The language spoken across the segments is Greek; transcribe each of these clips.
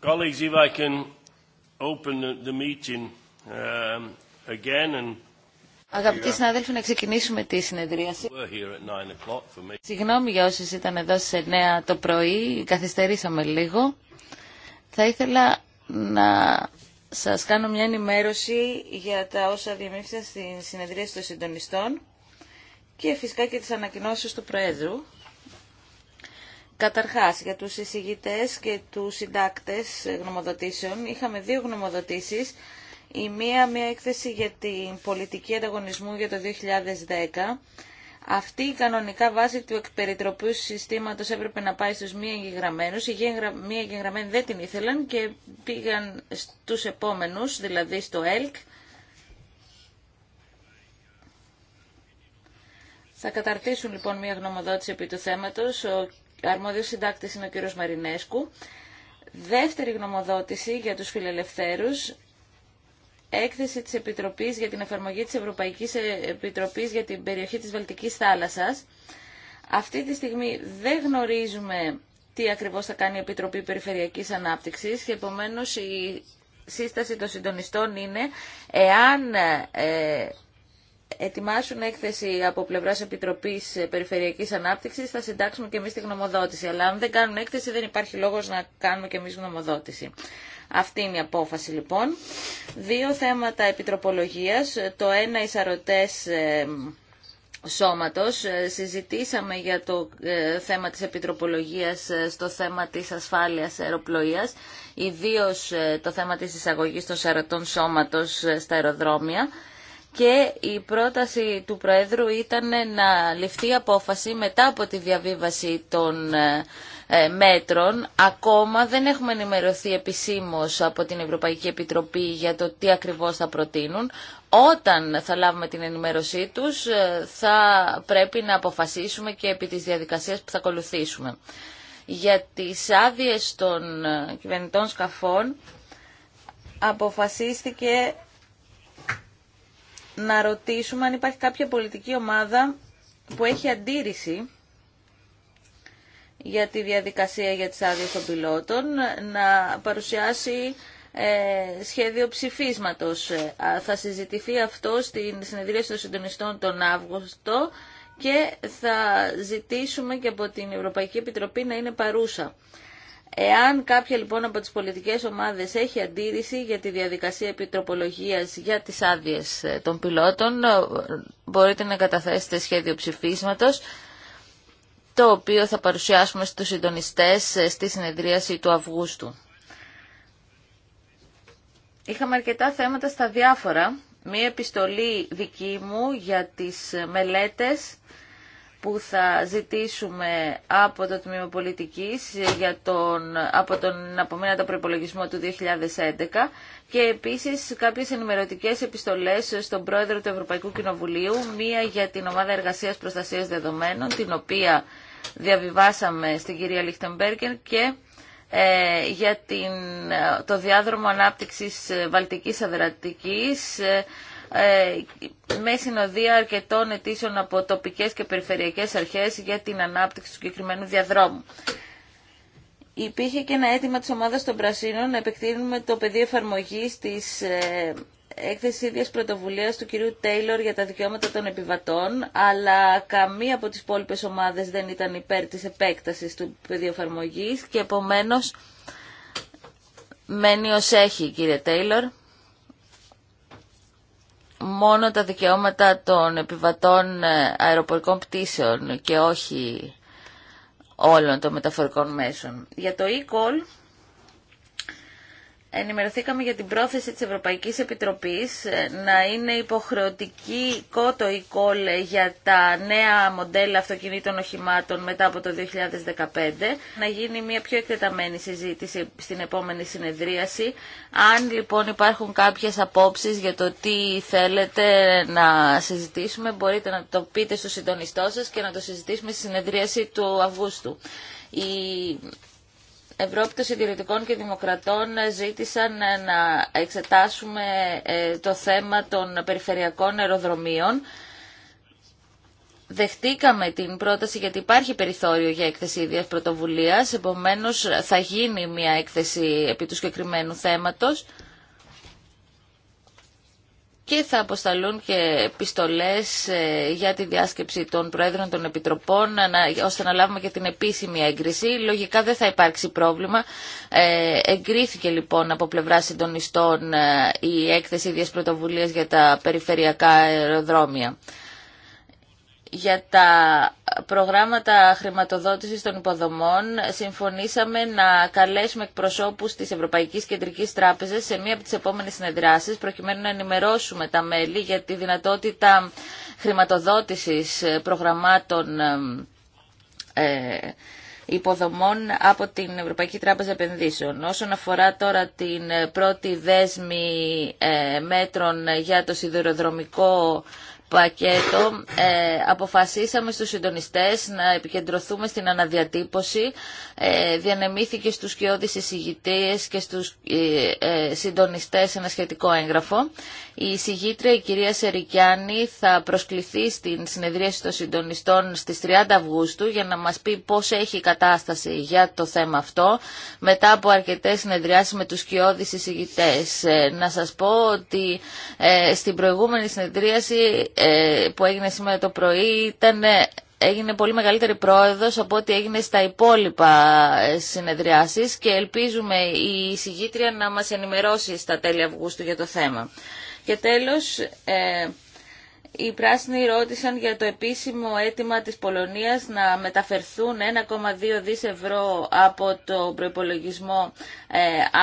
Colleagues, I can open the meeting um, again and... Αγαπητοί συνάδελφοι, να ξεκινήσουμε τη συνεδρίαση. Συγγνώμη για όσους ήταν εδώ σε 9 το πρωί, καθυστερήσαμε λίγο. Θα ήθελα να σας κάνω μια ενημέρωση για τα όσα διαμήφθησαν στην συνεδρίαση των συντονιστών και φυσικά και τι ανακοινώσει του Προέδρου. Καταρχάς, για τους εισηγητές και τους συντάκτες γνωμοδοτήσεων, είχαμε δύο γνωμοδοτήσεις. Η μία, μία έκθεση για την πολιτική ανταγωνισμού για το 2010. Αυτή η κανονικά βάση του εκπεριτροπού συστήματος έπρεπε να πάει στους μη εγγεγραμμένους. Οι μη εγγεγραμμένοι δεν την ήθελαν και πήγαν στους επόμενους, δηλαδή στο ΕΛΚ. Θα καταρτήσουν λοιπόν μια γνωμοδότηση επί του θέματος αρμόδιος συντάκτης είναι ο κύριος Μαρινέσκου. Δεύτερη γνωμοδότηση για τους φιλελευθέρους, έκθεση της Επιτροπής για την εφαρμογή της Ευρωπαϊκής Επιτροπής για την περιοχή της Βαλτικής θάλασσας. Αυτή τη στιγμή δεν γνωρίζουμε τι ακριβώς θα κάνει η Επιτροπή Περιφερειακής Ανάπτυξης και επομένως η σύσταση των συντονιστών είναι εάν ε, ετοιμάσουν έκθεση από πλευρά Επιτροπή Περιφερειακή Ανάπτυξη, θα συντάξουμε και εμεί τη γνωμοδότηση. Αλλά αν δεν κάνουν έκθεση, δεν υπάρχει λόγο να κάνουμε και εμεί γνωμοδότηση. Αυτή είναι η απόφαση λοιπόν. Δύο θέματα επιτροπολογίας. Το ένα, οι σαρωτέ ε, σώματος. Ε, συζητήσαμε για το ε, θέμα της επιτροπολογίας στο θέμα της ασφάλειας αεροπλοείας, ιδίως το θέμα της εισαγωγής των σαρωτών σώματος στα αεροδρόμια και η πρόταση του Προέδρου ήταν να ληφθεί απόφαση μετά από τη διαβίβαση των ε, μέτρων. Ακόμα δεν έχουμε ενημερωθεί επισήμως από την Ευρωπαϊκή Επιτροπή για το τι ακριβώς θα προτείνουν. Όταν θα λάβουμε την ενημέρωσή τους ε, θα πρέπει να αποφασίσουμε και επί της διαδικασίας που θα ακολουθήσουμε. Για τις άδειες των ε, κυβερνητών σκαφών αποφασίστηκε να ρωτήσουμε αν υπάρχει κάποια πολιτική ομάδα που έχει αντίρρηση για τη διαδικασία για τις άδειες των πιλότων, να παρουσιάσει ε, σχέδιο ψηφίσματος. Ε, θα συζητηθεί αυτό στην συνεδρίαση των συντονιστών τον Αύγουστο και θα ζητήσουμε και από την Ευρωπαϊκή Επιτροπή να είναι παρούσα. Εάν κάποια λοιπόν από τις πολιτικές ομάδες έχει αντίρρηση για τη διαδικασία επιτροπολογίας για τις άδειες ε, των πιλότων, ε, μπορείτε να καταθέσετε σχέδιο ψηφίσματος, το οποίο θα παρουσιάσουμε στους συντονιστές ε, στη συνεδρίαση του Αυγούστου. Είχαμε αρκετά θέματα στα διάφορα. Μία επιστολή δική μου για τις μελέτες που θα ζητήσουμε από το Τμήμα Πολιτικής για τον, από τον απομείνατο προπολογισμό του 2011 και επίσης κάποιες ενημερωτικές επιστολές στον Πρόεδρο του Ευρωπαϊκού Κοινοβουλίου, μία για την Ομάδα Εργασίας Προστασίας Δεδομένων, την οποία διαβιβάσαμε στην κυρία Λιχτεμπέργκερ και ε, για την, ε, το διάδρομο ανάπτυξης Βαλτικής Αδρατικής, ε, ε, με συνοδεία αρκετών αιτήσεων από τοπικές και περιφερειακές αρχές για την ανάπτυξη του συγκεκριμένου διαδρόμου. Υπήρχε και ένα αίτημα της ομάδας των Πρασίνων να επεκτείνουμε το πεδίο εφαρμογής της ε, έκθεση ίδια πρωτοβουλία του κυρίου Τέιλορ για τα δικαιώματα των επιβατών, αλλά καμία από τι υπόλοιπε ομάδε δεν ήταν υπέρ τη επέκταση του πεδίου εφαρμογή και επομένω μένει ω έχει, κύριε Τέιλορ μόνο τα δικαιώματα των επιβατών ε, αεροπορικών πτήσεων και όχι όλων των μεταφορικών μέσων. Για το e-call ενημερωθήκαμε για την πρόθεση της Ευρωπαϊκής Επιτροπής ε, να είναι υποχρεωτική κότο η κόλε για τα νέα μοντέλα αυτοκινήτων οχημάτων μετά από το 2015, να γίνει μια πιο εκτεταμένη συζήτηση στην επόμενη συνεδρίαση. Αν λοιπόν υπάρχουν κάποιες απόψεις για το τι θέλετε να συζητήσουμε, μπορείτε να το πείτε στους συντονιστό σας και να το συζητήσουμε στη συνεδρίαση του Αυγούστου. Η Ευρώπη των Συντηρητικών και Δημοκρατών ε, ζήτησαν ε, να εξετάσουμε ε, το θέμα των περιφερειακών αεροδρομίων. Δεχτήκαμε την πρόταση γιατί υπάρχει περιθώριο για έκθεση ίδιας πρωτοβουλίας, επομένως θα γίνει μια έκθεση επί του συγκεκριμένου θέματος και θα αποσταλούν και επιστολές ε, για τη διάσκεψη των Προέδρων των Επιτροπών ώστε να λάβουμε και την επίσημη έγκριση. Λογικά δεν θα υπάρξει πρόβλημα. Ε, εγκρίθηκε λοιπόν από πλευρά συντονιστών ε, η έκθεση ίδιας πρωτοβουλίας για τα περιφερειακά αεροδρόμια για τα προγράμματα χρηματοδότησης των υποδομών συμφωνήσαμε να καλέσουμε εκπροσώπους της Ευρωπαϊκής Κεντρικής Τράπεζας σε μία από τις επόμενες συνεδράσεις προκειμένου να ενημερώσουμε τα μέλη για τη δυνατότητα χρηματοδότησης προγραμμάτων ε, υποδομών από την Ευρωπαϊκή Τράπεζα Επενδύσεων. Όσον αφορά τώρα την πρώτη δέσμη ε, μέτρων για το σιδηροδρομικό πακέτο ε, αποφασίσαμε στους συντονιστές να επικεντρωθούμε στην αναδιατύπωση. Ε, διανεμήθηκε στους κοιόδης εισηγητές και στους ε, συντονιστές ένα σχετικό έγγραφο. Η εισηγήτρια, η κυρία Σερικιάνη, θα προσκληθεί στην συνεδρίαση των συντονιστών στις 30 Αυγούστου για να μας πει πώς έχει η κατάσταση για το θέμα αυτό. Μετά από αρκετές συνεδριάσεις με τους κοιόδης εισηγητές. να σας πω ότι στην προηγούμενη συνεδρίαση ε, που έγινε σήμερα το πρωί ήταν ε, έγινε πολύ μεγαλύτερη πρόεδρος από ό,τι έγινε στα υπόλοιπα ε, συνεδριάσεις και ελπίζουμε η συγγήτρια να μας ενημερώσει στα τέλη Αυγούστου για το θέμα. Και τέλος, ε, οι πράσινοι ρώτησαν για το επίσημο αίτημα της Πολωνίας να μεταφερθούν 1,2 δις ευρώ από το προϋπολογισμό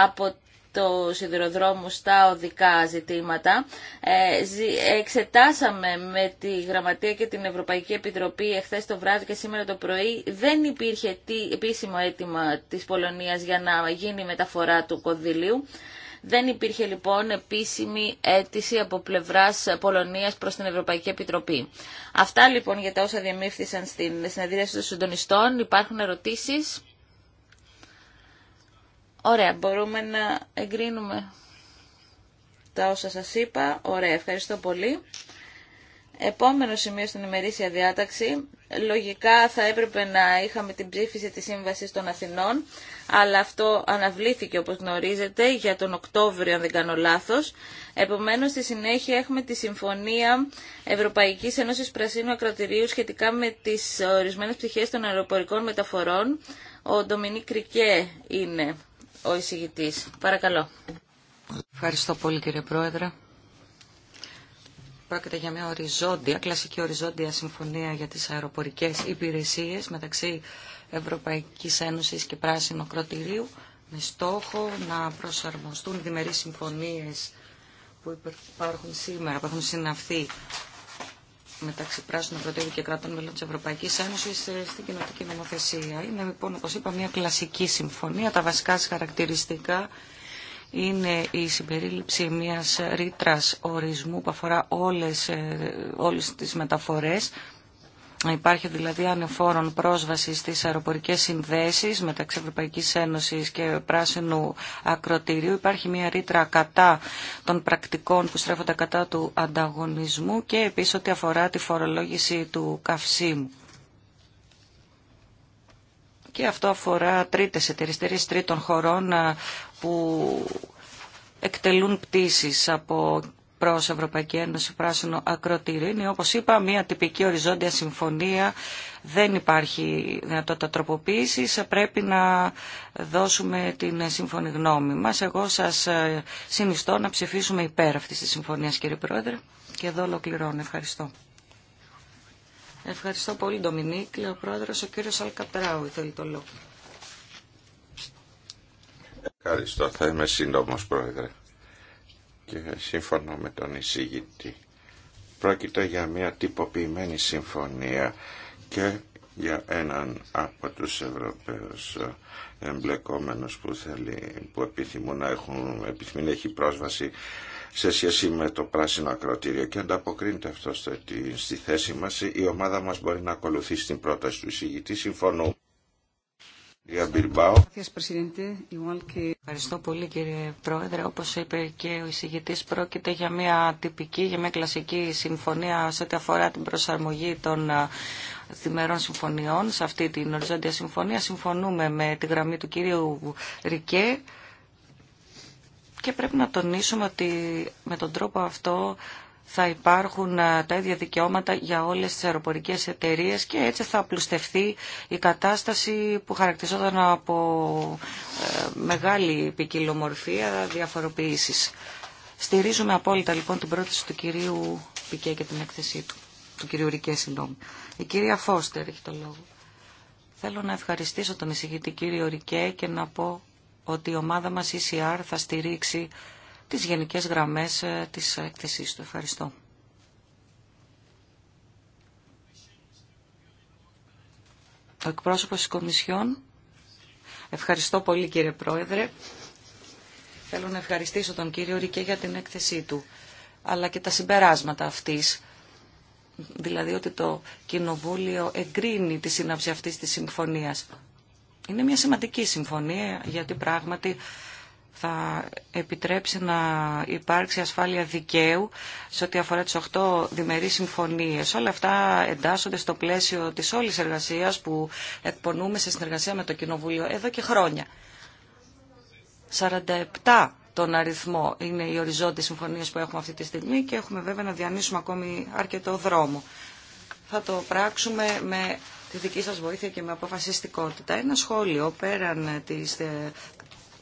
από το σιδηροδρόμου στα οδικά ζητήματα. Ε, εξετάσαμε με τη Γραμματεία και την Ευρωπαϊκή Επιτροπή εχθές το βράδυ και σήμερα το πρωί. Δεν υπήρχε τι επίσημο αίτημα της Πολωνίας για να γίνει η μεταφορά του κονδυλίου. Δεν υπήρχε λοιπόν επίσημη αίτηση από πλευράς Πολωνίας προς την Ευρωπαϊκή Επιτροπή. Αυτά λοιπόν για τα όσα διαμήφθησαν στην συνεδρίαση των συντονιστών. Υπάρχουν ερωτήσεις. Ωραία, μπορούμε να εγκρίνουμε τα όσα σας είπα. Ωραία, ευχαριστώ πολύ. Επόμενο σημείο στην ημερήσια διάταξη. Λογικά θα έπρεπε να είχαμε την ψήφιση της Σύμβασης των Αθηνών, αλλά αυτό αναβλήθηκε όπως γνωρίζετε για τον Οκτώβριο αν δεν κάνω λάθος. Επομένως στη συνέχεια έχουμε τη Συμφωνία Ευρωπαϊκής Ένωσης Πρασίνου Ακροτηρίου σχετικά με τις ορισμένες πτυχές των αεροπορικών μεταφορών. Ο Ντομινίκ Κρικέ είναι ο εισηγητής. Παρακαλώ. Ευχαριστώ πολύ κύριε Πρόεδρε. Πρόκειται για μια οριζόντια, κλασική οριζόντια συμφωνία για τις αεροπορικές υπηρεσίες μεταξύ Ευρωπαϊκής Ένωσης και Πράσινο Κροτηρίου με στόχο να προσαρμοστούν διμερείς συμφωνίες που υπάρχουν σήμερα, που έχουν συναυθεί μεταξύ πράσινων πρωτεύων και κρατών μελών τη Ευρωπαϊκή Ένωση ε, στην κοινοτική νομοθεσία. Είναι λοιπόν, όπω είπα, μια κλασική συμφωνία. Τα βασικά χαρακτηριστικά είναι η συμπερίληψη μιας ρήτρα ορισμού που αφορά όλες, ε, όλες τις μεταφορές υπάρχει δηλαδή ανεφόρον πρόσβαση στις αεροπορικές συνδέσεις μεταξύ Ευρωπαϊκής Ένωσης και Πράσινου Ακροτηρίου. Υπάρχει μια ρήτρα κατά των πρακτικών που στρέφονται κατά του ανταγωνισμού και επίσης ό,τι αφορά τη φορολόγηση του καυσίμου. Και αυτό αφορά τρίτες εταιρείες τρίτων χωρών που εκτελούν πτήσεις από προς Ευρωπαϊκή Ένωση Πράσινο Ακροτήριο. Είναι, όπως είπα, μια τυπική οριζόντια συμφωνία. Δεν υπάρχει δυνατότητα τροποποίησης. Πρέπει να δώσουμε την σύμφωνη γνώμη μας. Εγώ σας ε, συνιστώ να ψηφίσουμε υπέρ αυτής της συμφωνίας, κύριε Πρόεδρε. Και εδώ ολοκληρώνω. Ευχαριστώ. Ευχαριστώ πολύ, Ντομινίκ. Λέω ο Πρόεδρος, ο κύριος Αλκατράου, θέλει το λόγο. Ευχαριστώ. Θα είμαι σύντομος, Πρόεδρε και σύμφωνα με τον εισηγητή. Πρόκειται για μια τυποποιημένη συμφωνία και για έναν από τους Ευρωπαίους εμπλεκόμενους που, θέλει, που επιθυμούν να έχουν, επιθυμεί να έχει πρόσβαση σε σχέση με το πράσινο ακροτήριο και ανταποκρίνεται αυτό στη θέση μας η ομάδα μας μπορεί να ακολουθήσει την πρόταση του εισηγητή Συμφωνώ. Ευχαριστώ πολύ κύριε Πρόεδρε. Όπως είπε και ο εισηγητής πρόκειται για μια τυπική, για μια κλασική συμφωνία σε ό,τι αφορά την προσαρμογή των δημερών ε, συμφωνιών. Σε αυτή την οριζόντια συμφωνία συμφωνούμε με τη γραμμή του κύριου Ρικέ και πρέπει να τονίσουμε ότι με τον τρόπο αυτό θα υπάρχουν τα ίδια δικαιώματα για όλες τις αεροπορικές εταιρείες και έτσι θα απλουστευτεί η κατάσταση που χαρακτηριζόταν από ε, μεγάλη ποικιλομορφία διαφοροποίησης. Στηρίζουμε απόλυτα λοιπόν την πρόταση του κυρίου Πικέ και την έκθεσή του, του κυρίου Ρικέ, συγγνώμη. Η κυρία Φώστερ έχει το λόγο. Θέλω να ευχαριστήσω τον εισηγητή κύριο Ρικέ και να πω ότι η ομάδα μας ECR θα στηρίξει τις γενικές γραμμές ε, της έκθεσής του. Ευχαριστώ. Ο εκπρόσωπος της Κομισιόν. Ευχαριστώ πολύ κύριε Πρόεδρε. Θέλω να ευχαριστήσω τον κύριο Ρικέ για την έκθεσή του, αλλά και τα συμπεράσματα αυτής. Δηλαδή ότι το Κοινοβούλιο εγκρίνει τη σύναψη αυτής της συμφωνίας. Είναι μια σημαντική συμφωνία γιατί πράγματι θα επιτρέψει να υπάρξει ασφάλεια δικαίου σε ό,τι αφορά τις 8 διμερείς συμφωνίες. Όλα αυτά εντάσσονται στο πλαίσιο της όλης εργασίας που εκπονούμε σε συνεργασία με το Κοινοβούλιο εδώ και χρόνια. 47 τον αριθμό είναι οι οριζόντιες συμφωνίες που έχουμε αυτή τη στιγμή και έχουμε βέβαια να διανύσουμε ακόμη αρκετό δρόμο. Θα το πράξουμε με τη δική σας βοήθεια και με αποφασιστικότητα. Ένα σχόλιο πέραν της ε,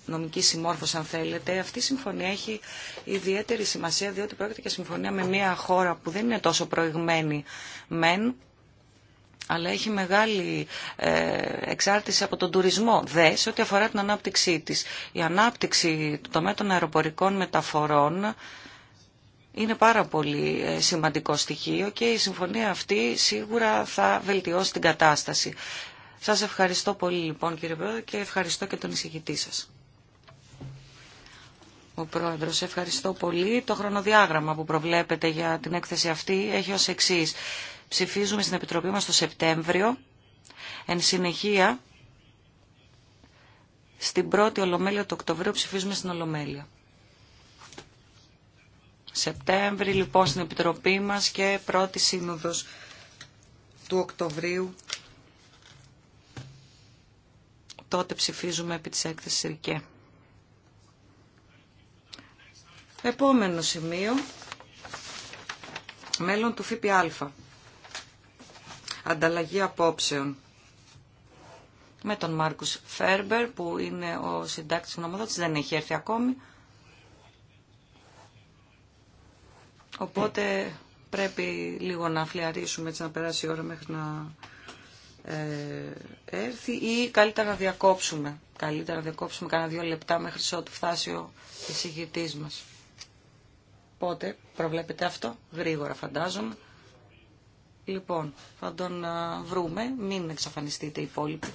νομική συμμόρφωση αν θέλετε, αυτή η συμφωνία έχει ιδιαίτερη σημασία διότι πρόκειται για συμφωνία με μια χώρα που δεν είναι τόσο προηγμένη μεν, αλλά έχει μεγάλη ε, εξάρτηση από τον τουρισμό δε σε ό,τι αφορά την ανάπτυξή της. Η ανάπτυξη του τομέα των αεροπορικών μεταφορών είναι πάρα πολύ ε, σημαντικό στοιχείο και η συμφωνία αυτή σίγουρα θα βελτιώσει την κατάσταση. Σας ευχαριστώ πολύ λοιπόν κύριε Πρόεδρε και ευχαριστώ και τον εισηγητή σας ο Πρόεδρος. Ευχαριστώ πολύ. Το χρονοδιάγραμμα που προβλέπετε για την έκθεση αυτή έχει ως εξής. Ψηφίζουμε στην Επιτροπή μας το Σεπτέμβριο. Εν συνεχεία, στην πρώτη Ολομέλεια του Οκτωβρίου ψηφίζουμε στην Ολομέλεια. Σεπτέμβριο, λοιπόν στην Επιτροπή μας και πρώτη σύνοδος του Οκτωβρίου. Τότε ψηφίζουμε επί της έκθεσης ΡΙΚΕ. Επόμενο σημείο, μέλλον του ΦΠΑ. Ανταλλαγή απόψεων. Με τον Μάρκους Φέρμπερ που είναι ο συντάκτης νομοδότης, δεν έχει έρθει ακόμη. Οπότε πρέπει λίγο να φλιαρίσουμε έτσι να περάσει η ώρα μέχρι να ε, έρθει ή καλύτερα να διακόψουμε. Καλύτερα να διακόψουμε κανένα δύο λεπτά μέχρι ότου φτάσει ο εισηγητής μας. Πότε προβλέπετε αυτό, γρήγορα φαντάζομαι. Λοιπόν, θα τον βρούμε, μην εξαφανιστείτε οι υπόλοιποι.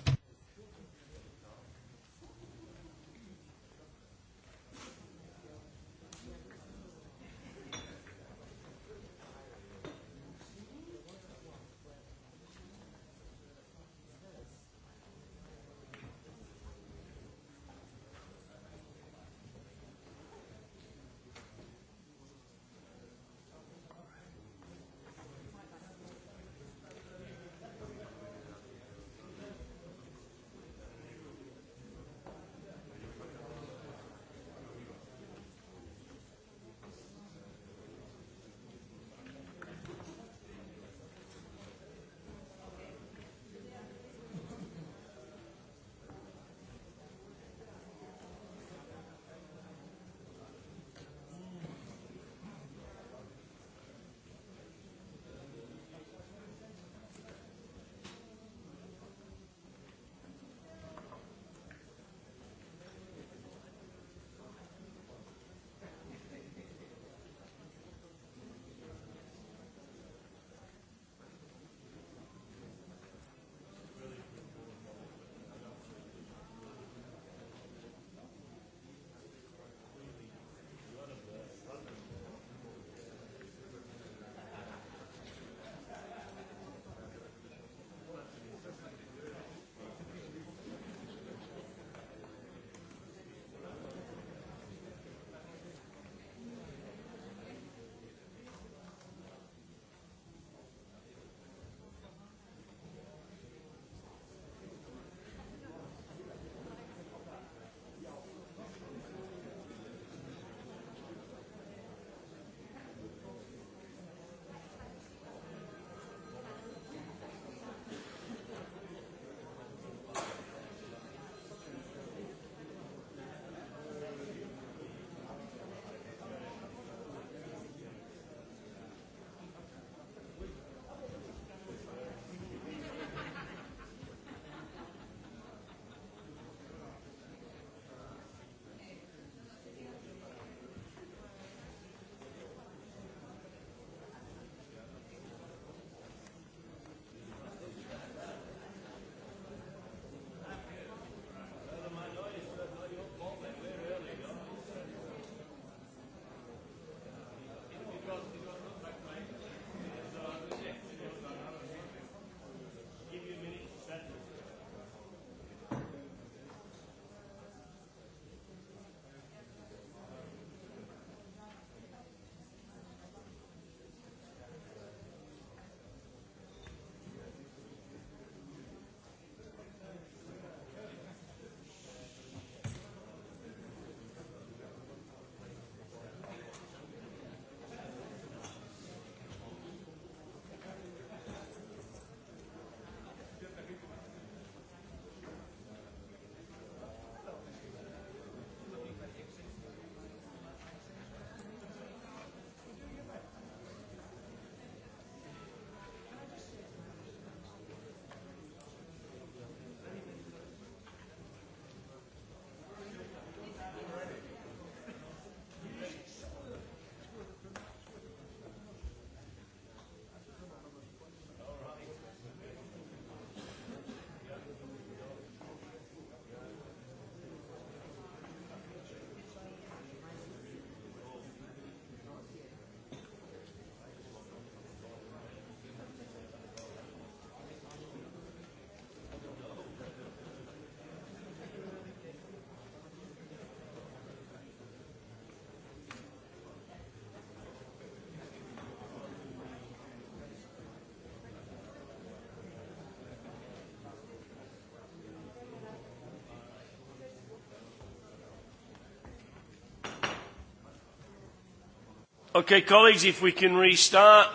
Okay, colleagues, if we can restart.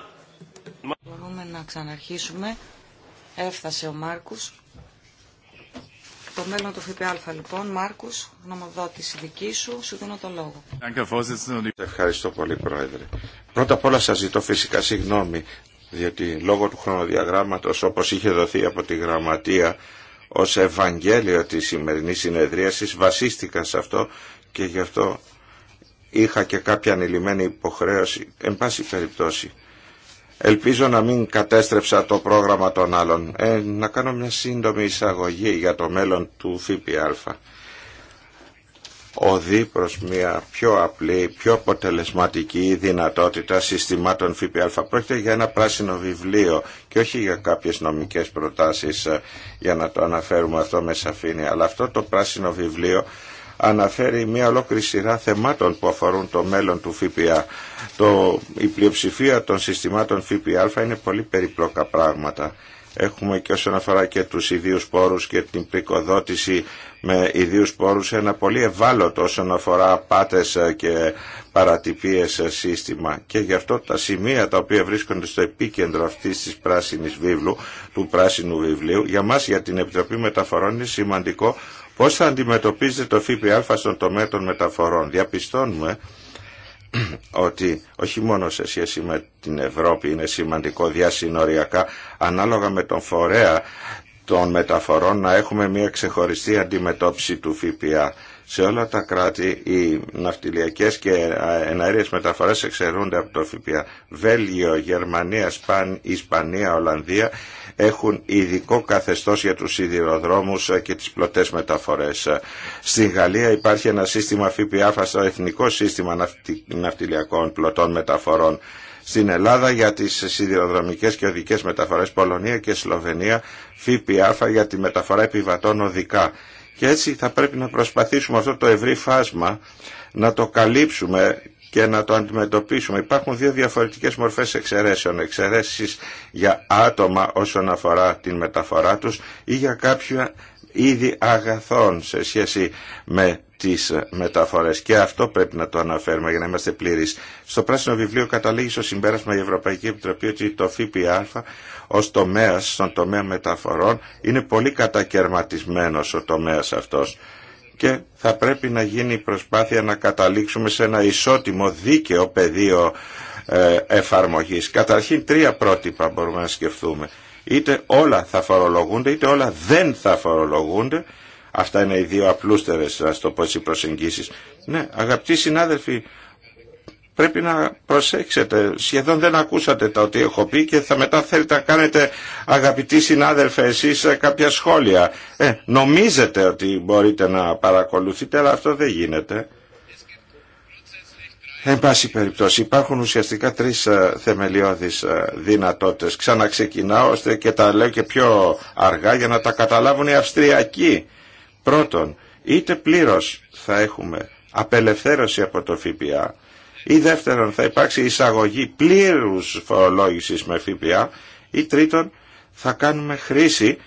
Μπορούμε να ξαναρχίσουμε. Έφτασε ο Μάρκους. Το μέλλον του ΦΠΑ λοιπόν. Μάρκους, γνωμοδότηση δική σου. Σου δίνω το λόγο. Ευχαριστώ πολύ Πρόεδρε. Πρώτα απ' όλα σας ζητώ φυσικά συγγνώμη διότι λόγω του χρονοδιαγράμματος όπως είχε δοθεί από τη γραμματεία ως Ευαγγέλιο της σημερινής συνεδρίασης βασίστηκα σε αυτό και γι' αυτό είχα και κάποια ανηλυμένη υποχρέωση, εν πάση περιπτώσει. Ελπίζω να μην κατέστρεψα το πρόγραμμα των άλλων. Ε, να κάνω μια σύντομη εισαγωγή για το μέλλον του ΦΠΑ. Οδεί προς μια πιο απλή, πιο αποτελεσματική δυνατότητα συστημάτων ΦΠΑ. Πρόκειται για ένα πράσινο βιβλίο και όχι για κάποιες νομικές προτάσεις ε, για να το αναφέρουμε αυτό με σαφήνεια. Αλλά αυτό το πράσινο βιβλίο αναφέρει μια ολόκληρη σειρά θεμάτων που αφορούν το μέλλον του ΦΠΑ. Το, η πλειοψηφία των συστημάτων ΦΠΑ είναι πολύ περιπλόκα πράγματα. Έχουμε και όσον αφορά και τους ιδίους πόρους και την πρικοδότηση με ιδίους πόρους ένα πολύ ευάλωτο όσον αφορά πάτες ε, και παρατυπίες ε, σύστημα. Και γι' αυτό τα σημεία τα οποία βρίσκονται στο επίκεντρο αυτής της πράσινης βίβλου, του πράσινου βιβλίου, για μας για την Επιτροπή Μεταφορών είναι σημαντικό Πώς θα αντιμετωπίζετε το ΦΠΑ στον τομέα των μεταφορών. Διαπιστώνουμε ότι όχι μόνο σε σχέση με την Ευρώπη είναι σημαντικό διασυνοριακά ανάλογα με τον φορέα των μεταφορών να έχουμε μια ξεχωριστή αντιμετώπιση του ΦΠΑ. Σε όλα τα κράτη οι ναυτιλιακές και εναέριες μεταφορές εξαιρούνται από το ΦΠΑ. Βέλγιο, Γερμανία, Ισπανία, Ολλανδία έχουν ειδικό καθεστώς για τους σιδηροδρόμους και τις πλωτές μεταφορές. Στη Γαλλία υπάρχει ένα σύστημα ΦΠΑ στο Εθνικό Σύστημα Ναυτιλιακών Πλωτών Μεταφορών. Στην Ελλάδα για τις σιδηροδρομικές και οδικές μεταφορές, Πολωνία και Σλοβενία, ΦΠΑ για τη μεταφορά επιβατών οδικά. Και έτσι θα πρέπει να προσπαθήσουμε αυτό το ευρύ φάσμα να το καλύψουμε και να το αντιμετωπίσουμε. Υπάρχουν δύο διαφορετικές μορφές εξαιρέσεων. Εξαιρέσεις για άτομα όσον αφορά την μεταφορά τους ή για κάποια είδη αγαθών σε σχέση με τις μεταφορές και αυτό πρέπει να το αναφέρουμε για να είμαστε πλήρεις. Στο πράσινο βιβλίο καταλήγει στο συμπέρασμα η Ευρωπαϊκή Επιτροπή ότι το ΦΠΑ ως τομέα στον τομέα μεταφορών είναι πολύ κατακαιρματισμένος ο τομέας αυτός και θα πρέπει να γίνει η προσπάθεια να καταλήξουμε σε ένα ισότιμο δίκαιο πεδίο ε, εφαρμογής. Καταρχήν τρία πρότυπα μπορούμε να σκεφτούμε. Είτε όλα θα φορολογούνται είτε όλα δεν θα φορολογούνται. Αυτά είναι οι δύο απλούστερες, ας το πω προσεγγίσεις. Ναι, αγαπητοί συνάδελφοι, πρέπει να προσέξετε. Σχεδόν δεν ακούσατε τα ότι έχω πει και θα μετά θέλετε να κάνετε αγαπητοί συνάδελφε εσείς ε, κάποια σχόλια. Ε, νομίζετε ότι μπορείτε να παρακολουθείτε αλλά αυτό δεν γίνεται. Εν πάση περιπτώσει υπάρχουν ουσιαστικά τρεις ε, θεμελιώδεις ε, δυνατότητες. Ξαναξεκινάω ώστε και τα λέω και πιο αργά για να τα καταλάβουν οι Αυστριακοί. Πρώτον, είτε πλήρως θα έχουμε απελευθέρωση από το ΦΠΑ ή δεύτερον, θα υπάρξει εισαγωγή πλήρους φορολόγησης με ΦΠΑ. Ή τρίτον, θα κάνουμε χρήση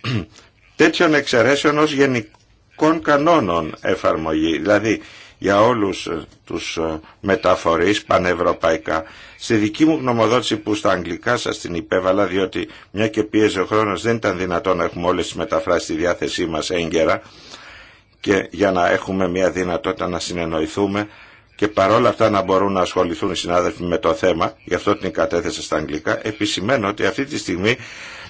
τέτοιων εξαιρέσεων ως γενικών κανόνων εφαρμογή. Δηλαδή, για όλους ε, τους ε, μεταφορείς πανευρωπαϊκά. Στη δική μου γνωμοδότηση που στα αγγλικά σας την υπέβαλα, διότι μια και πίεζε ο χρόνος δεν ήταν δυνατόν να έχουμε όλες τις μεταφράσεις στη διάθεσή μας έγκαιρα και για να έχουμε μια δυνατότητα να συνεννοηθούμε, και παρόλα αυτά να μπορούν να ασχοληθούν οι συνάδελφοι με το θέμα, γι' αυτό την κατέθεσα στα αγγλικά, επισημαίνω ότι αυτή τη στιγμή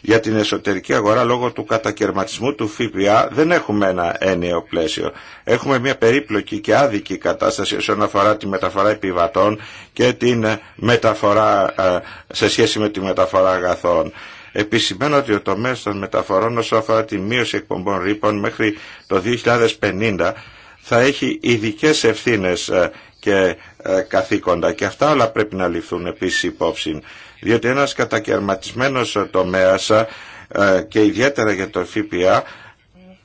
για την εσωτερική αγορά λόγω του κατακαιρματισμού του ΦΠΑ δεν έχουμε ένα έννοιο πλαίσιο. Έχουμε μια περίπλοκη και άδικη κατάσταση όσον αφορά τη μεταφορά επιβατών και την ε, μεταφορά ε, σε σχέση με τη μεταφορά αγαθών. Επισημαίνω ότι ο τομέας των μεταφορών όσον αφορά τη μείωση εκπομπών ρήπων μέχρι το 2050 θα έχει ειδικέ ευθύνε ε, και ε, καθήκοντα. Και αυτά όλα πρέπει να ληφθούν επίσης υπόψη. Διότι ένας κατακαιρματισμένος τομέας ε, και ιδιαίτερα για το ΦΠΑ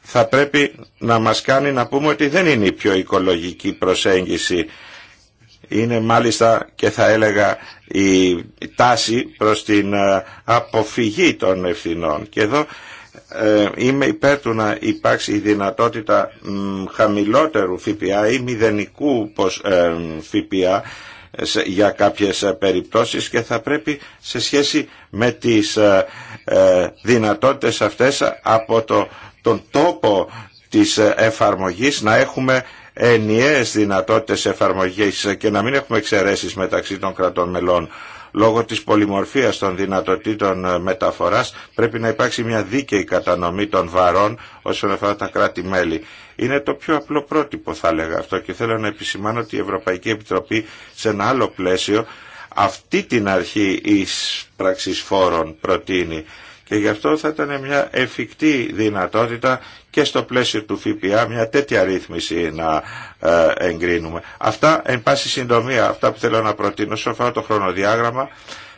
θα πρέπει να μας κάνει να πούμε ότι δεν είναι η πιο οικολογική προσέγγιση. Είναι μάλιστα και θα έλεγα η τάση προς την ε, αποφυγή των ευθυνών. Και εδώ ε, είμαι υπέρ του να υπάρξει η δυνατότητα χαμηλότερου ΦΠΑ ή μηδενικού ε, ΦΠΑ για κάποιες ε, περιπτώσεις και θα πρέπει σε σχέση με τις δυνατότητες αυτές από το, τον τόπο της εφαρμογής να έχουμε ενιαίες δυνατότητες εφαρμογής και να μην έχουμε εξαιρέσεις μεταξύ των κρατών μελών λόγω της πολυμορφίας των δυνατοτήτων ε, μεταφοράς πρέπει να υπάρξει μια δίκαιη κατανομή των βαρών όσον αφορά τα κράτη-μέλη. Είναι το πιο απλό πρότυπο θα έλεγα αυτό και θέλω να επισημάνω ότι η Ευρωπαϊκή Επιτροπή σε ένα άλλο πλαίσιο αυτή την αρχή εις φόρων προτείνει και γι' αυτό θα ήταν μια εφικτή δυνατότητα και στο πλαίσιο του ΦΠΑ μια τέτοια ρύθμιση να ε, εγκρίνουμε. Αυτά, εν πάση συντομία, αυτά που θέλω να προτείνω σε το χρονοδιάγραμμα,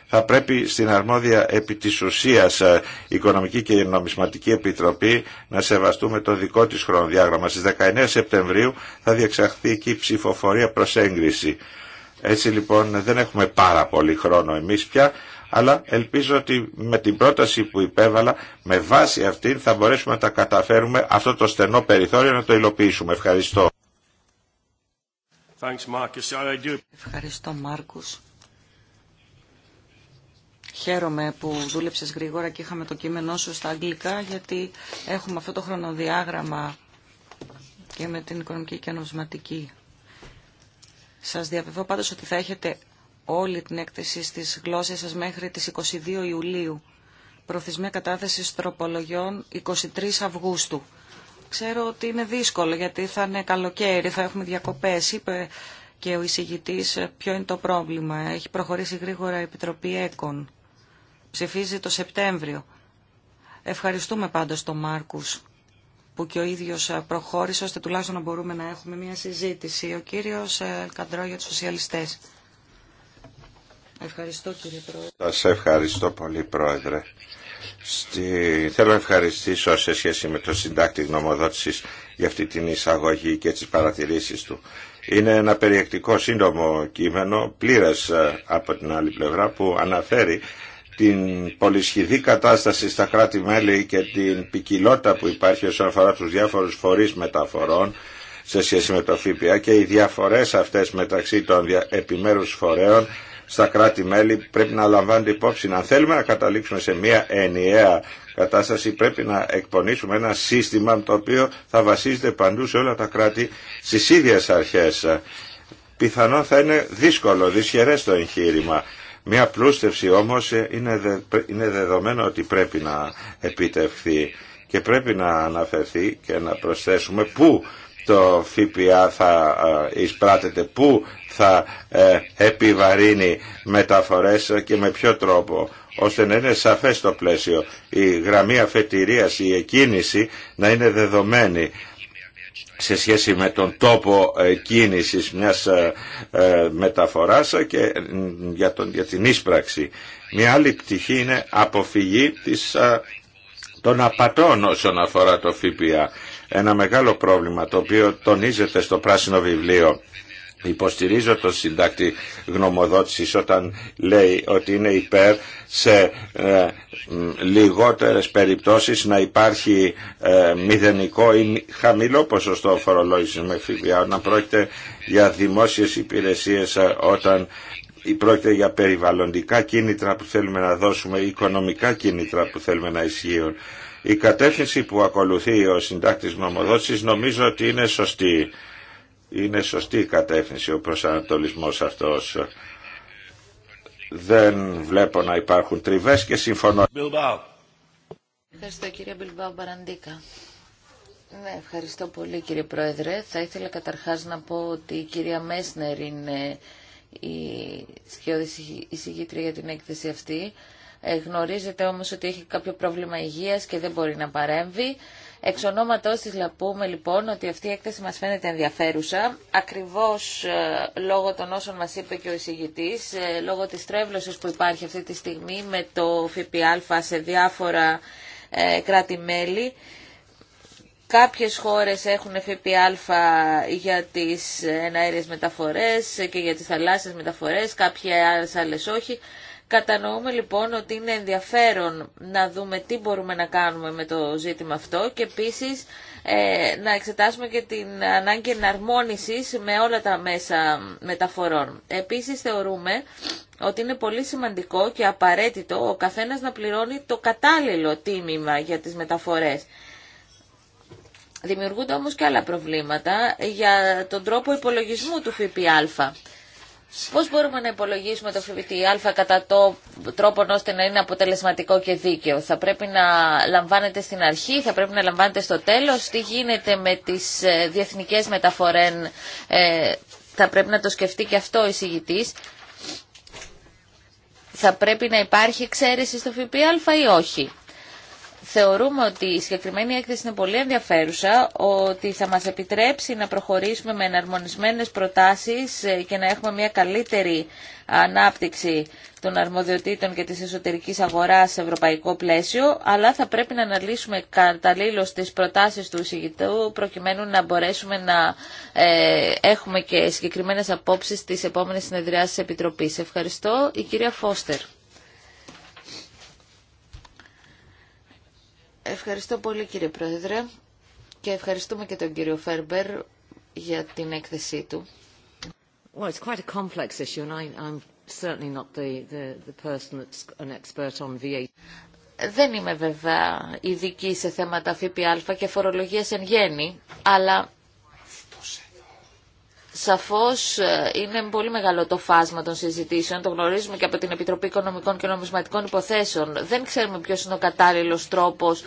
θα πρέπει στην αρμόδια επί της ουσίας ε, Οικονομική και Νομισματική Επιτροπή να σεβαστούμε το δικό της χρονοδιάγραμμα. Στις 19 Σεπτεμβρίου θα διεξαχθεί εκεί η ψηφοφορία προς έγκριση. Έτσι λοιπόν δεν έχουμε πάρα πολύ χρόνο εμείς πια αλλά ελπίζω ότι με την πρόταση που υπέβαλα, με βάση αυτήν θα μπορέσουμε να τα καταφέρουμε αυτό το στενό περιθώριο να το υλοποιήσουμε. Ευχαριστώ. Ευχαριστώ Μάρκους. Χαίρομαι που δούλεψες γρήγορα και είχαμε το κείμενό σου στα αγγλικά γιατί έχουμε αυτό το χρονοδιάγραμμα και με την οικονομική και νομισματική. Σας διαβεβαιώ πάντως ότι θα έχετε όλη την έκθεση στις γλώσσες σας μέχρι τις 22 Ιουλίου. Προθεσμία κατάθεσης τροπολογιών 23 Αυγούστου. Ξέρω ότι είναι δύσκολο γιατί θα είναι καλοκαίρι, θα έχουμε διακοπές. Είπε και ο εισηγητής ποιο είναι το πρόβλημα. Έχει προχωρήσει γρήγορα η Επιτροπή ΕΚΟΝ. Ψηφίζει το Σεπτέμβριο. Ευχαριστούμε πάντως τον Μάρκους που και ο ίδιος προχώρησε ώστε τουλάχιστον να μπορούμε να έχουμε μια συζήτηση. Ο κύριος ε, Καντρό για τους σοσιαλιστές. Ευχαριστώ κύριε Πρόεδρε. Σας ευχαριστώ πολύ Πρόεδρε. Στη... Θέλω να ευχαριστήσω σε σχέση με το συντάκτη γνωμοδότησης για αυτή την εισαγωγή και τις παρατηρήσεις του. Είναι ένα περιεκτικό σύντομο κείμενο, πλήρες ε, από την άλλη πλευρά, που αναφέρει την πολυσχηδή κατάσταση στα κράτη-μέλη και την ποικιλότητα που υπάρχει όσον αφορά τους διάφορους φορείς μεταφορών σε σχέση με το ΦΠΑ και οι διαφορές αυτές μεταξύ των επιμέρους φορέων στα κράτη-μέλη πρέπει να λαμβάνεται υπόψη. Αν θέλουμε να καταλήξουμε σε μια ενιαία κατάσταση πρέπει να εκπονήσουμε ένα σύστημα το οποίο θα βασίζεται παντού σε όλα τα κράτη στις ίδιες αρχές. πιθανόν θα είναι δύσκολο, δυσχερές το εγχείρημα. Μια πλούστευση όμως είναι, είναι δεδομένο ότι πρέπει να επιτευχθεί και πρέπει να αναφερθεί και να προσθέσουμε πού το ΦΠΑ θα εισπράτεται, πού θα ε, επιβαρύνει μεταφορές και με ποιο τρόπο ώστε να είναι σαφές το πλαίσιο. Η γραμμή αφετηρίας, η εκκίνηση να είναι δεδομένη σε σχέση με τον τόπο ε, κίνησης μιας ε, μεταφοράς και για, τον, για την ίσπραξη. Μια άλλη πτυχή είναι αποφυγή της, των απατών όσον αφορά το ΦΠΑ. Ένα μεγάλο πρόβλημα το οποίο τονίζεται στο πράσινο βιβλίο Υποστηρίζω τον συντάκτη γνωμοδότησης όταν λέει ότι είναι υπέρ σε ε, λιγότερες περιπτώσεις να υπάρχει ε, μηδενικό ή χαμηλό ποσοστό φορολόγησης με ΦΠΑ όταν πρόκειται για δημόσιες υπηρεσίες ε, όταν πρόκειται για περιβαλλοντικά κίνητρα που θέλουμε να δώσουμε οικονομικά κίνητρα που θέλουμε να ισχύουν. Η κατεύθυνση που ακολουθεί ο συντάκτης νομοδότησης νομίζω ότι είναι σωστή είναι σωστή η κατεύθυνση, ο προσανατολισμός αυτός. Δεν βλέπω να υπάρχουν τριβές και συμφωνώ. Ευχαριστώ κύριε Μπιλμπάου Μπαραντίκα. Ναι, ευχαριστώ πολύ κύριε Πρόεδρε. Θα ήθελα καταρχάς να πω ότι η κυρία Μέσνερ είναι η εισηγήτρια για την έκθεση αυτή. Ε, γνωρίζετε όμως ότι έχει κάποιο πρόβλημα υγείας και δεν μπορεί να παρέμβει. Εξ ονόματός της λαπούμε λοιπόν ότι αυτή η έκθεση μας φαίνεται ενδιαφέρουσα, ακριβώς ε, λόγω των όσων μας είπε και ο εισηγητής, ε, λόγω της τρέβλωσης που υπάρχει αυτή τη στιγμή με το ΦΠΑ σε διάφορα ε, κράτη-μέλη. Κάποιες χώρες έχουν ΦΠΑ για τις εναέρειες μεταφορές και για τις θαλάσσιες μεταφορές, κάποιες άλλες όχι. Κατανοούμε λοιπόν ότι είναι ενδιαφέρον να δούμε τι μπορούμε να κάνουμε με το ζήτημα αυτό και επίσης ε, να εξετάσουμε και την ανάγκη εναρμόνισης με όλα τα μέσα μεταφορών. Επίσης θεωρούμε ότι είναι πολύ σημαντικό και απαραίτητο ο καθένας να πληρώνει το κατάλληλο τίμημα για τις μεταφορές. Δημιουργούνται όμως και άλλα προβλήματα για τον τρόπο υπολογισμού του ΦΠΑ. Πώ μπορούμε να υπολογίσουμε το ΦΠΑ κατά το τρόπο ώστε να είναι αποτελεσματικό και δίκαιο. Θα πρέπει να λαμβάνετε στην αρχή, θα πρέπει να λαμβάνετε στο τέλος. Τι γίνεται με τις ε, διεθνικέ μεταφορέ, ε, θα πρέπει να το σκεφτεί και αυτό ο εισηγητή. Θα πρέπει να υπάρχει εξαίρεση στο ΦΠΑ ή όχι. Θεωρούμε ότι η συγκεκριμένη έκθεση είναι πολύ ενδιαφέρουσα, ότι θα μας επιτρέψει να προχωρήσουμε με εναρμονισμένες προτάσεις ε, και να έχουμε μια καλύτερη ανάπτυξη των αρμοδιοτήτων και της εσωτερικής αγοράς σε ευρωπαϊκό πλαίσιο, αλλά θα πρέπει να αναλύσουμε καταλήλως τις προτάσεις του εισηγητού προκειμένου να μπορέσουμε να ε, έχουμε και συγκεκριμένες απόψεις στις επόμενες συνεδριάσεις της Επιτροπής. Ευχαριστώ. Η κυρία Φώστερ. Ευχαριστώ πολύ κύριε Πρόεδρε και ευχαριστούμε και τον κύριο Φέρμπερ για την έκθεσή του. Well, it's quite a complex issue and I'm certainly not the, the, the person that's an expert on Δεν είμαι βέβαια ειδική σε θέματα ΦΠΑ και φορολογίας εν γέννη, αλλά Σαφώς ε, είναι πολύ μεγάλο το φάσμα των συζητήσεων, το γνωρίζουμε και από την Επιτροπή Οικονομικών και Νομισματικών Υποθέσεων. Δεν ξέρουμε ποιος είναι ο κατάλληλος τρόπος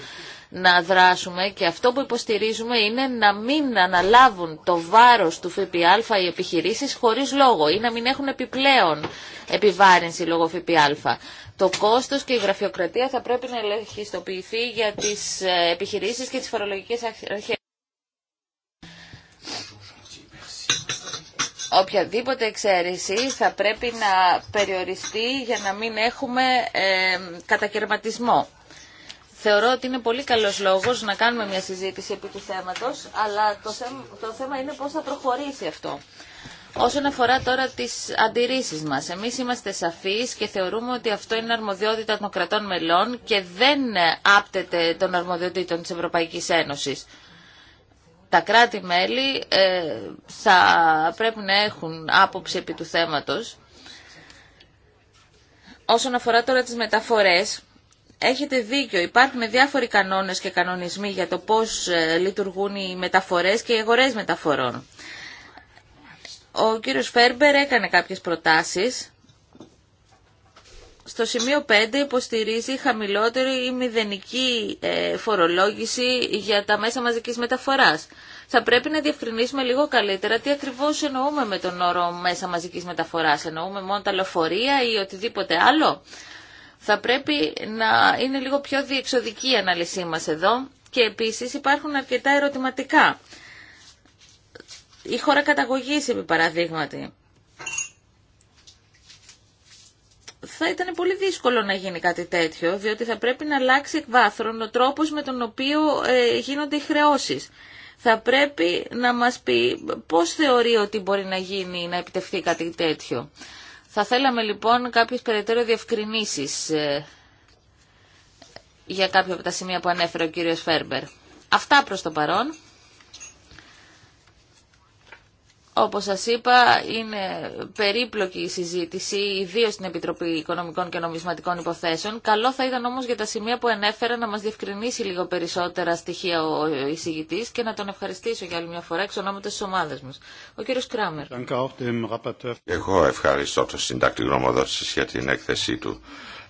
να δράσουμε και αυτό που υποστηρίζουμε είναι να μην αναλάβουν το βάρος του ΦΠΑ οι επιχειρήσεις χωρίς λόγο ή να μην έχουν επιπλέον επιβάρυνση λόγω ΦΠΑ. Το κόστος και η γραφειοκρατία θα πρέπει να ελεγχιστοποιηθεί για τις ε, επιχειρήσεις και τις φορολογικές αρχές. οποιαδήποτε εξαίρεση θα πρέπει να περιοριστεί για να μην έχουμε κατακερματισμό. κατακαιρματισμό. Θεωρώ ότι είναι πολύ καλός λόγος να κάνουμε μια συζήτηση επί του θέματος, αλλά το θέμα, το θέμα είναι πώς θα προχωρήσει αυτό. Όσον αφορά τώρα τις αντιρρήσεις μας, εμείς είμαστε σαφείς και θεωρούμε ότι αυτό είναι αρμοδιότητα των κρατών μελών και δεν άπτεται των αρμοδιοτήτων της Ευρωπαϊκής Ένωσης τα κράτη-μέλη ε, θα πρέπει να έχουν άποψη επί του θέματος. Όσον αφορά τώρα τις μεταφορές, έχετε δίκιο. Υπάρχουν διάφοροι κανόνες και κανονισμοί για το πώς ε, λειτουργούν οι μεταφορές και οι αγορές μεταφορών. Ο κύριος Φέρμπερ έκανε κάποιες προτάσεις στο σημείο 5 υποστηρίζει χαμηλότερη ή μηδενική ε, φορολόγηση για τα μέσα μαζικής μεταφοράς. Θα πρέπει να διευκρινίσουμε λίγο καλύτερα τι ακριβώς εννοούμε με τον όρο μέσα μαζικής μεταφοράς. Εννοούμε μόνο τα λεωφορεία ή οτιδήποτε άλλο. Θα πρέπει να είναι λίγο πιο διεξοδική η ανάλυση μας εδώ και επίσης υπάρχουν αρκετά ερωτηματικά. Η χώρα καταγωγής, επί παραδείγματι. θα ήταν πολύ δύσκολο να γίνει κάτι τέτοιο, διότι θα πρέπει να αλλάξει εκ βάθρων ο τρόπος με τον οποίο ε, γίνονται οι χρεώσεις. Θα πρέπει να μας πει πώς θεωρεί ότι μπορεί να γίνει, να επιτευχθεί κάτι τέτοιο. Θα θέλαμε λοιπόν κάποιες περαιτέρω διευκρινήσεις ε, για κάποια από τα σημεία που ανέφερε ο κύριος Φέρμπερ. Αυτά προς το παρόν. Όπως σας είπα, είναι περίπλοκη η συζήτηση, ιδίως στην Επιτροπή Οικονομικών και Νομισματικών Υποθέσεων. Καλό θα ήταν όμως για τα σημεία που ενέφερα να μας διευκρινίσει λίγο περισσότερα στοιχεία ο εισηγητής και να τον ευχαριστήσω για άλλη μια φορά εξ ονόματος της ομάδας μας. Ο κύριος Κράμερ. Εγώ ευχαριστώ τον συντάκτη γνωμοδότησης για την έκθεσή του,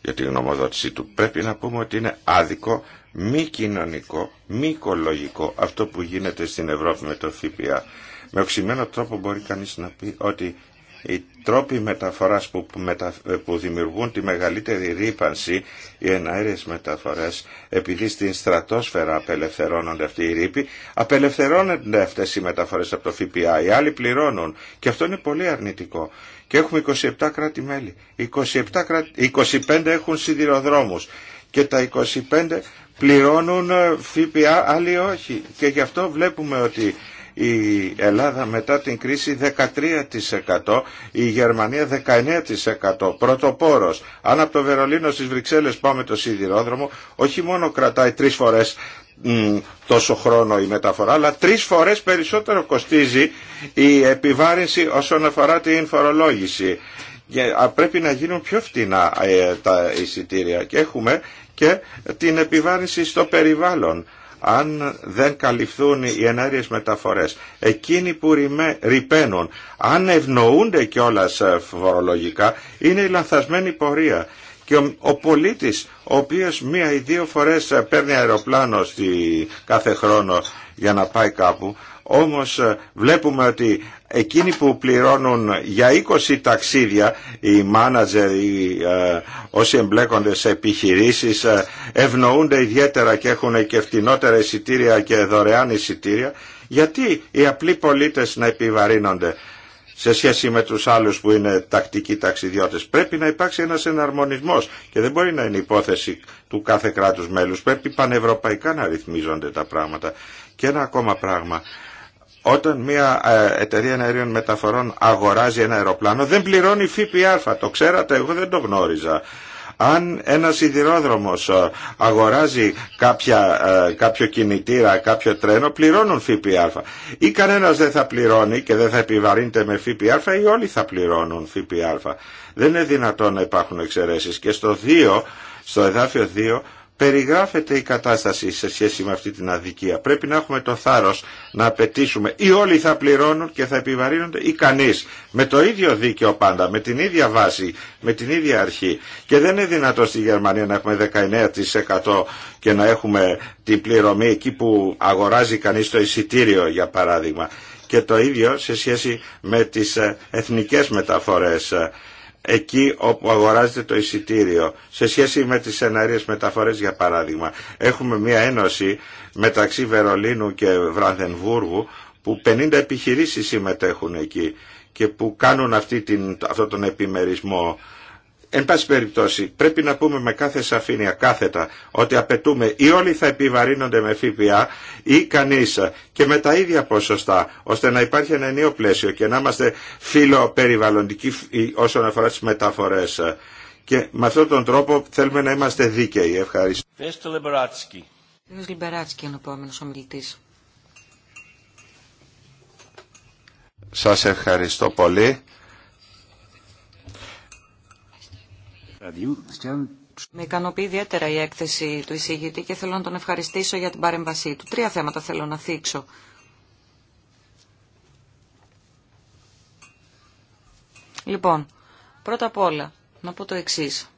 για την γνωμοδότησή του. Πρέπει να πούμε ότι είναι άδικο μη κοινωνικό, μη οικολογικό αυτό που γίνεται στην Ευρώπη με το ΦΠΑ. Με οξυμένο τρόπο μπορεί κανείς να πει ότι οι τρόποι μεταφοράς που, δημιουργούν τη μεγαλύτερη ρήπανση, οι εναέρειες μεταφορές, επειδή στην στρατόσφαιρα απελευθερώνονται αυτοί οι ρήποι, απελευθερώνονται αυτές οι μεταφορές από το ΦΠΑ, οι άλλοι πληρώνουν και αυτό είναι πολύ αρνητικό. Και έχουμε 27 κράτη-μέλη, 27 25 έχουν σιδηροδρόμους και τα 25 πληρώνουν ΦΠΑ, ε, άλλοι όχι. Και γι' αυτό βλέπουμε ότι η Ελλάδα μετά την κρίση 13%, η Γερμανία 19%, πρωτοπόρος. Αν από το Βερολίνο στις Βρυξέλλες πάμε το σιδηρόδρομο, όχι μόνο κρατάει τρεις φορές τόσο χρόνο η μεταφορά, αλλά τρεις φορές περισσότερο κοστίζει η επιβάρυνση όσον αφορά την φορολόγηση. πρέπει να γίνουν πιο φτηνά ε, τα εισιτήρια και έχουμε και την επιβάρυνση στο περιβάλλον αν δεν καλυφθούν οι ενέργειες μεταφορές, εκείνοι που ρηπαίνουν, αν ευνοούνται κιόλας ε, φορολογικά, είναι η λανθασμένη πορεία. Και ο, ο πολίτης, ο οποίος μία ή δύο φορές ε, παίρνει αεροπλάνο στη, κάθε χρόνο για να πάει κάπου, όμως ε, βλέπουμε ότι εκείνοι που πληρώνουν για 20 ταξίδια οι μάνατζερ, ε, όσοι εμπλέκονται σε επιχειρήσεις ε, ευνοούνται ιδιαίτερα και έχουν και φτηνότερα εισιτήρια και δωρεάν εισιτήρια γιατί οι απλοί πολίτες να επιβαρύνονται σε σχέση με τους άλλους που είναι τακτικοί ταξιδιώτες. Πρέπει να υπάρξει ένας εναρμονισμός και δεν μπορεί να είναι υπόθεση του κάθε κράτους μέλους. Πρέπει πανευρωπαϊκά να ρυθμίζονται τα πράγματα. Και ένα ακόμα πράγμα. Όταν μια ε, εταιρεία αερίων μεταφορών αγοράζει ένα αεροπλάνο δεν πληρώνει ΦΠΑ. Το ξέρατε, εγώ δεν το γνώριζα. Αν ένα σιδηρόδρομος ε, αγοράζει κάποια, ε, κάποιο κινητήρα, κάποιο τρένο, πληρώνουν ΦΠΑ. Ή κανένας δεν θα πληρώνει και δεν θα επιβαρύνεται με ΦΠΑ ή όλοι θα πληρώνουν ΦΠΑ. Δεν είναι δυνατόν να υπάρχουν εξαιρέσεις. Και στο 2, στο εδάφιο 2, περιγράφεται η κατάσταση σε σχέση με αυτή την αδικία. Πρέπει να έχουμε το θάρρος να απαιτήσουμε ή όλοι θα πληρώνουν και θα επιβαρύνονται ή κανείς. Με το ίδιο δίκαιο πάντα, με την ίδια βάση, με την ίδια αρχή. Και δεν είναι δυνατό στη Γερμανία να έχουμε 19% και να έχουμε την πληρωμή εκεί που αγοράζει κανείς το εισιτήριο για παράδειγμα. Και το ίδιο σε σχέση με τις ε, εθνικές μεταφορές εκεί όπου αγοράζεται το εισιτήριο. Σε σχέση με τις σενάριες μεταφορές για παράδειγμα. Έχουμε μια ένωση μεταξύ Βερολίνου και Βραδενβούργου που 50 επιχειρήσεις συμμετέχουν εκεί και που κάνουν αυτή την, αυτόν τον επιμερισμό Εν πάση περιπτώσει, πρέπει να πούμε με κάθε σαφήνεια, κάθετα, ότι απαιτούμε ή όλοι θα επιβαρύνονται με ΦΠΑ ή κανείς και με τα ίδια ποσοστά, ώστε να υπάρχει ένα ενίο πλαίσιο και να είμαστε φιλοπεριβαλλοντικοί όσον αφορά τις μεταφορές. Και με αυτόν τον τρόπο θέλουμε να είμαστε δίκαιοι. Ευχαριστώ. Σα Σας ευχαριστώ πολύ. Με ικανοποιεί ιδιαίτερα η έκθεση του εισηγητή και θέλω να τον ευχαριστήσω για την παρέμβασή του. Τρία θέματα θέλω να θίξω. Λοιπόν, πρώτα απ' όλα, να πω το εξής.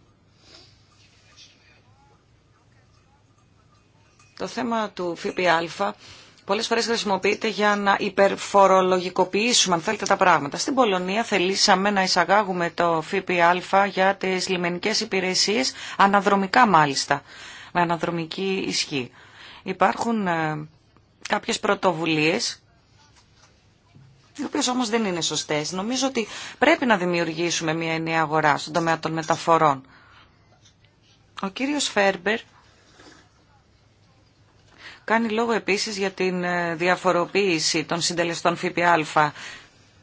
Το θέμα του ΦΠΑ Πολλέ φορέ χρησιμοποιείται για να υπερφορολογικοποιήσουμε, αν θέλετε, τα πράγματα. Στην Πολωνία θελήσαμε να εισαγάγουμε το ΦΠΑ για τις λιμενικές υπηρεσίες, αναδρομικά μάλιστα, με αναδρομική ισχύ. Υπάρχουν ε, κάποιες πρωτοβουλίε, οι οποίε όμω δεν είναι σωστέ. Νομίζω ότι πρέπει να δημιουργήσουμε μια ενιαία αγορά στον τομέα των μεταφορών. Ο κύριος Φέρμπερ Κάνει λόγο επίσης για την ε, διαφοροποίηση των συντελεστών ΦΠΑ.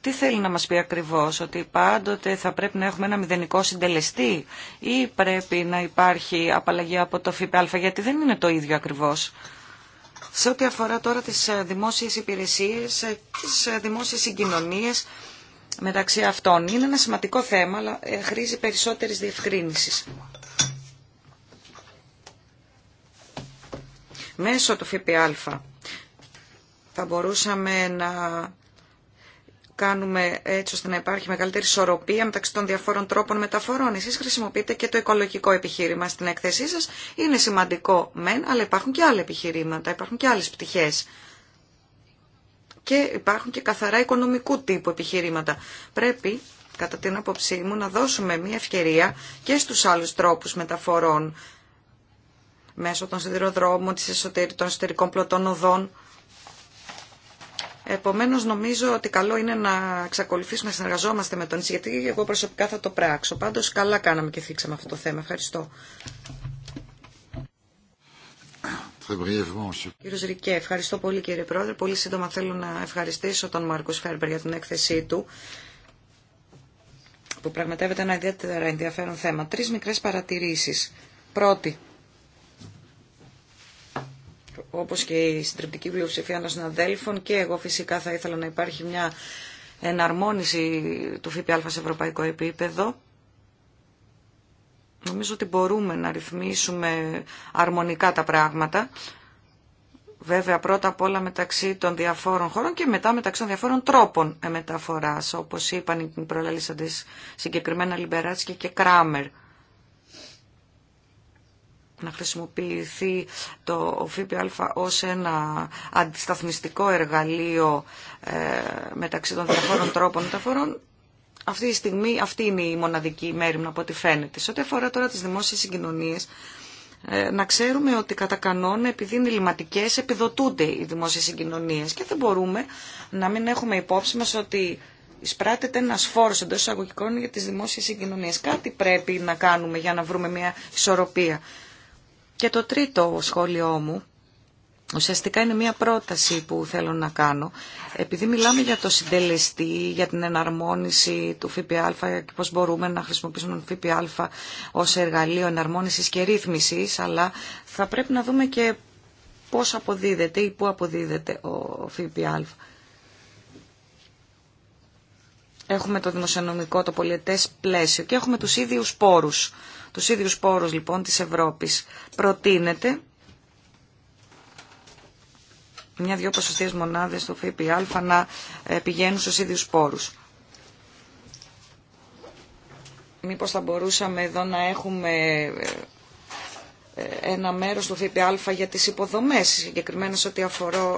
Τι θέλει να μας πει ακριβώς, ότι πάντοτε θα πρέπει να έχουμε ένα μηδενικό συντελεστή ή πρέπει να υπάρχει απαλλαγή από το ΦΠΑ, γιατί δεν είναι το ίδιο ακριβώς. Σε ό,τι αφορά τώρα τις ε, δημόσιες υπηρεσίες, ε, τις δημόσιες συγκοινωνίες, μεταξύ αυτών. Είναι ένα σημαντικό θέμα, αλλά χρήζει περισσότερης διευκρίνησης. μέσω του ΦΠΑ θα μπορούσαμε να κάνουμε έτσι ώστε να υπάρχει μεγαλύτερη ισορροπία μεταξύ των διαφόρων τρόπων μεταφορών. Εσείς χρησιμοποιείτε και το οικολογικό επιχείρημα στην έκθεσή σας. Είναι σημαντικό μεν, αλλά υπάρχουν και άλλα επιχειρήματα, υπάρχουν και άλλες πτυχές. Και υπάρχουν και καθαρά οικονομικού τύπου επιχειρήματα. Πρέπει, κατά την άποψή μου, να δώσουμε μια ευκαιρία και στους άλλους τρόπους μεταφορών μέσω των σιδηροδρόμων, των εσωτερικών πλωτών οδών. Επομένως νομίζω ότι καλό είναι να εξακολουθήσουμε να συνεργαζόμαστε με τον Ίση, γιατί εγώ προσωπικά θα το πράξω. Πάντως καλά κάναμε και θίξαμε αυτό το θέμα. Ευχαριστώ. Κύριο Ρικέ, ευχαριστώ πολύ κύριε Πρόεδρε. Πολύ σύντομα θέλω να ευχαριστήσω τον Μάρκο Φέρμπερ για την έκθεσή του που πραγματεύεται ένα ιδιαίτερα ενδιαφέρον θέμα. Τρεις μικρές παρατηρήσεις. Πρώτη, όπως και η συντριπτική πλειοψηφία των συναδέλφων και εγώ φυσικά θα ήθελα να υπάρχει μια εναρμόνιση του ΦΠΑ σε ευρωπαϊκό επίπεδο. Νομίζω ότι μπορούμε να ρυθμίσουμε αρμονικά τα πράγματα. Βέβαια πρώτα απ' όλα μεταξύ των διαφόρων χωρών και μετά μεταξύ των διαφόρων τρόπων μεταφοράς, όπως είπαν οι προλαλήσαντες συγκεκριμένα Λιμπεράτσκι και Κράμερ να χρησιμοποιηθεί το ΦΠΑ ως ένα αντισταθμιστικό εργαλείο ε, μεταξύ των διαφόρων τρόπων μεταφορών. Αυτή τη στιγμή αυτή είναι η μοναδική μου από ό,τι φαίνεται. Σε ό,τι αφορά τώρα τις δημόσιες συγκοινωνίες, ε, να ξέρουμε ότι κατά κανόνα επειδή είναι λιματικές επιδοτούνται οι δημόσιες συγκοινωνίες και δεν μπορούμε να μην έχουμε υπόψη μας ότι εισπράτεται ένα φόρο εντό εισαγωγικών για τι δημόσιε συγκοινωνίε. Κάτι πρέπει να κάνουμε για να βρούμε μια ισορροπία. Και το τρίτο σχόλιο μου, ουσιαστικά είναι μια πρόταση που θέλω να κάνω. Επειδή μιλάμε για το συντελεστή, για την εναρμόνιση του ΦΠΑ και πώς μπορούμε να χρησιμοποιήσουμε τον ΦΠΑ ως εργαλείο εναρμόνισης και ρύθμισης, αλλά θα πρέπει να δούμε και πώς αποδίδεται ή πού αποδίδεται ο ΦΠΑ. Έχουμε το δημοσιονομικό, το πολιετές πλαίσιο και έχουμε τους ίδιους πόρους τους ίδιους πόρους λοιπόν της Ευρώπης. Προτείνεται μια-δυο ποσοστές μονάδες του ΦΠΑ να ε, πηγαίνουν στους ίδιους πόρους. Μήπως θα μπορούσαμε εδώ να έχουμε ε, ένα μέρος του ΦΠΑ για τις υποδομές, συγκεκριμένα ό,τι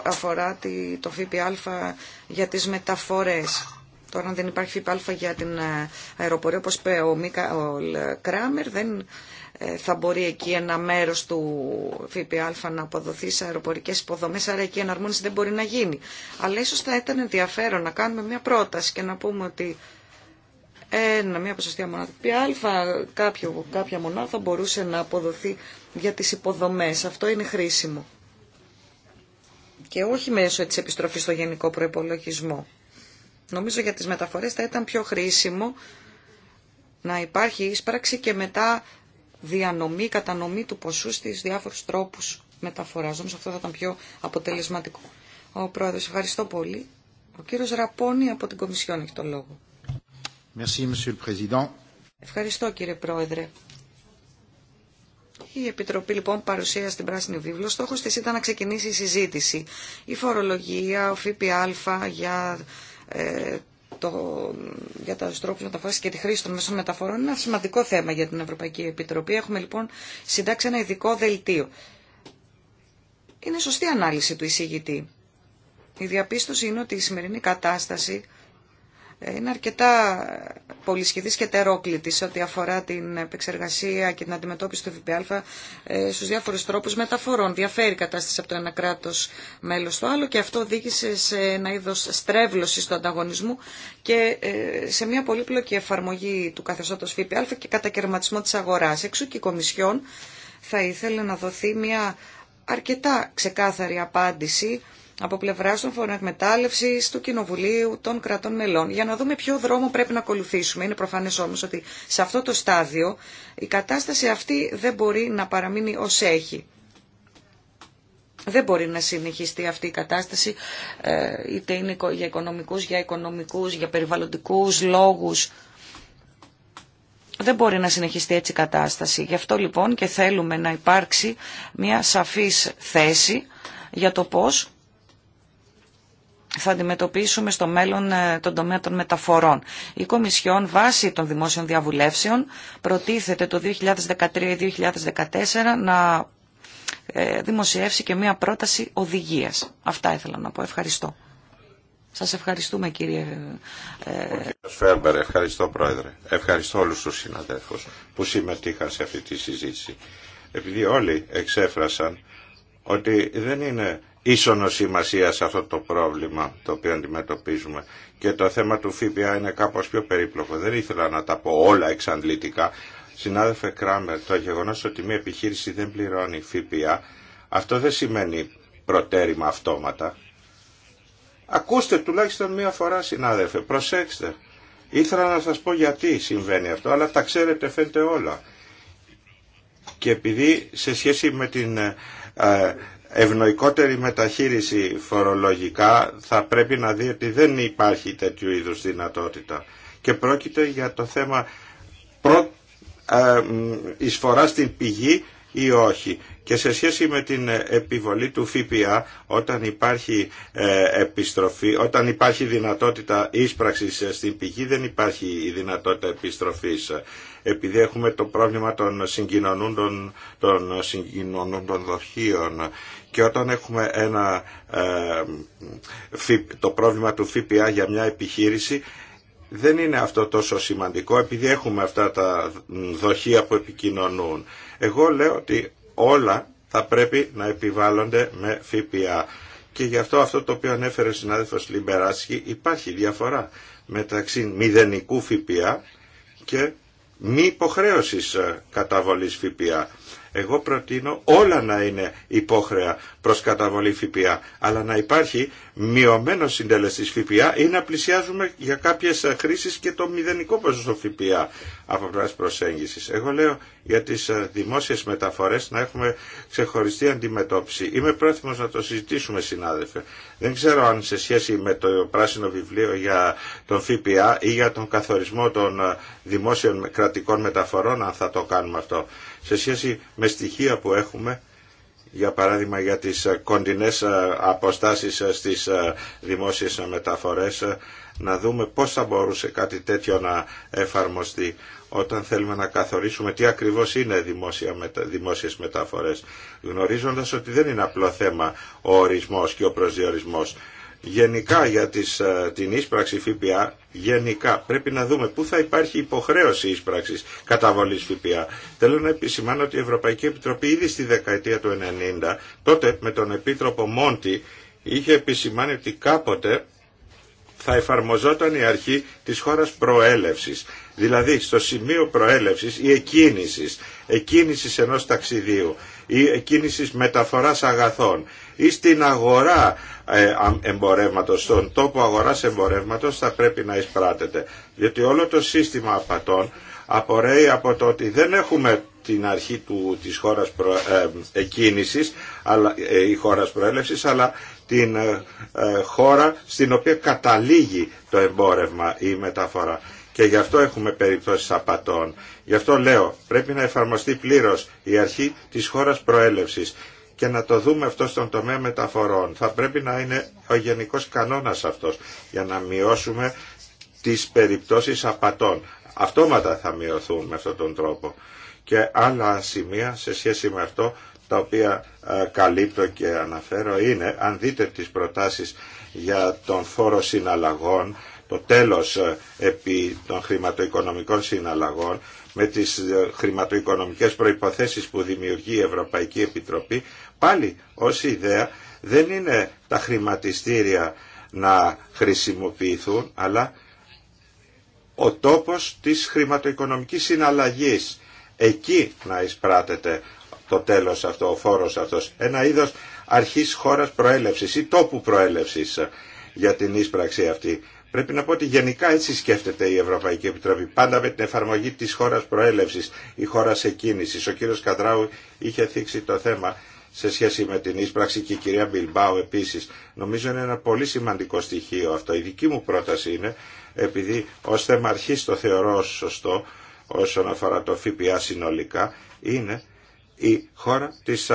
αφορά το ΦΠΑ για τις μεταφορές. Τώρα, αν δεν υπάρχει ΦΠΑ για την ε, αεροπορία, όπως είπε ο Μίκαλ Κράμερ, δεν ε, θα μπορεί εκεί ένα μέρος του ΦΠΑ να αποδοθεί σε αεροπορικές υποδομές, άρα εκεί η εναρμόνιση δεν μπορεί να γίνει. Αλλά ίσως θα ήταν ενδιαφέρον να κάνουμε μια πρόταση και να πούμε ότι ένα, μια ποσοστία μονάδα ΦΠΑ, κάποιο, κάποια μονάδα θα μπορούσε να αποδοθεί για τις υποδομές. Αυτό είναι χρήσιμο. Και όχι μέσω της επιστροφής στο γενικό προϋπολογισμό. Νομίζω για τις μεταφορές θα ήταν πιο χρήσιμο να υπάρχει ίσπραξη και μετά διανομή, κατανομή του ποσού στις διάφορους τρόπους μεταφοράς. Νομίζω αυτό θα ήταν πιο αποτελεσματικό. Ο Πρόεδρος, ευχαριστώ πολύ. Ο κύριος Ραπώνη από την Κομισιόν έχει το λόγο. Merci, Ευχαριστώ κύριε Πρόεδρε. Η Επιτροπή λοιπόν παρουσίασε στην Πράσινη Βίβλο. Στόχος της ήταν να ξεκινήσει η συζήτηση. Η φορολογία, ο ΦΠΑ για ε, το, για του τρόπου μεταφορά και τη χρήση των μέσων μεταφορών είναι ένα σημαντικό θέμα για την Ευρωπαϊκή Επιτροπή. Έχουμε λοιπόν συντάξει ένα ειδικό δελτίο. Είναι σωστή ανάλυση του εισηγητή. Η διαπίστωση είναι ότι η σημερινή κατάσταση είναι αρκετά πολυσχεδής και τερόκλητη σε ό,τι αφορά την επεξεργασία και την αντιμετώπιση του ΦΠΑ ε, στους διάφορους τρόπους μεταφορών. Διαφέρει η κατάσταση από το ένα κράτο μέλος στο άλλο και αυτό οδήγησε σε ένα είδος στρέβλωση του ανταγωνισμού και ε, σε μια πολύπλοκη εφαρμογή του καθεστώτος ΦΠΑ και κατακαιρματισμό της αγοράς. Εξού και η Κομισιόν θα ήθελε να δοθεί μια αρκετά ξεκάθαρη απάντηση από πλευρά των φορών εκμετάλλευση του Κοινοβουλίου των κρατών μελών για να δούμε ποιο δρόμο πρέπει να ακολουθήσουμε. Είναι προφανέ όμω ότι σε αυτό το στάδιο η κατάσταση αυτή δεν μπορεί να παραμείνει ω έχει. Δεν μπορεί να συνεχιστεί αυτή η κατάσταση, ε, είτε είναι για οικονομικούς, για οικονομικούς, για περιβαλλοντικούς λόγους. Δεν μπορεί να συνεχιστεί έτσι η κατάσταση. Γι' αυτό λοιπόν και θέλουμε να υπάρξει μια σαφής θέση για το πώς θα αντιμετωπίσουμε στο μέλλον ε, τον τομέα των μεταφορών. Η Κομισιόν βάσει των δημόσιων διαβουλεύσεων προτίθεται το 2013-2014 να ε, δημοσιεύσει και μία πρόταση οδηγίας. Αυτά ήθελα να πω. Ευχαριστώ. Σας ευχαριστούμε κύριε ε, Φέρμπερ. Ευχαριστώ πρόεδρε. Ευχαριστώ όλους τους συναδέλφους που συμμετείχαν σε αυτή τη συζήτηση. Επειδή όλοι εξέφρασαν ότι δεν είναι ίσονο σημασία σε αυτό το πρόβλημα το οποίο αντιμετωπίζουμε. Και το θέμα του ΦΠΑ είναι κάπως πιο περίπλοκο. Δεν ήθελα να τα πω όλα εξαντλητικά. Συνάδελφε Κράμερ, το γεγονό ότι μια επιχείρηση δεν πληρώνει ΦΠΑ, αυτό δεν σημαίνει προτέρημα αυτόματα. Ακούστε τουλάχιστον μία φορά συνάδελφε, προσέξτε. Ήθελα να σας πω γιατί συμβαίνει αυτό, αλλά τα ξέρετε φαίνεται όλα. Και επειδή σε σχέση με την ε, ε, ευνοϊκότερη μεταχείριση φορολογικά θα πρέπει να δει ότι δεν υπάρχει τέτοιου είδους δυνατότητα. Και πρόκειται για το θέμα προ, ε, εισφορά στην πηγή ή όχι. Και σε σχέση με την επιβολή του ΦΠΑ, όταν υπάρχει ε, επιστροφή, όταν υπάρχει δυνατότητα ίσπραξης στην πηγή, δεν υπάρχει η δυνατότητα επιστροφής επειδή έχουμε το πρόβλημα των συγκοινωνούντων των, των δοχείων και όταν έχουμε ένα, ε, το πρόβλημα του ΦΠΑ για μια επιχείρηση δεν είναι αυτό τόσο σημαντικό επειδή έχουμε αυτά τα δοχεία που επικοινωνούν. Εγώ λέω ότι όλα θα πρέπει να επιβάλλονται με ΦΠΑ. Και γι' αυτό αυτό το οποίο ανέφερε ο συνάδελφος Λιμπεράσχη υπάρχει διαφορά μεταξύ μηδενικού ΦΠΑ και μη υποχρέωσης ε, καταβολής ΦΠΑ εγώ προτείνω όλα να είναι υπόχρεα προς καταβολή ΦΠΑ, αλλά να υπάρχει μειωμένο συντελεστής ΦΠΑ ή να πλησιάζουμε για κάποιες χρήσεις και το μηδενικό ποσοστό ΦΠΑ από πλευράς προσέγγιση. Εγώ λέω για τις δημόσιες μεταφορές να έχουμε ξεχωριστή αντιμετώπιση. Είμαι πρόθυμος να το συζητήσουμε συνάδελφε. Δεν ξέρω αν σε σχέση με το πράσινο βιβλίο για τον ΦΠΑ ή για τον καθορισμό των δημόσιων κρατικών μεταφορών αν θα το κάνουμε αυτό σε σχέση με στοιχεία που έχουμε για παράδειγμα για τις ε, κοντινές ε, αποστάσεις ε, στις δημόσιες μεταφορές να δούμε πώς θα μπορούσε κάτι τέτοιο να εφαρμοστεί όταν θέλουμε να καθορίσουμε τι ακριβώς είναι δημόσια, δημόσιες μεταφορές γνωρίζοντας ότι δεν είναι απλό θέμα ο ορισμός και ο προσδιορισμός γενικά για τις, ε, την ίσπραξη ΦΠΑ, γενικά πρέπει να δούμε πού θα υπάρχει υποχρέωση ίσπραξης καταβολής ΦΠΑ. Θέλω να επισημάνω ότι η Ευρωπαϊκή Επιτροπή ήδη στη δεκαετία του 1990, τότε με τον Επίτροπο Μόντι, είχε επισημάνει ότι κάποτε θα εφαρμοζόταν η αρχή της χώρας προέλευσης. Δηλαδή στο σημείο προέλευσης ή εκκίνησης, εκκίνησης ενός ταξιδίου ή εκκίνησης μεταφοράς αγαθών ή στην αγορά ε, Εμπόρεύματο στον τόπο αγοράς εμπορεύματο θα πρέπει να εισπράτεται. Διότι όλο το σύστημα απατών απορρέει από το ότι δεν έχουμε την αρχή του, της χώρας ε, εκκίνησης αλλά, ε, η χώρας προέλευσης αλλά την χώρα στην οποία καταλήγει το εμπόρευμα ή η μεταφορά. Και γι' αυτό έχουμε περιπτώσεις απατών. Γι' αυτό λέω πρέπει να εφαρμοστεί πλήρως η αρχή της χώρας προέλευσης και να το δούμε αυτό στον τομέα μεταφορών. Θα πρέπει να είναι ο γενικός κανόνας αυτός για να μειώσουμε τις περιπτώσεις απατών. Αυτόματα θα μειωθούν με αυτόν τον τρόπο. Και άλλα σημεία σε σχέση με αυτό τα οποία ε, καλύπτω και αναφέρω είναι, αν δείτε τις προτάσεις για τον φόρο συναλλαγών, το τέλος ε, επί των χρηματοοικονομικών συναλλαγών με τις ε, χρηματοοικονομικές προϋποθέσεις που δημιουργεί η Ευρωπαϊκή Επιτροπή Πάλι ως ιδέα δεν είναι τα χρηματιστήρια να χρησιμοποιηθούν, αλλά ο τόπος της χρηματοοικονομικής συναλλαγής. Εκεί να εισπράτεται το τέλος αυτό, ο φόρος αυτός. Ένα είδος αρχής χώρας προέλευσης ή τόπου προέλευσης για την ίσπραξη αυτή. Πρέπει να πω ότι γενικά έτσι σκέφτεται η Ευρωπαϊκή Επιτροπή, πάντα με την εφαρμογή της χώρας προέλευσης ή χώρας εκκίνησης. Ο κύριος Κατράου είχε θίξει το θέμα σε σχέση με την ίσπραξη και η κυρία Μπιλμπάου επίσης. Νομίζω είναι ένα πολύ σημαντικό στοιχείο αυτό. Η δική μου πρόταση είναι, επειδή ως θέμα αρχής το θεωρώ σωστό όσον αφορά το ΦΠΑ συνολικά, είναι η, χώρα της,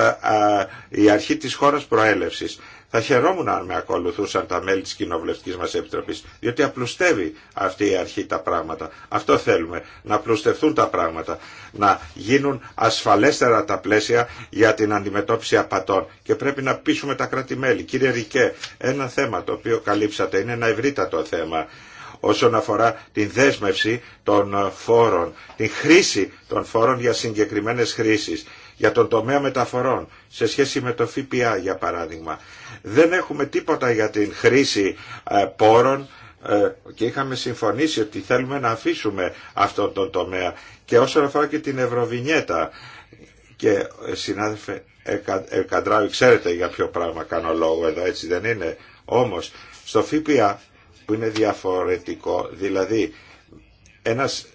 η αρχή της χώρας προέλευσης. Θα χαιρόμουν αν με ακολουθούσαν τα μέλη της κοινοβουλευτικής μας επιτροπής, διότι απλουστεύει αυτή η αρχή τα πράγματα. Αυτό θέλουμε, να απλουστευτούν τα πράγματα, να γίνουν ασφαλέστερα τα πλαίσια για την αντιμετώπιση απατών και πρέπει να πείσουμε τα κράτη-μέλη. Κύριε Ρικέ, ένα θέμα το οποίο καλύψατε είναι ένα ευρύτατο θέμα όσον αφορά την δέσμευση των φόρων, την χρήση των φόρων για συγκεκριμένες χρήσεις για τον τομέα μεταφορών σε σχέση με το ΦΠΑ για παράδειγμα. Δεν έχουμε τίποτα για την χρήση ε, πόρων ε, και είχαμε συμφωνήσει ότι θέλουμε να αφήσουμε αυτόν τον τομέα και όσον αφορά και την Ευρωβινιέτα και ε, συνάδελφε Ερκαντράου, ξέρετε για ποιο πράγμα κάνω λόγο εδώ έτσι δεν είναι όμως στο ΦΠΑ που είναι διαφορετικό δηλαδή ένας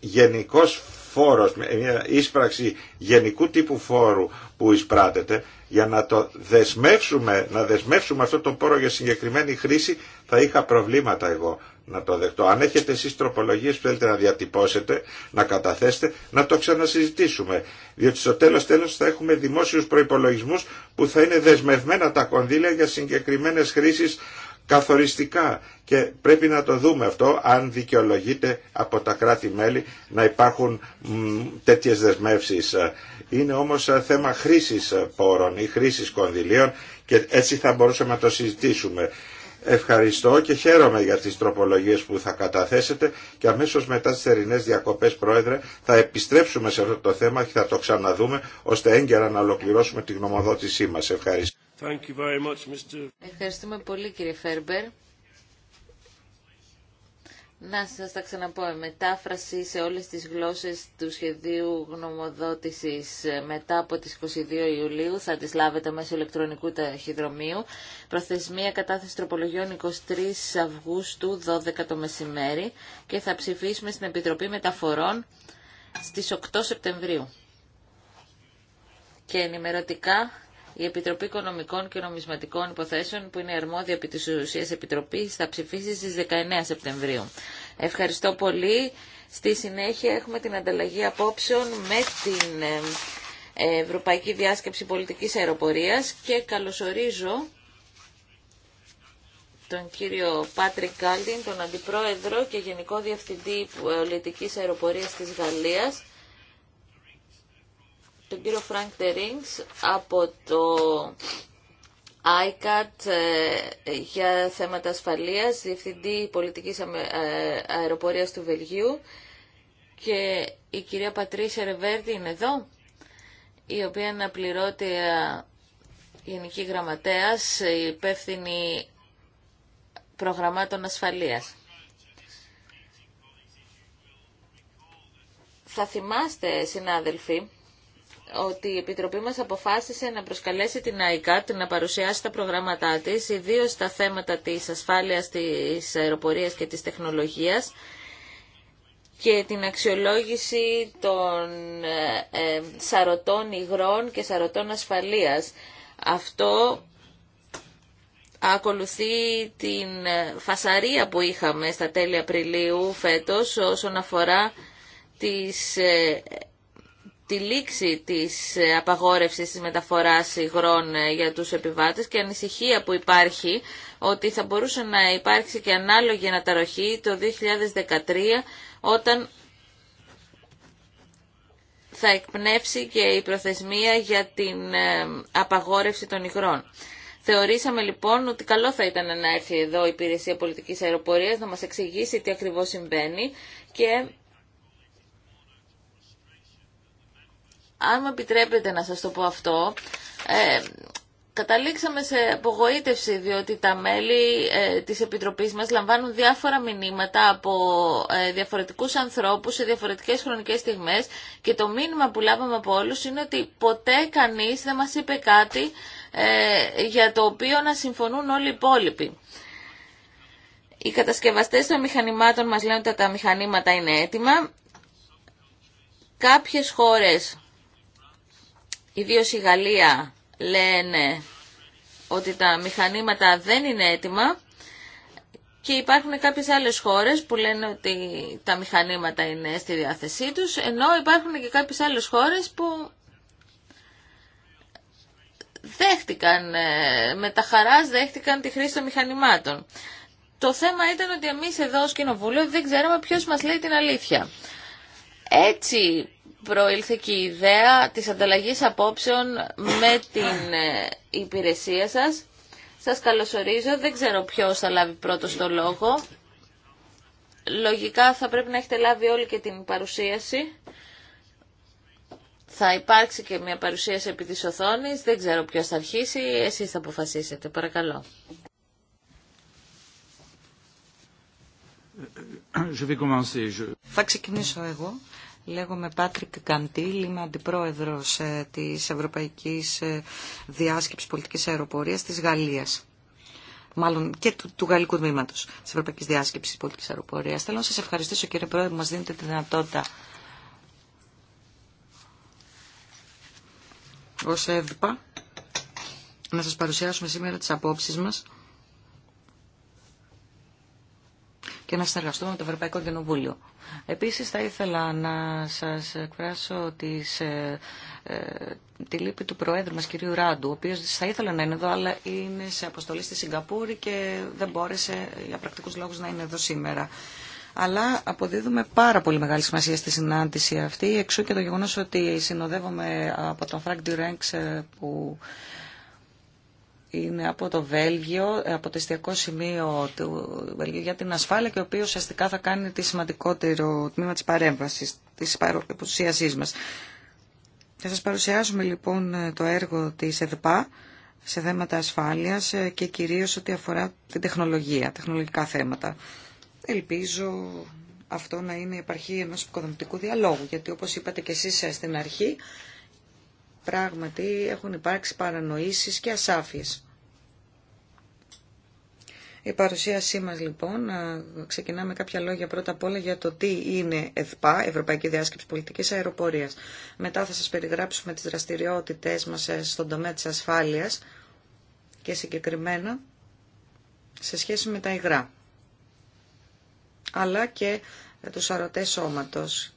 γενικός φόρος, μια ίσπραξη γενικού τύπου φόρου που εισπράτεται, για να το δεσμεύσουμε, να δεσμεύσουμε αυτό το πόρο για συγκεκριμένη χρήση, θα είχα προβλήματα εγώ να το δεχτώ. Αν έχετε εσεί τροπολογίε που θέλετε να διατυπώσετε, να καταθέσετε, να το ξανασυζητήσουμε. Διότι στο τέλο τέλο θα έχουμε δημόσιου προπολογισμού που θα είναι δεσμευμένα τα κονδύλια για συγκεκριμένε χρήσει καθοριστικά και πρέπει να το δούμε αυτό αν δικαιολογείται από τα κράτη-μέλη να υπάρχουν τέτοιες δεσμεύσεις. Είναι όμως ε, θέμα χρήσης ε, πόρων ή χρήσης κονδυλίων και έτσι θα μπορούσαμε να το συζητήσουμε. Ευχαριστώ και χαίρομαι για τις τροπολογίες που θα καταθέσετε και αμέσως μετά τις θερινές διακοπές Πρόεδρε θα επιστρέψουμε σε αυτό το θέμα και θα το ξαναδούμε ώστε έγκαιρα να ολοκληρώσουμε τη γνωμοδότησή μας. Ευχαριστώ. Ευχαριστούμε πολύ κύριε Φέρμπερ. Να σας τα ξαναπώ, μετάφραση σε όλες τις γλώσσες του σχεδίου γνωμοδότησης μετά από τις 22 Ιουλίου θα τις λάβετε μέσω ηλεκτρονικού ταχυδρομείου. Προθεσμία κατάθεση τροπολογιών 23 Αυγούστου 12 το μεσημέρι και θα ψηφίσουμε στην Επιτροπή Μεταφορών στις 8 Σεπτεμβρίου. Και ενημερωτικά η Επιτροπή Οικονομικών και Νομισματικών Υποθέσεων, που είναι αρμόδια επί της ουσίας Επιτροπής, θα ψηφίσει στις 19 Σεπτεμβρίου. Ευχαριστώ πολύ. Στη συνέχεια έχουμε την ανταλλαγή απόψεων με την Ευρωπαϊκή Διάσκεψη Πολιτικής Αεροπορίας και καλωσορίζω τον κύριο Πάτρικ Κάλτιν, τον Αντιπρόεδρο και Γενικό Διευθυντή Πολιτικής Αεροπορίας της Γαλλίας τον κύριο Φρανκ Τερίνγκς από το ICAT ε, για θέματα ασφαλείας, Διευθυντή Πολιτικής ε, Αεροπορίας του Βελγίου και η κυρία Πατρίσια Ρεβέρδη είναι εδώ, η οποία είναι απληρώτια Γενική Γραμματέας, υπεύθυνη προγραμμάτων ασφαλείας. Θα θυμάστε, συνάδελφοι, ότι η Επιτροπή μας αποφάσισε να προσκαλέσει την ΑΕΚΑΤ να παρουσιάσει τα προγράμματά της, ιδίως τα θέματα της ασφάλειας, της αεροπορίας και της τεχνολογίας και την αξιολόγηση των ε, ε, σαρωτών υγρών και σαρωτών ασφαλείας. Αυτό ακολουθεί την φασαρία που είχαμε στα τέλη Απριλίου φέτος όσον αφορά τις ε, τη λήξη της ε, απαγόρευσης της μεταφοράς υγρών ε, για τους επιβάτες και ανησυχία που υπάρχει ότι θα μπορούσε να υπάρξει και ανάλογη αναταροχή το 2013 όταν θα εκπνεύσει και η προθεσμία για την ε, απαγόρευση των υγρών. Θεωρήσαμε λοιπόν ότι καλό θα ήταν να έρθει εδώ η Υπηρεσία Πολιτικής Αεροπορίας να μας εξηγήσει τι ακριβώς συμβαίνει και αν μου επιτρέπετε να σας το πω αυτό, ε, καταλήξαμε σε απογοήτευση διότι τα μέλη ε, της Επιτροπής μας λαμβάνουν διάφορα μηνύματα από ε, διαφορετικούς ανθρώπους σε διαφορετικές χρονικές στιγμές και το μήνυμα που λάβαμε από όλους είναι ότι ποτέ κανείς δεν μας είπε κάτι ε, για το οποίο να συμφωνούν όλοι οι υπόλοιποι. Οι κατασκευαστές των μηχανημάτων μας λένε ότι τα μηχανήματα είναι έτοιμα. Κάποιες χώρες Ιδίως η Γαλλία λένε ότι τα μηχανήματα δεν είναι έτοιμα και υπάρχουν κάποιες άλλες χώρες που λένε ότι τα μηχανήματα είναι στη διάθεσή τους, ενώ υπάρχουν και κάποιες άλλες χώρες που δέχτηκαν, ε, με τα χαράς δέχτηκαν τη χρήση των μηχανημάτων. Το θέμα ήταν ότι εμείς εδώ ως Κοινοβούλιο δεν ξέραμε ποιος μας λέει την αλήθεια. Έτσι προήλθε και η ιδέα της ανταλλαγής απόψεων με την υπηρεσία σας. Σας καλωσορίζω. Δεν ξέρω ποιος θα λάβει πρώτος το λόγο. Λογικά θα πρέπει να έχετε λάβει όλη και την παρουσίαση. Θα υπάρξει και μια παρουσίαση επί της οθόνης. Δεν ξέρω ποιος θα αρχίσει. Εσείς θα αποφασίσετε. Παρακαλώ. Θα ξεκινήσω εγώ. Λέγομαι Πάτρικ Καντήλ, είμαι αντιπρόεδρος ε, της Ευρωπαϊκής ε, Διάσκεψης Πολιτικής Αεροπορίας της Γαλλίας. Μάλλον και του, Γαλλικού Τμήματος της Ευρωπαϊκής Διάσκεψης Πολιτικής Αεροπορίας. Θέλω να σας ευχαριστήσω κύριε Πρόεδρε που μας δίνετε τη δυνατότητα ως ΕΔΠΑ να σας παρουσιάσουμε σήμερα τις απόψεις μας και να συνεργαστούμε με το Ευρωπαϊκό Κοινοβούλιο. Επίσης θα ήθελα να σας εκφράσω τις, ε, τη λύπη του Προέδρου μας, κυρίου Ράντου, ο οποίος θα ήθελε να είναι εδώ, αλλά είναι σε αποστολή στη Σιγκαπούρη και δεν μπόρεσε για πρακτικούς λόγους να είναι εδώ σήμερα αλλά αποδίδουμε πάρα πολύ μεγάλη σημασία στη συνάντηση αυτή, εξού και το γεγονός ότι συνοδεύομαι από τον Φραγκ Ντιουρέγκ ε, που είναι από το Βέλγιο, από το εστιακό σημείο του Βέλγιου για την ασφάλεια και ο οποίος ουσιαστικά θα κάνει τη σημαντικότερο τμήμα της παρέμβασης, της παρουσίασής μας. Θα σας παρουσιάσουμε λοιπόν το έργο της ΕΔΠΑ σε θέματα ασφάλειας και κυρίως ό,τι αφορά την τεχνολογία, τεχνολογικά θέματα. Ελπίζω αυτό να είναι η επαρχή ενός οικοδομητικού διαλόγου, γιατί όπως είπατε και εσείς στην αρχή, πράγματι έχουν υπάρξει παρανοήσεις και ασάφειες. Η παρουσίασή μας λοιπόν ξεκινάμε κάποια λόγια πρώτα απ' όλα για το τι είναι ΕΔΠΑ, Ευρωπαϊκή Διάσκεψη Πολιτικής Αεροπορίας. Μετά θα σας περιγράψουμε τις δραστηριότητες μας ε, στον τομέα της ασφάλειας και συγκεκριμένα σε σχέση με τα υγρά, αλλά και ε, του αρωτές σώματος.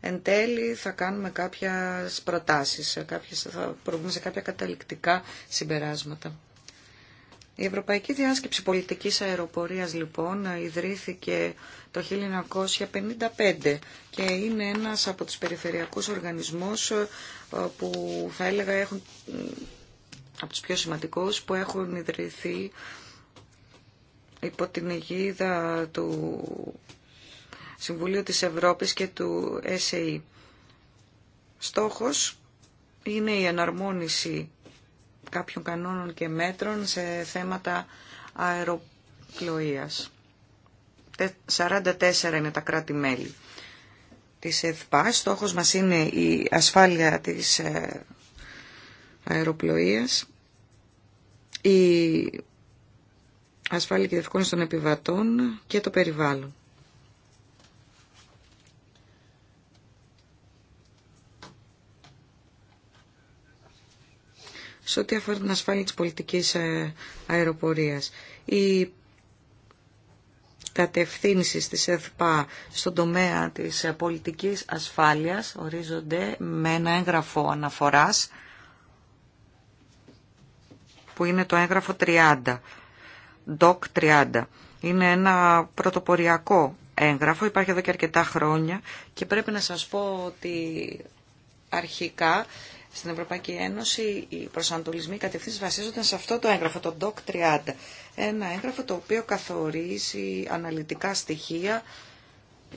Εν τέλει θα κάνουμε κάποιες προτάσεις, ε, θα προβούμε σε κάποια καταληκτικά συμπεράσματα. Η Ευρωπαϊκή Διάσκεψη Πολιτικής Αεροπορίας λοιπόν ιδρύθηκε το 1955 και είναι ένας από τους περιφερειακούς οργανισμούς ε, που θα έλεγα έχουν από τους πιο σημαντικούς που έχουν ιδρυθεί υπό την αιγίδα του Συμβουλίου της Ευρώπης και του ΕΣΕΗ. Στόχος είναι η εναρμόνιση κάποιων κανόνων και μέτρων σε θέματα αεροπλοείας. 44 είναι τα κράτη-μέλη της ΕΔΠΑ. Στόχος μας είναι η ασφάλεια της ε, αεροπλοείας, η ασφάλεια και διευκόλυνση των επιβατών και το περιβάλλον. σε ό,τι αφορά την ασφάλεια της πολιτικής ε, αεροπορίας. Η κατευθύνσει της ΕΘΠΑ στον τομέα της ε, πολιτικής ασφάλειας ορίζονται με ένα έγγραφο αναφοράς που είναι το έγγραφο 30, DOC 30. Είναι ένα πρωτοποριακό έγγραφο, υπάρχει εδώ και αρκετά χρόνια και πρέπει να σας πω ότι αρχικά στην Ευρωπαϊκή Ένωση οι προσανατολισμοί κατευθύνσεις βασίζονταν σε αυτό το έγγραφο, το DOC 30. Ένα έγγραφο το οποίο καθορίζει αναλυτικά στοιχεία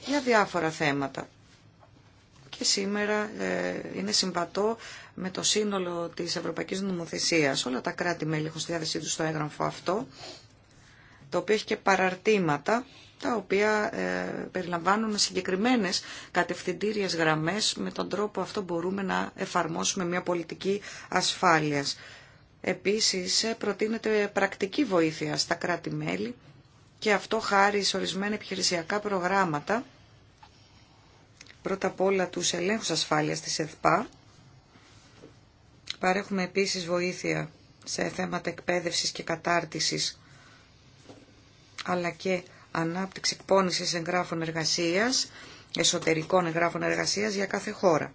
για διάφορα θέματα. Και σήμερα ε, είναι συμβατό με το σύνολο της Ευρωπαϊκής Νομοθεσίας. Όλα τα κράτη-μέλη έχουν στη διάθεσή τους το έγγραφο αυτό, το οποίο έχει και παραρτήματα τα οποία ε, περιλαμβάνουν συγκεκριμένες κατευθυντήριες γραμμές. Με τον τρόπο αυτό μπορούμε να εφαρμόσουμε μια πολιτική ασφάλειας. Επίσης, ε, προτείνεται πρακτική βοήθεια στα κράτη-μέλη και αυτό χάρη σε ορισμένα επιχειρησιακά προγράμματα. Πρώτα απ' όλα τους ελέγχους ασφάλειας της ΕΔΠΑ. Παρέχουμε επίσης βοήθεια σε θέματα εκπαίδευσης και κατάρτισης αλλά και ανάπτυξη εκπόνησης εγγράφων εργασίας, εσωτερικών εγγράφων εργασία για κάθε χώρα.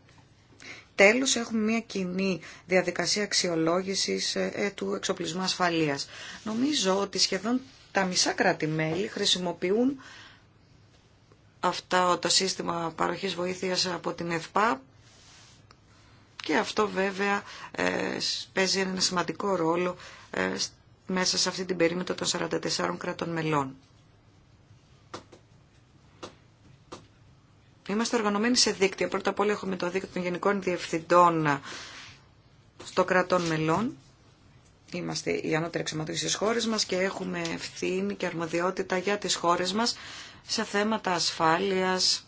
Τέλος, έχουμε μια κοινή διαδικασία αξιολόγησης ε, ε, του εξοπλισμού ασφαλείας. Νομίζω ότι σχεδόν τα μισά κράτη-μέλη χρησιμοποιούν αυτό το σύστημα παροχής βοήθειας από την ΕΦΠΑ και αυτό βέβαια ε, παίζει ένα σημαντικό ρόλο μέσα σε αυτή την περίμετρο των 44 κρατών μελών. Είμαστε οργανωμένοι σε δίκτυα. Πρώτα απ' όλα έχουμε το δίκτυο των Γενικών Διευθυντών στο κρατών μελών. Είμαστε η ανώτερη εξωματικοί στις χώρες μας και έχουμε ευθύνη και αρμοδιότητα για τις χώρες μας σε θέματα ασφάλειας,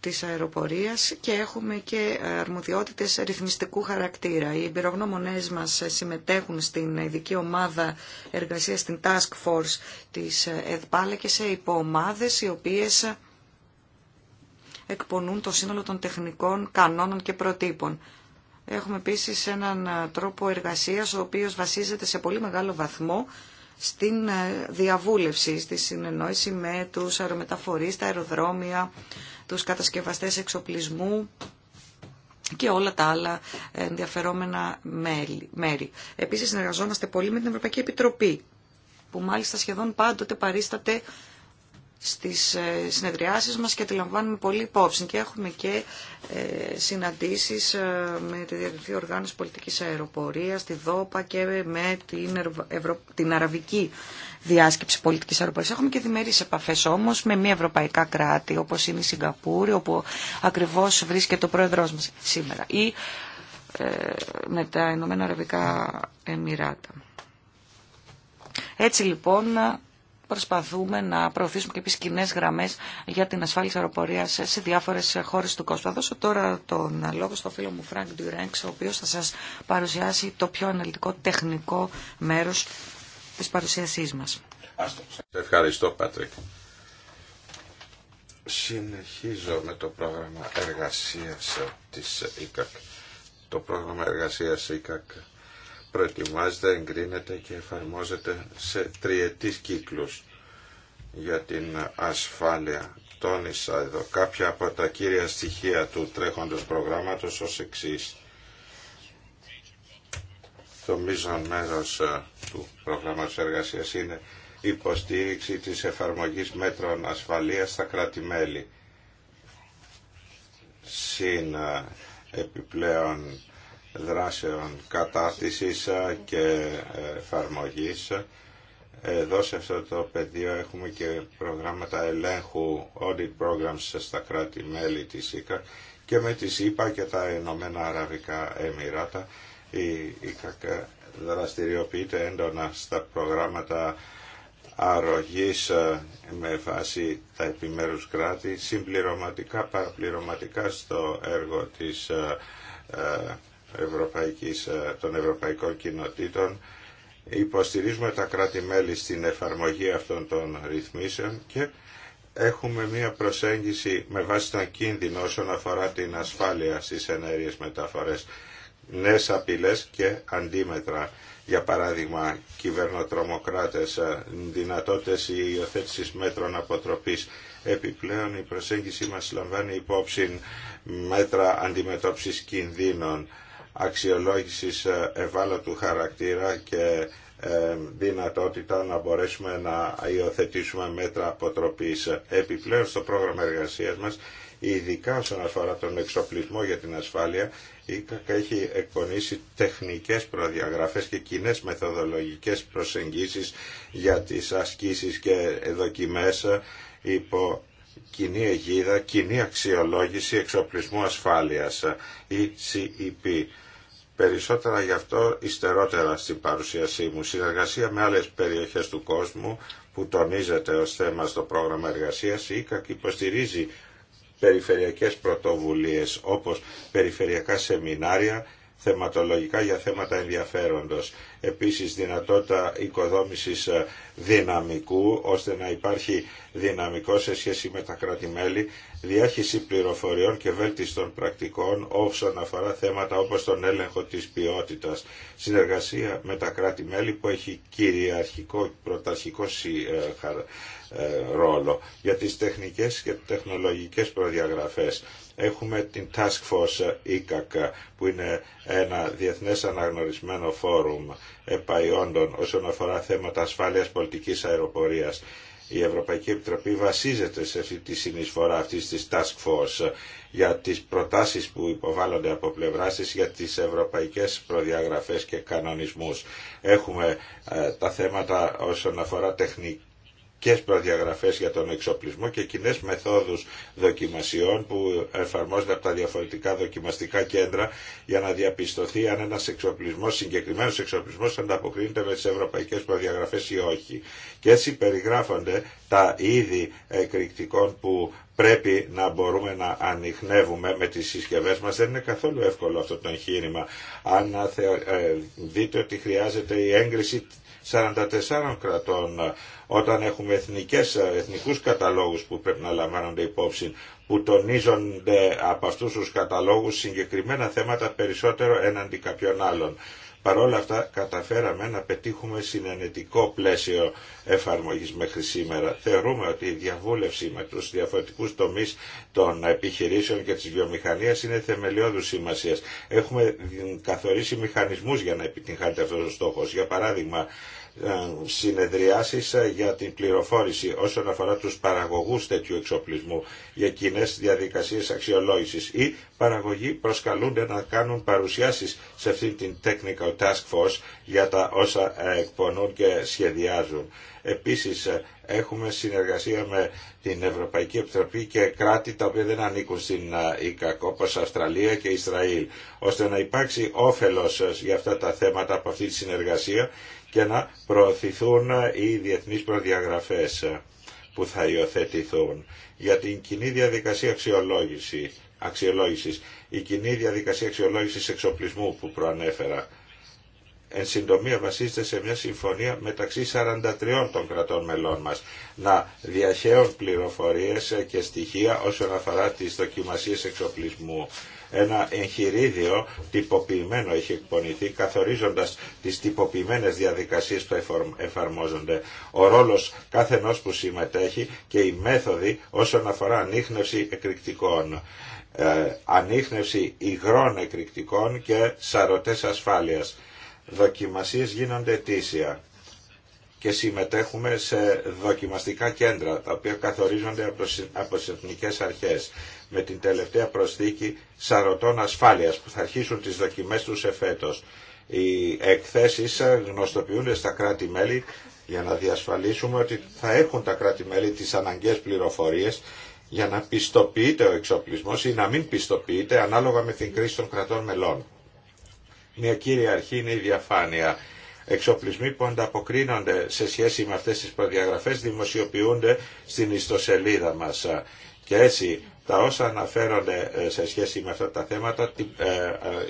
της αεροπορίας και έχουμε και αρμοδιότητες ρυθμιστικού χαρακτήρα. Οι εμπειρογνώμονές μας συμμετέχουν στην ειδική ομάδα εργασίας, στην Task Force της ΕΔΠΑΛΑ και σε υποομάδες οι οποίες εκπονούν το σύνολο των τεχνικών κανόνων και προτύπων. Έχουμε επίσης έναν τρόπο εργασίας ο οποίος βασίζεται σε πολύ μεγάλο βαθμό στην διαβούλευση, στη συνεννόηση με τους αερομεταφορείς, τα αεροδρόμια, τους κατασκευαστές εξοπλισμού και όλα τα άλλα ενδιαφερόμενα μέρη. Επίσης συνεργαζόμαστε πολύ με την Ευρωπαϊκή Επιτροπή που μάλιστα σχεδόν πάντοτε παρίσταται στις ε, συνεδριάσεις μας και τη λαμβάνουμε πολύ υπόψη και έχουμε και ε, συναντήσεις ε, με τη Διευθυντική Οργάνωση Πολιτικής Αεροπορίας, τη ΔΟΠΑ και με την, Αραβική διάσκεψη πολιτικής αεροπορίας. Έχουμε και διμερείς επαφές όμως με μη ευρωπαϊκά κράτη όπως είναι η Σιγκαπούρη όπου ακριβώς βρίσκεται ο πρόεδρός μας σήμερα ή ε, με τα Ηνωμένα Αραβικά Εμμυράτα. Έτσι λοιπόν προσπαθούμε να προωθήσουμε και επίση κοινέ γραμμέ για την ασφάλιση αεροπορίας σε διάφορες χώρες του κόσμου. Θα δώσω τώρα τον λόγο στο φίλο μου Φρανκ Ντουρένξ, ο οποίος θα σα παρουσιάσει το πιο αναλυτικό τεχνικό μέρος της παρουσίασής Ευχαριστώ Πάτρικ. Συνεχίζω με το πρόγραμμα εργασίας της ΕΚΑΚ. Το πρόγραμμα εργασίας ΕΚΑΚ προετοιμάζεται, εγκρίνεται και εφαρμόζεται σε τριετής κύκλους για την ασφάλεια. Τόνισα εδώ κάποια από τα κύρια στοιχεία του τρέχοντος προγράμματος ως εξής το μείζον μέρος ε, του προγράμματος εργασίας είναι υποστήριξη της εφαρμογής μέτρων ασφαλείας στα κράτη-μέλη. Συν ε, επιπλέον δράσεων κατάρτισης ε, και εφαρμογής. Εδώ σε αυτό το πεδίο έχουμε και προγράμματα ελέγχου audit programs στα κράτη-μέλη της ίκα και με τις ύπα και τα Ηνωμένα Αραβικά Εμμυράτα η, ΚΑΚΑ δραστηριοποιείται έντονα στα προγράμματα αρρωγής ε, με βάση τα επιμέρους κράτη, συμπληρωματικά, παραπληρωματικά στο έργο της ε, ε, Ευρωπαϊκής, των Ευρωπαϊκών Κοινοτήτων. Υποστηρίζουμε τα κράτη-μέλη στην εφαρμογή αυτών των ρυθμίσεων και έχουμε μία προσέγγιση με βάση τον κίνδυνο όσον αφορά την ασφάλεια στις ενέργειες μεταφορές νέες απειλές και αντίμετρα. Για παράδειγμα, κυβερνοτρομοκράτες, ε, δυνατότητες υιοθέτηση μέτρων αποτροπής. Επιπλέον, η προσέγγιση μας λαμβάνει υπόψη μέτρα αντιμετώπισης κινδύνων, αξιολόγησης ε, ευάλωτου χαρακτήρα και ε, δυνατότητα να μπορέσουμε να υιοθετήσουμε μέτρα αποτροπής. Επιπλέον στο πρόγραμμα εργασίας μας, ειδικά όσον αφορά τον εξοπλισμό για την ασφάλεια, η έχει εκπονήσει τεχνικές προδιαγραφές και κοινέ μεθοδολογικές προσεγγίσεις για τις ασκήσεις και δοκιμές υπό κοινή αιγίδα, κοινή αξιολόγηση εξοπλισμού ασφάλειας, η CEP. Περισσότερα γι' αυτό υστερότερα στην παρουσίασή μου. Συνεργασία με άλλες περιοχές του κόσμου που τονίζεται ως θέμα στο πρόγραμμα εργασίας, η υποστηρίζει περιφερειακές πρωτοβουλίες όπως περιφερειακά σεμινάρια, θεματολογικά για θέματα ενδιαφέροντος. Επίσης δυνατότητα οικοδόμησης ε, δυναμικού ώστε να υπάρχει δυναμικό σε σχέση με τα κράτη-μέλη, διάχυση πληροφοριών και των πρακτικών όσον αφορά θέματα όπως τον έλεγχο της ποιότητας, συνεργασία με τα κράτη-μέλη που έχει κυριαρχικό πρωταρχικό ε, ε, ρόλο. Για τις τεχνικές και τεχνολογικές προδιαγραφές έχουμε την Task Force ICAC που είναι ένα διεθνές αναγνωρισμένο φόρουμ επαϊόντων όσον αφορά θέματα ασφάλειας πολιτικής αεροπορίας. Η Ευρωπαϊκή Επιτροπή βασίζεται σε αυτή τη συνεισφορά αυτή τη Task Force για τι προτάσει που υποβάλλονται από πλευρά τη για τι ευρωπαϊκές προδιαγραφές και κανονισμούς. Έχουμε ε, τα θέματα όσον αφορά τεχνική και προδιαγραφές για τον εξοπλισμό και κοινέ μεθόδους δοκιμασιών που εφαρμόζονται από τα διαφορετικά δοκιμαστικά κέντρα για να διαπιστωθεί αν ένας εξοπλισμός, συγκεκριμένος εξοπλισμός ανταποκρίνεται με τις ευρωπαϊκές προδιαγραφές ή όχι. Και έτσι περιγράφονται τα είδη εκρηκτικών που πρέπει να μπορούμε να ανοιχνεύουμε με τις συσκευές μας. Δεν είναι καθόλου εύκολο αυτό το εγχείρημα. Αν ε, δείτε ότι χρειάζεται η έγκριση 44 κρατών ε, όταν έχουμε εθνικές, ε, εθνικούς καταλόγους που πρέπει να λαμβάνονται υπόψη που τονίζονται από αυτούς τους καταλόγους συγκεκριμένα θέματα περισσότερο έναντι κάποιων άλλων. Παρ' όλα αυτά καταφέραμε να πετύχουμε συνενετικό πλαίσιο εφαρμογής μέχρι σήμερα. Θεωρούμε ότι η διαβούλευση με τους διαφορετικούς τομείς των επιχειρήσεων και της βιομηχανίας είναι θεμελιώδους σημασίας. Έχουμε καθορίσει μηχανισμούς για να επιτυγχάνεται αυτός ο στόχος. Για παράδειγμα, ε, συνεδριάσεις ε, για την πληροφόρηση όσον αφορά τους παραγωγούς τέτοιου εξοπλισμού για κοινέ διαδικασίες αξιολόγησης ή παραγωγοί προσκαλούνται να κάνουν παρουσιάσεις σε αυτή την Technical Task Force για τα όσα ε, εκπονούν και σχεδιάζουν. Επίσης έχουμε συνεργασία με την Ευρωπαϊκή Επιτροπή και κράτη τα οποία δεν ανήκουν στην ΙΚΑΚ όπως Αυστραλία και Ισραήλ ώστε να υπάρξει όφελος για αυτά τα θέματα από αυτή τη συνεργασία και να προωθηθούν οι διεθνείς προδιαγραφές που θα υιοθετηθούν για την κοινή διαδικασία αξιολόγηση, αξιολόγησης, η κοινή διαδικασία αξιολόγησης εξοπλισμού που προανέφερα. Εν συντομία βασίζεται σε μια συμφωνία μεταξύ 43 των κρατών μελών μας να διαχέουν πληροφορίες και στοιχεία όσον αφορά τις δοκιμασίες εξοπλισμού ένα εγχειρίδιο τυποποιημένο έχει εκπονηθεί καθορίζοντας τις τυποποιημένες διαδικασίες που εφαρμόζονται, ο ρόλος κάθε ενός που συμμετέχει και οι μέθοδοι όσον αφορά ανείχνευση εκρηκτικών ε, ανείχνευση υγρών εκρηκτικών και σαρωτές ασφάλειας. Δοκιμασίες γίνονται αιτήσια και συμμετέχουμε σε δοκιμαστικά κέντρα τα οποία καθορίζονται από τις εθνικές αρχές με την τελευταία προσθήκη σαρωτών ασφάλειας που θα αρχίσουν τις δοκιμές τους εφέτος. Οι εκθέσεις γνωστοποιούνται στα κράτη-μέλη για να διασφαλίσουμε ότι θα έχουν τα κράτη-μέλη τις αναγκαίες πληροφορίες για να πιστοποιείται ο εξοπλισμός ή να μην πιστοποιείται ανάλογα με την κρίση των κρατών μελών. Μια κύρια αρχή είναι η διαφάνεια. Εξοπλισμοί που ανταποκρίνονται σε σχέση με αυτές τις προδιαγραφές δημοσιοποιούνται στην ιστοσελίδα μας. Και έτσι τα όσα αναφέρονται ε, σε σχέση με αυτά τα θέματα ε, ε,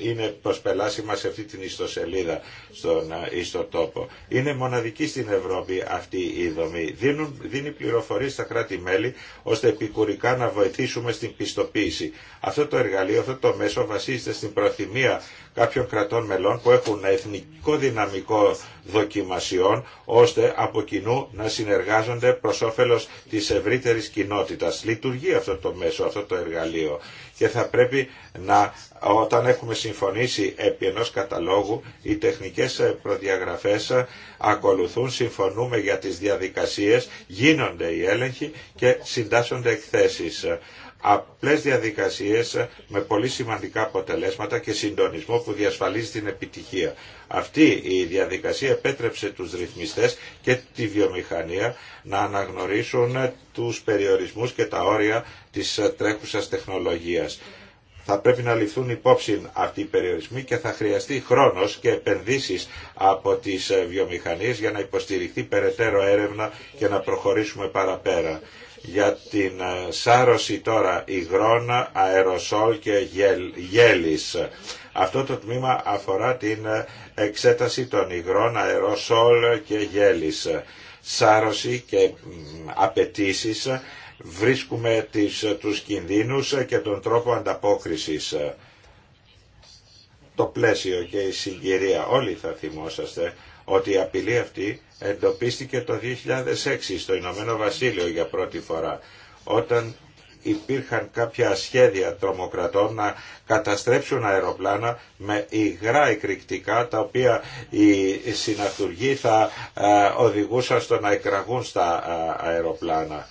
είναι προσπελάσιμα σε αυτή την ιστοσελίδα στον ιστοτόπο. Είναι μοναδική στην Ευρώπη αυτή η δομή. Δίνουν, δίνει πληροφορίες στα κράτη-μέλη ώστε επικουρικά να βοηθήσουμε στην πιστοποίηση. Αυτό το εργαλείο, αυτό το μέσο βασίζεται στην προθυμία κάποιων κρατών μελών που έχουν εθνικό δυναμικό δοκιμασιών ώστε από κοινού να συνεργάζονται προς όφελος της ευρύτερης κοινότητας. Λειτουργεί αυτό το μέσο, αυτό το εργαλείο και θα πρέπει να όταν έχουμε συμφωνήσει επί ενός καταλόγου οι τεχνικές προδιαγραφές ακολουθούν, συμφωνούμε για τις διαδικασίες, γίνονται οι έλεγχοι και συντάσσονται εκθέσεις απλές διαδικασίες με πολύ σημαντικά αποτελέσματα και συντονισμό που διασφαλίζει την επιτυχία. Αυτή η διαδικασία επέτρεψε τους ρυθμιστές και τη βιομηχανία να αναγνωρίσουν τους περιορισμούς και τα όρια της τρέχουσας τεχνολογίας. Θα πρέπει να ληφθούν υπόψη αυτοί οι περιορισμοί και θα χρειαστεί χρόνος και επενδύσεις από τις βιομηχανίες για να υποστηριχθεί περαιτέρω έρευνα και να προχωρήσουμε παραπέρα για την ε, σάρωση τώρα υγρών, αεροσόλ και γέλης. Αυτό το τμήμα αφορά την ε, εξέταση των υγρών, αεροσόλ και γέλης. Σάρωση και απαιτήσει βρίσκουμε τις, τους κινδύνους και τον τρόπο ανταπόκρισης. Το πλαίσιο και η συγκυρία όλοι θα θυμόσαστε ότι η απειλή αυτή εντοπίστηκε το 2006 στο Ηνωμένο Βασίλειο για πρώτη φορά, όταν υπήρχαν κάποια σχέδια τρομοκρατών να καταστρέψουν αεροπλάνα με υγρά εκρηκτικά τα οποία οι συναθουργοί θα ε, οδηγούσαν στο να εκραγούν στα ε, αεροπλάνα.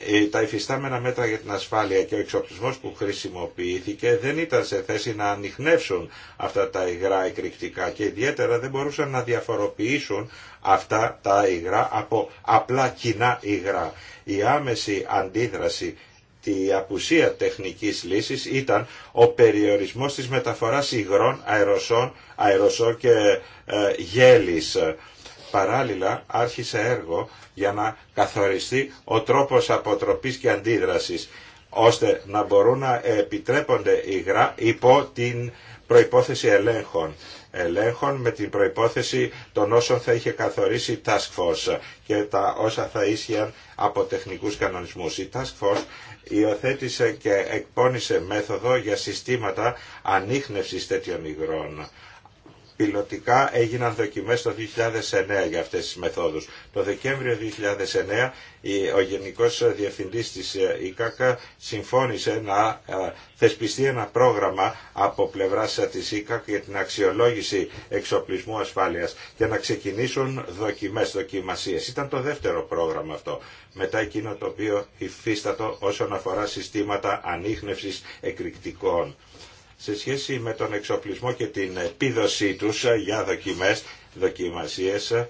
Ε, τα υφιστάμενα μέτρα για την ασφάλεια και ο εξοπλισμός που χρησιμοποιήθηκε δεν ήταν σε θέση να ανοιχνεύσουν αυτά τα υγρά εκρηκτικά και ιδιαίτερα δεν μπορούσαν να διαφοροποιήσουν αυτά τα υγρά από απλά κοινά υγρά. Η άμεση αντίδραση η απουσία τεχνικής λύσης ήταν ο περιορισμός της μεταφοράς υγρών, αεροσών, αεροσό και ε, γέλης παράλληλα άρχισε έργο για να καθοριστεί ο τρόπος αποτροπής και αντίδρασης ώστε να μπορούν να επιτρέπονται υγρά υπό την προϋπόθεση ελέγχων. Ελέγχων με την προϋπόθεση των όσων θα είχε καθορίσει η Task Force και τα όσα θα ίσχυαν από τεχνικούς κανονισμούς. Η Task Force υιοθέτησε και εκπώνησε μέθοδο για συστήματα ανείχνευσης τέτοιων υγρών πιλωτικά έγιναν δοκιμές το 2009 για αυτές τις μεθόδους. Το Δεκέμβριο 2009 ο Γενικός Διευθυντής της ε, ΙΚΑΚΑ συμφώνησε να ε, θεσπιστεί ένα πρόγραμμα από πλευράς ε, της ΙΚΑΚ για την αξιολόγηση εξοπλισμού ασφάλειας και να ξεκινήσουν δοκιμές, δοκιμασίες. Ήταν το δεύτερο πρόγραμμα αυτό. Μετά εκείνο το οποίο υφίστατο όσον αφορά συστήματα ανείχνευσης εκρηκτικών σε σχέση με τον εξοπλισμό και την επίδοσή τους για δοκιμές, δοκιμασίες,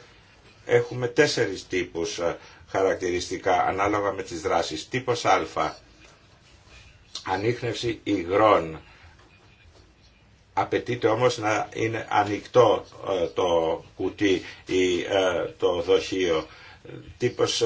έχουμε τέσσερις τύπους ε, χαρακτηριστικά ανάλογα με τις δράσεις. Τύπος Α, ανείχνευση υγρών. Απαιτείται όμως να είναι ανοιχτό ε, το κουτί ή ε, το δοχείο. Τύπος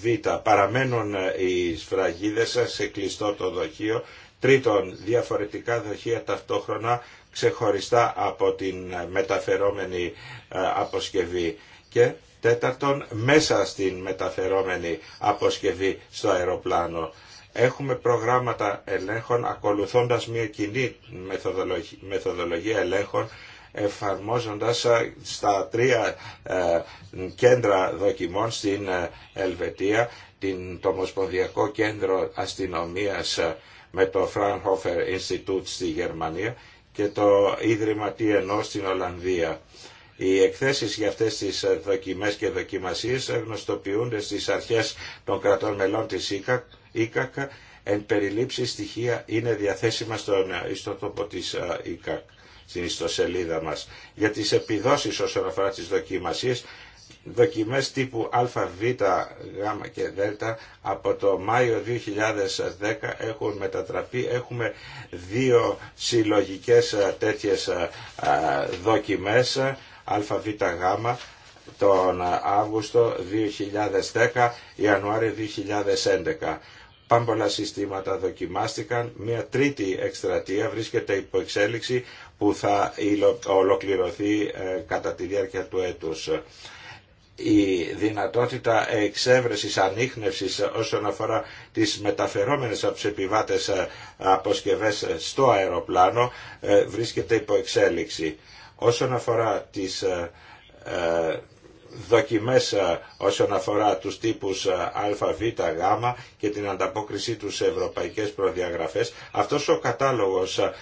Β, παραμένουν οι σφραγίδες σε κλειστό το δοχείο Τρίτον, διαφορετικά δοχεία ταυτόχρονα ξεχωριστά από την μεταφερόμενη ε, αποσκευή. Και τέταρτον, μέσα στην μεταφερόμενη αποσκευή στο αεροπλάνο. Έχουμε προγράμματα ελέγχων ακολουθώντας μια κοινή μεθοδολογία ελέγχων εφαρμόζοντας ε, στα τρία ε, κέντρα δοκιμών στην Ελβετία, την, το Κέντρο Αστυνομίας με το Fraunhofer Institut στη Γερμανία και το Ίδρυμα TNO στην Ολλανδία. Οι εκθέσεις για αυτές τις δοκιμές και δοκιμασίες γνωστοποιούνται στις αρχές των κρατών μελών της ΙΚΑΚ. Εν περιλήψη στοιχεία είναι διαθέσιμα στον ιστοτόπο της ε, ΙΚΑΚ, στην ιστοσελίδα μας. Για τις επιδόσεις όσον αφορά τις δοκιμασίες δοκιμές τύπου α, β, γ και δ από το Μάιο 2010 έχουν μετατραπεί. Έχουμε δύο συλλογικές ε, τέτοιες ε, ε, δοκιμές α, β, γ τον Αύγουστο 2010, Ιανουάριο 2011. Πάμπολα συστήματα δοκιμάστηκαν. Μια τρίτη εκστρατεία βρίσκεται υπό εξέλιξη που θα ολοκληρωθεί κατά τη διάρκεια του έτους η δυνατότητα εξέβρεσης, ανείχνευσης όσον αφορά τις μεταφερόμενες από τους επιβάτες ε, αποσκευές στο αεροπλάνο ε, βρίσκεται υπό εξέλιξη. Όσον αφορά τις ε, δοκιμές ε, όσον αφορά τους τύπους ε, α, β, γ και την ανταπόκρισή τους σε ευρωπαϊκές προδιαγραφές. Αυτός ο κατάλογος ε,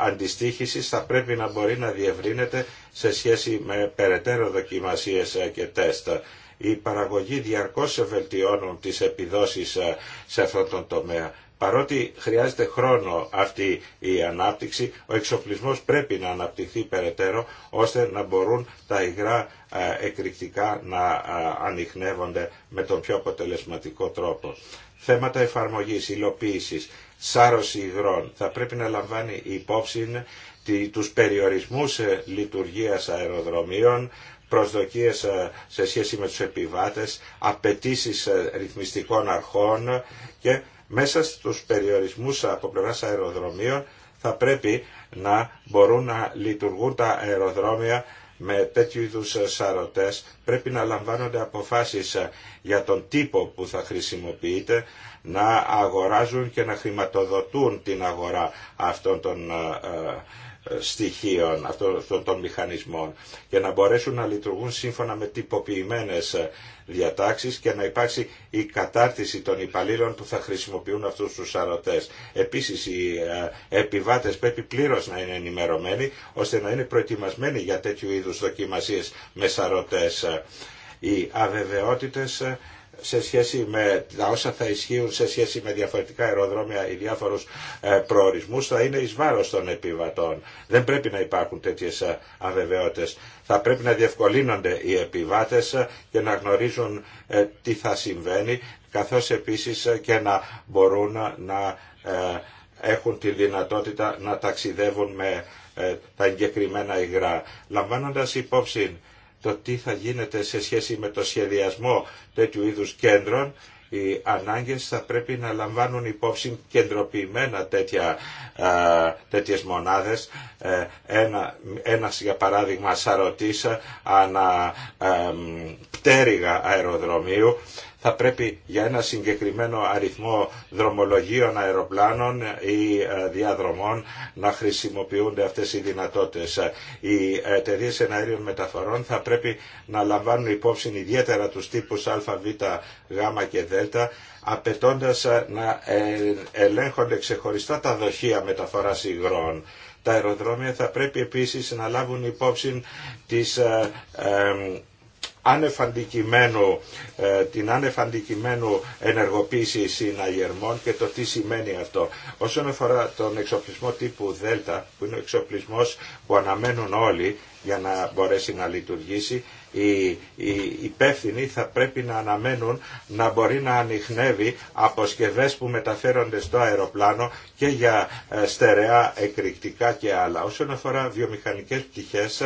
αντιστοίχησης θα πρέπει να μπορεί να διευρύνεται σε σχέση με περαιτέρω δοκιμασίες και τεστ. Η παραγωγή διαρκώς βελτιώνουν τις επιδόσεις σε αυτόν τον τομέα. Παρότι χρειάζεται χρόνο αυτή η ανάπτυξη, ο εξοπλισμός πρέπει να αναπτυχθεί περαιτέρω ώστε να μπορούν τα υγρά ε, εκρηκτικά να ε, ανοιχνεύονται με τον πιο αποτελεσματικό τρόπο. Θέματα εφαρμογής, υλοποίησης, σάρωση υγρών θα πρέπει να λαμβάνει υπόψη τους περιορισμούς ε, λειτουργίας αεροδρομίων, προσδοκίες σε σχέση με τους επιβάτες, απαιτήσει ρυθμιστικών αρχών και μέσα στους περιορισμούς από πλευράς αεροδρομίων θα πρέπει να μπορούν να λειτουργούν τα αεροδρόμια με τέτοιου είδου ε, σαρωτέ, πρέπει να λαμβάνονται αποφάσει ε, για τον τύπο που θα χρησιμοποιείται να αγοράζουν και να χρηματοδοτούν την αγορά αυτών των ε, στοιχείων, αυτών των μηχανισμών και να μπορέσουν να λειτουργούν σύμφωνα με τυποποιημένες διατάξεις και να υπάρξει η κατάρτιση των υπαλλήλων που θα χρησιμοποιούν αυτούς τους σαρωτές. Επίσης οι ε, επιβάτες πρέπει πλήρως να είναι ενημερωμένοι ώστε να είναι προετοιμασμένοι για τέτοιου είδους δοκιμασίες με σαρωτές. Οι αβεβαιότητες ε, σε σχέση με τα όσα θα ισχύουν σε σχέση με διαφορετικά αεροδρόμια ή διάφορους ε, προορισμούς θα είναι εις βάρος των επιβατών. Δεν πρέπει να υπάρχουν τέτοιες ε, αβεβαιότητες. Θα πρέπει να διευκολύνονται οι επιβάτες ε, και να γνωρίζουν τι θα συμβαίνει καθώς επίσης και να μπορούν να έχουν τη δυνατότητα να ταξιδεύουν με τα εγκεκριμένα υγρά. Λαμβάνοντας υπόψη το τι θα γίνεται σε σχέση με το σχεδιασμό τέτοιου είδους κέντρων οι ανάγκες θα πρέπει να λαμβάνουν υπόψη κεντροποιημένα τέτοια, μονάδε, τέτοιες μονάδες. Ε, ένα, ένας για παράδειγμα Σαρωτήσα ανα πτέρυγα αεροδρομίου θα πρέπει για ένα συγκεκριμένο αριθμό δρομολογίων αεροπλάνων ή ε, διαδρομών να χρησιμοποιούνται αυτές οι δυνατότητες. Οι εταιρείε εναέριων μεταφορών θα πρέπει να λαμβάνουν υπόψη ιδιαίτερα τους τύπους α, β, γ και δ απαιτώντας ε, να ε, ελέγχονται ξεχωριστά τα δοχεία μεταφοράς υγρών. Τα αεροδρόμια θα πρέπει επίσης να λάβουν υπόψη τις ανεφαντικημένου, ε, την ανεφαντικημένου ενεργοποίηση συναγερμών και το τι σημαίνει αυτό. Όσον αφορά τον εξοπλισμό τύπου Δέλτα, που είναι ο εξοπλισμός που αναμένουν όλοι για να μπορέσει να λειτουργήσει, οι υπεύθυνοι θα πρέπει να αναμένουν να μπορεί να ανοιχνεύει αποσκευέ που μεταφέρονται στο αεροπλάνο και για ε, στερεά εκρηκτικά και άλλα. Όσον αφορά βιομηχανικές πτυχές,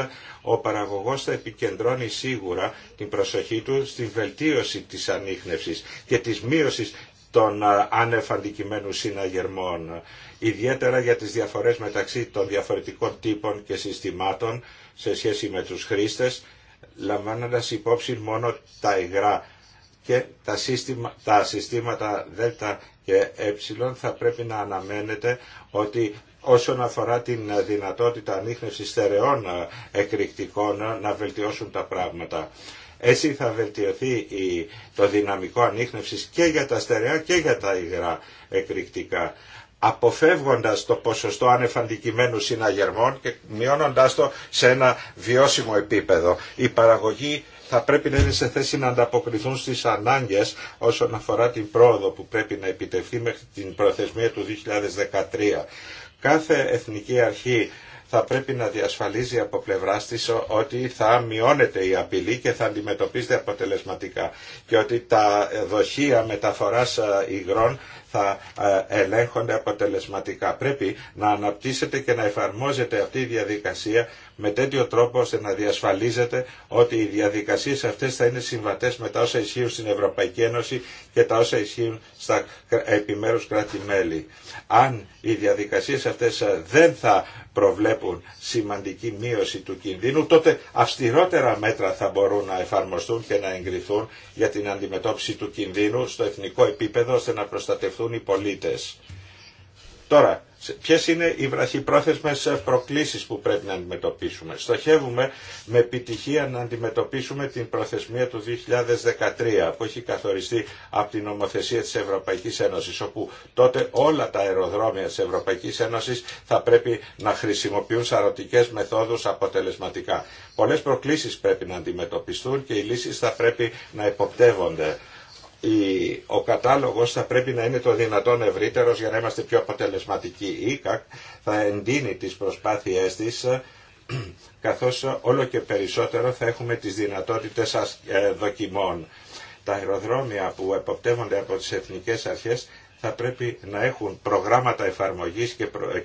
ο παραγωγός θα επικεντρώνει σίγουρα την προσοχή του στην βελτίωση της ανείχνευσης και της μείωσης των άνευ συναγερμών, ιδιαίτερα για τις διαφορές μεταξύ των διαφορετικών τύπων και συστημάτων σε σχέση με τους χρήστες, λαμβάνοντας υπόψη μόνο τα υγρά και τα, σύστημα, τα συστήματα ΔΕΛΤΑ και ε θα πρέπει να αναμένεται ότι όσον αφορά την δυνατότητα ανείχνευσης στερεών ε, εκρηκτικών ε, να βελτιώσουν τα πράγματα. Έτσι θα βελτιωθεί το δυναμικό ανείχνευσης και για τα στερεά και για τα υγρά εκρηκτικά αποφεύγοντας το ποσοστό ανεφαντικημένου συναγερμών και μειώνοντας το σε ένα βιώσιμο επίπεδο. Η παραγωγή θα πρέπει να είναι σε θέση να ανταποκριθούν στις ανάγκες όσον αφορά την πρόοδο που πρέπει να επιτευχθεί μέχρι την προθεσμία του 2013. Κάθε εθνική αρχή θα πρέπει να διασφαλίζει από πλευρά τη ότι θα μειώνεται η απειλή και θα αντιμετωπίζεται αποτελεσματικά και ότι τα δοχεία μεταφοράς ε, υγρών θα ε, ελέγχονται αποτελεσματικά. Πρέπει να αναπτύσσεται και να εφαρμόζεται αυτή η διαδικασία με τέτοιο τρόπο ώστε να διασφαλίζεται ότι οι διαδικασίες αυτές θα είναι συμβατές με τα όσα ισχύουν στην Ευρωπαϊκή Ένωση και τα όσα ισχύουν στα επιμέρους κράτη-μέλη. Αν οι διαδικασίες αυτές ε, δεν θα προβλέπουν σημαντική μείωση του κινδύνου, τότε αυστηρότερα μέτρα θα μπορούν να εφαρμοστούν και να εγκριθούν για την αντιμετώπιση του κινδύνου στο εθνικό επίπεδο ώστε να προστατευτούν οι πολίτες. Τώρα, Ποιε είναι οι βραχυπρόθεσμες προκλήσεις που πρέπει να αντιμετωπίσουμε. Στοχεύουμε με επιτυχία να αντιμετωπίσουμε την προθεσμία του 2013 που έχει καθοριστεί από την νομοθεσία της Ευρωπαϊκής Ένωσης όπου τότε όλα τα αεροδρόμια της Ευρωπαϊκής Ένωσης θα πρέπει να χρησιμοποιούν σαρωτικέ μεθόδου αποτελεσματικά. Πολλέ προκλήσει πρέπει να αντιμετωπιστούν και οι λύσει θα πρέπει να υποπτεύονται ο κατάλογος θα πρέπει να είναι το δυνατόν ευρύτερος για να είμαστε πιο αποτελεσματικοί. Η ΕΚΑΚ θα εντείνει τις προσπάθειές της καθώς όλο και περισσότερο θα έχουμε τις δυνατότητες ε, δοκιμών. Τα αεροδρόμια που εποπτεύονται από τις εθνικές αρχές θα πρέπει να έχουν προγράμματα εφαρμογής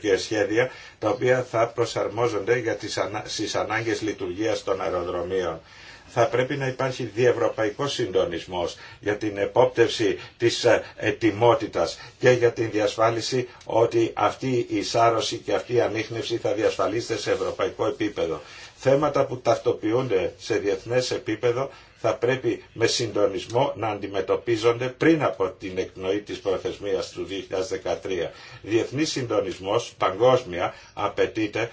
και, σχέδια τα οποία θα προσαρμόζονται για τις ανα... ανάγκες λειτουργίας των αεροδρομίων θα πρέπει να υπάρχει διευρωπαϊκός συντονισμός για την επόπτευση της ε, ετοιμότητας και για την διασφάλιση ότι αυτή η σάρωση και αυτή η ανείχνευση θα διασφαλίστε σε ευρωπαϊκό επίπεδο θέματα που ταυτοποιούνται σε διεθνές επίπεδο θα πρέπει με συντονισμό να αντιμετωπίζονται πριν από την εκνοή της προθεσμίας του 2013. Διεθνής συντονισμός παγκόσμια απαιτείται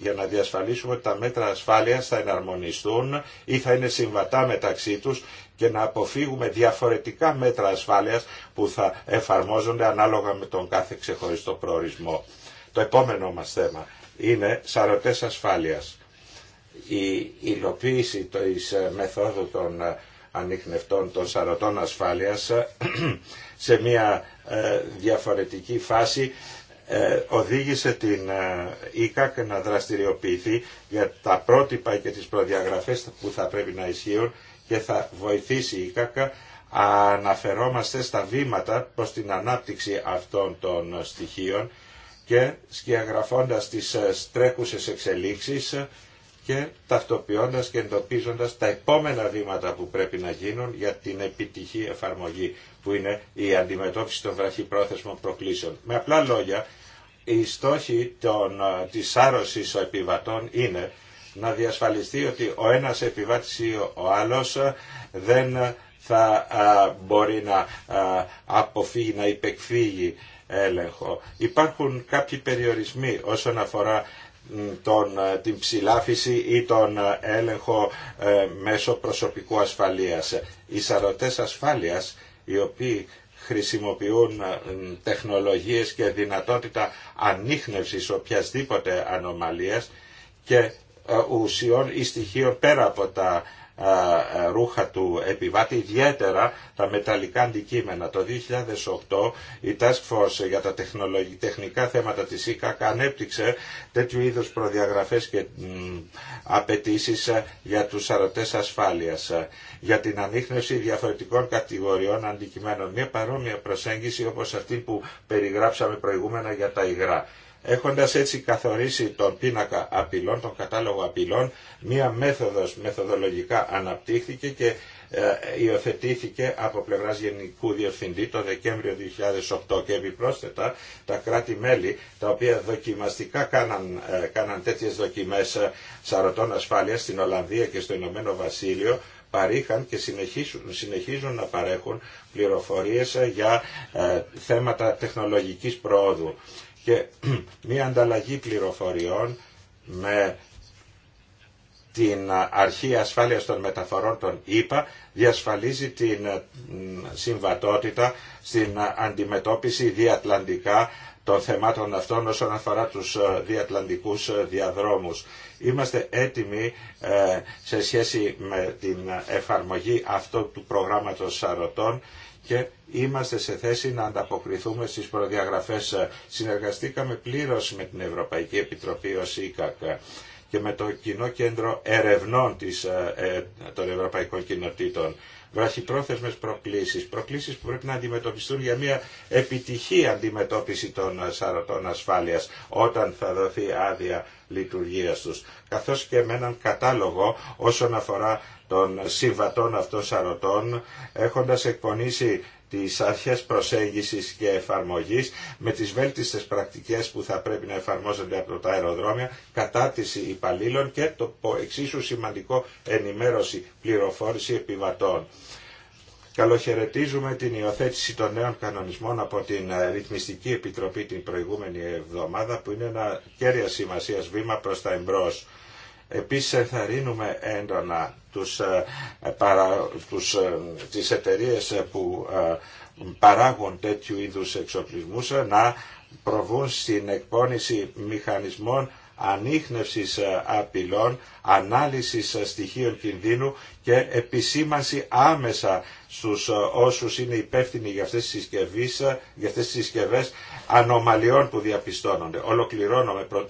για να διασφαλίσουμε ότι τα μέτρα ασφάλειας θα εναρμονιστούν ή θα είναι συμβατά μεταξύ τους και να αποφύγουμε διαφορετικά μέτρα ασφάλειας που θα εφαρμόζονται ανάλογα με τον κάθε ξεχωριστό προορισμό. Το επόμενο μας θέμα είναι σαρωτές ασφάλειας η υλοποίηση της ε, μεθόδου των ε, ανιχνευτών των σαρωτών ασφάλειας ε, σε μια διαφορετική φάση οδήγησε την ΙΚΑΚ να δραστηριοποιηθεί για τα πρότυπα και τις προδιαγραφές που θα πρέπει να ισχύουν και θα βοηθήσει η ΙΚΑΚ αναφερόμαστε στα βήματα προς την ανάπτυξη αυτών των στοιχείων και σκιαγραφώντας τις τρέχουσες εξελίξεις και ταυτοποιώντας και εντοπίζοντας τα επόμενα βήματα που πρέπει να γίνουν για την επιτυχή εφαρμογή που είναι η αντιμετώπιση των βραχυπρόθεσμων προκλήσεων. Με απλά λόγια, η στόχη τη της άρρωσης επιβατών είναι να διασφαλιστεί ότι ο ένας επιβάτης ή ο άλλος δεν θα μπορεί να αποφύγει, να υπεκφύγει έλεγχο. Υπάρχουν κάποιοι περιορισμοί όσον αφορά τον, ε, την ψηλάφιση ή τον ε, έλεγχο ε, μέσω προσωπικού ασφαλείας. Οι σαρωτές ασφάλειας οι οποίοι χρησιμοποιούν τεχνολογίες και δυνατότητα ανείχνευσης οποιασδήποτε ανομαλίας και ουσιών ή στοιχείων πέρα από τα ρούχα του επιβάτη, ιδιαίτερα τα μεταλλικά αντικείμενα. Το 2008 η Task Force για τα τεχνικά θέματα της ΙΚΑΚ ανέπτυξε τέτοιου είδους προδιαγραφές και απαιτήσει για τους αρωτές ασφάλειας, για την ανείχνευση διαφορετικών κατηγοριών αντικειμένων. Μια παρόμοια προσέγγιση όπως αυτή που περιγράψαμε προηγούμενα για τα υγρά έχοντας έτσι καθορίσει τον πίνακα απειλών, τον κατάλογο απειλών, μία μέθοδος μεθοδολογικά αναπτύχθηκε και ε, υιοθετήθηκε από πλευράς Γενικού Διευθυντή το Δεκέμβριο 2008 και επιπρόσθετα τα κράτη-μέλη τα οποία δοκιμαστικά κάναν, ε, κάναν τέτοιες δοκιμές ε, σαρωτών ασφάλειας στην Ολλανδία και στο Ηνωμένο Βασίλειο παρήχαν και συνεχίζουν, συνεχίζουν να παρέχουν πληροφορίες για θέματα τεχνολογικής προόδου και μια ανταλλαγή πληροφοριών με την Αρχή Ασφάλειας των Μεταφορών των ΗΠΑ διασφαλίζει την ε, συμβατότητα στην αντιμετώπιση διατλαντικά των θεμάτων αυτών όσον αφορά τους ε, διατλαντικούς ε, διαδρόμους. Είμαστε έτοιμοι σε σχέση με την εφαρμογή αυτού του προγράμματος σαρωτών και είμαστε σε θέση να ανταποκριθούμε στις προδιαγραφές. Συνεργαστήκαμε πλήρως με την Ευρωπαϊκή Επιτροπή ως ΙΚΑΚ και με το Κοινό Κέντρο Ερευνών της, ε, ε, των Ευρωπαϊκών Κοινοτήτων βραχυπρόθεσμες προκλήσεις, προκλήσεις που πρέπει να αντιμετωπιστούν για μια επιτυχή αντιμετώπιση των σαρωτών ασφάλειας όταν θα δοθεί άδεια λειτουργίας τους, καθώς και με έναν κατάλογο όσον αφορά των συμβατών αυτών σαρωτών, έχοντας εκπονήσει τις αρχές προσέγγισης και εφαρμογής με τις βέλτιστες πρακτικές που θα πρέπει να εφαρμόζονται από τα αεροδρόμια, κατάτηση υπαλλήλων και το εξίσου σημαντικό ενημέρωση πληροφόρηση επιβατών. Καλοχαιρετίζουμε την υιοθέτηση των νέων κανονισμών από την ε, Ρυθμιστική Επιτροπή την προηγούμενη εβδομάδα που είναι ένα κέρια σημασίας βήμα προς τα εμπρός Επίσης ενθαρρύνουμε έντονα τους, ε, παρα, τους, ε, τις εταιρείες που ε, παράγουν τέτοιου είδους εξοπλισμούς να προβούν στην εκπόνηση μηχανισμών ανείχνευσης απειλών, ανάλυσης στοιχείων κινδύνου και επισήμανση άμεσα στους όσους είναι υπεύθυνοι για αυτές τις συσκευές, για αυτές τις συσκευές ανομαλιών που διαπιστώνονται.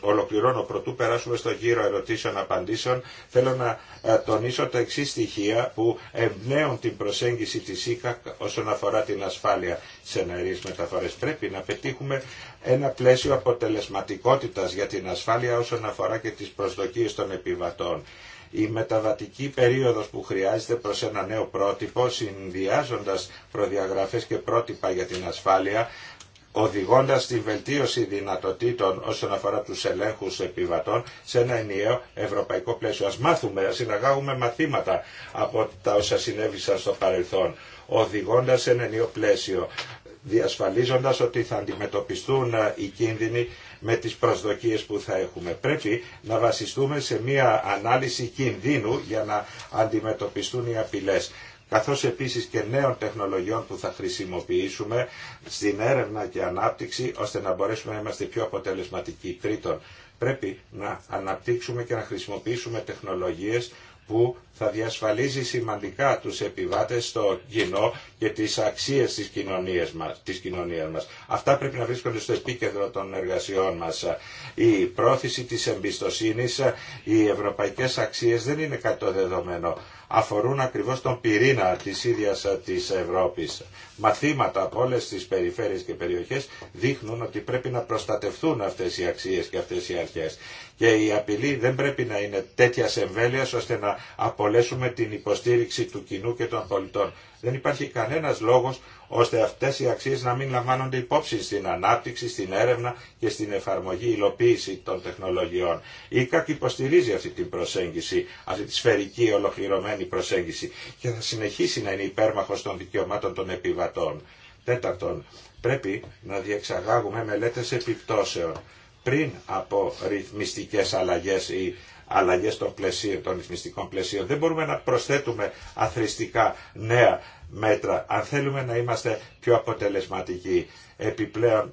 Ολοκληρώνω, πρωτού περάσουμε στο γύρο ερωτήσεων-απαντήσεων. Θέλω να ε, τονίσω τα εξή στοιχεία που εμπνέουν την προσέγγιση της ΣΥΚΑ όσον αφορά την ασφάλεια σε νερείς μεταφορέ. Πρέπει να πετύχουμε ένα πλαίσιο αποτελεσματικότητας για την ασφάλεια όσον αφορά και τις προσδοκίες των επιβατών. Η μεταβατική περίοδος που χρειάζεται προς ένα νέο πρότυπο, συνδυάζοντας προδιαγραφέ και πρότυπα για την ασφάλεια, οδηγώντας τη βελτίωση δυνατοτήτων όσον αφορά τους ελέγχους επιβατών σε ένα ενιαίο ευρωπαϊκό πλαίσιο. Ας μάθουμε, ας συναγάγουμε μαθήματα από τα όσα συνέβησαν στο παρελθόν, οδηγώντας σε ένα ενιαίο πλαίσιο, διασφαλίζοντας ότι θα αντιμετωπιστούν ε, οι κίνδυνοι με τις προσδοκίες που θα έχουμε. Πρέπει να βασιστούμε σε μια ανάλυση κινδύνου για να αντιμετωπιστούν οι απειλές καθώς επίσης και νέων τεχνολογιών που θα χρησιμοποιήσουμε στην έρευνα και ανάπτυξη ώστε να μπορέσουμε να είμαστε πιο αποτελεσματικοί. Τρίτον, πρέπει να αναπτύξουμε και να χρησιμοποιήσουμε τεχνολογίες που θα διασφαλίζει σημαντικά τους επιβάτες στο κοινό και τις αξίες της κοινωνίας μας. Αυτά πρέπει να βρίσκονται στο επίκεντρο των εργασιών μας. Η πρόθεση της εμπιστοσύνης, οι ευρωπαϊκές αξίες δεν είναι κάτι το δεδομένο. Αφορούν ακριβώς τον πυρήνα της ίδιας της Ευρώπης. Μαθήματα από όλες τις περιφέρειες και περιοχές δείχνουν ότι πρέπει να προστατευτούν αυτές οι αξίες και αυτές οι αρχές. Και η απειλή δεν πρέπει να είναι τέτοια εμβέλεια ώστε να αποκολέσουμε την υποστήριξη του κοινού και των πολιτών. Δεν υπάρχει κανένας λόγος ώστε αυτές οι αξίες να μην λαμβάνονται υπόψη στην ανάπτυξη, στην έρευνα και στην εφαρμογή υλοποίηση των τεχνολογιών. Η ΚΑΚ υποστηρίζει αυτή την προσέγγιση, αυτή τη σφαιρική ολοκληρωμένη προσέγγιση και θα συνεχίσει να είναι υπέρμαχος των δικαιωμάτων των επιβατών. Τέταρτον, πρέπει να διεξαγάγουμε μελέτες επιπτώσεων πριν από ρυθμιστικές αλλαγές ή αλλαγές των πλαισίων, των ρυθμιστικών πλαισίων. Δεν μπορούμε να προσθέτουμε αθρηστικά νέα μέτρα αν θέλουμε να είμαστε πιο αποτελεσματικοί. Επιπλέον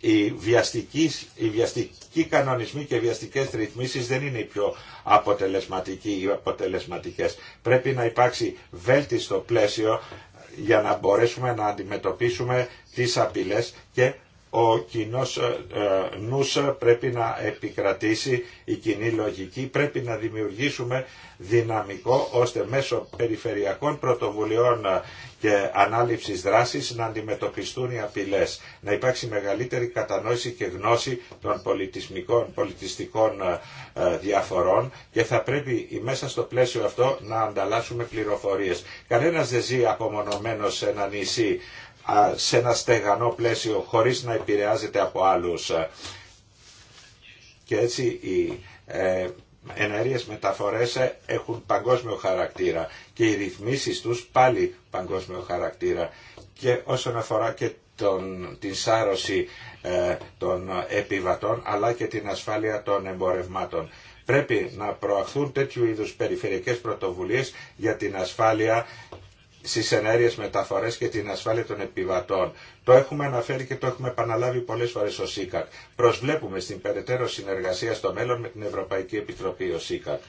οι βιαστικοί, οι βιαστικοί κανονισμοί και οι βιαστικές ρυθμίσεις δεν είναι οι πιο αποτελεσματικοί ή αποτελεσματικές. Πρέπει να υπάρξει βέλτιστο πλαίσιο για να μπορέσουμε να αντιμετωπίσουμε τις απειλές και ο κοινό ε, ε, νους πρέπει να επικρατήσει η κοινή λογική. Πρέπει να δημιουργήσουμε δυναμικό ώστε μέσω περιφερειακών πρωτοβουλειών ε, και ανάληψης δράσης να αντιμετωπιστούν οι απειλές. Να υπάρξει μεγαλύτερη κατανόηση και γνώση των πολιτισμικών, πολιτιστικών διαφορών και θα πρέπει μέσα στο πλαίσιο αυτό να ανταλλάσσουμε πληροφορίες. Κανένα δεν ζει απομονωμένος σε ένα νησί σε ένα στεγανό πλαίσιο χωρίς να επηρεάζεται από άλλους. Και έτσι οι ε, ενέργειες μεταφορές έχουν παγκόσμιο χαρακτήρα και οι ρυθμίσεις τους πάλι παγκόσμιο χαρακτήρα. Και όσον αφορά και τον, την σάρωση ε, των επιβατών αλλά και την ασφάλεια των εμπορευμάτων. Πρέπει να προαχθούν τέτοιου είδους περιφερειακές πρωτοβουλίες για την ασφάλεια Στι ενέργειε μεταφορέ και την ασφάλεια των επιβατών. Το έχουμε αναφέρει και το έχουμε επαναλάβει πολλέ φορέ ο ΣΥΚΑΚ. Προσβλέπουμε στην περαιτέρω συνεργασία στο μέλλον με την Ευρωπαϊκή Επιτροπή ω ΣΥΚΑΚ.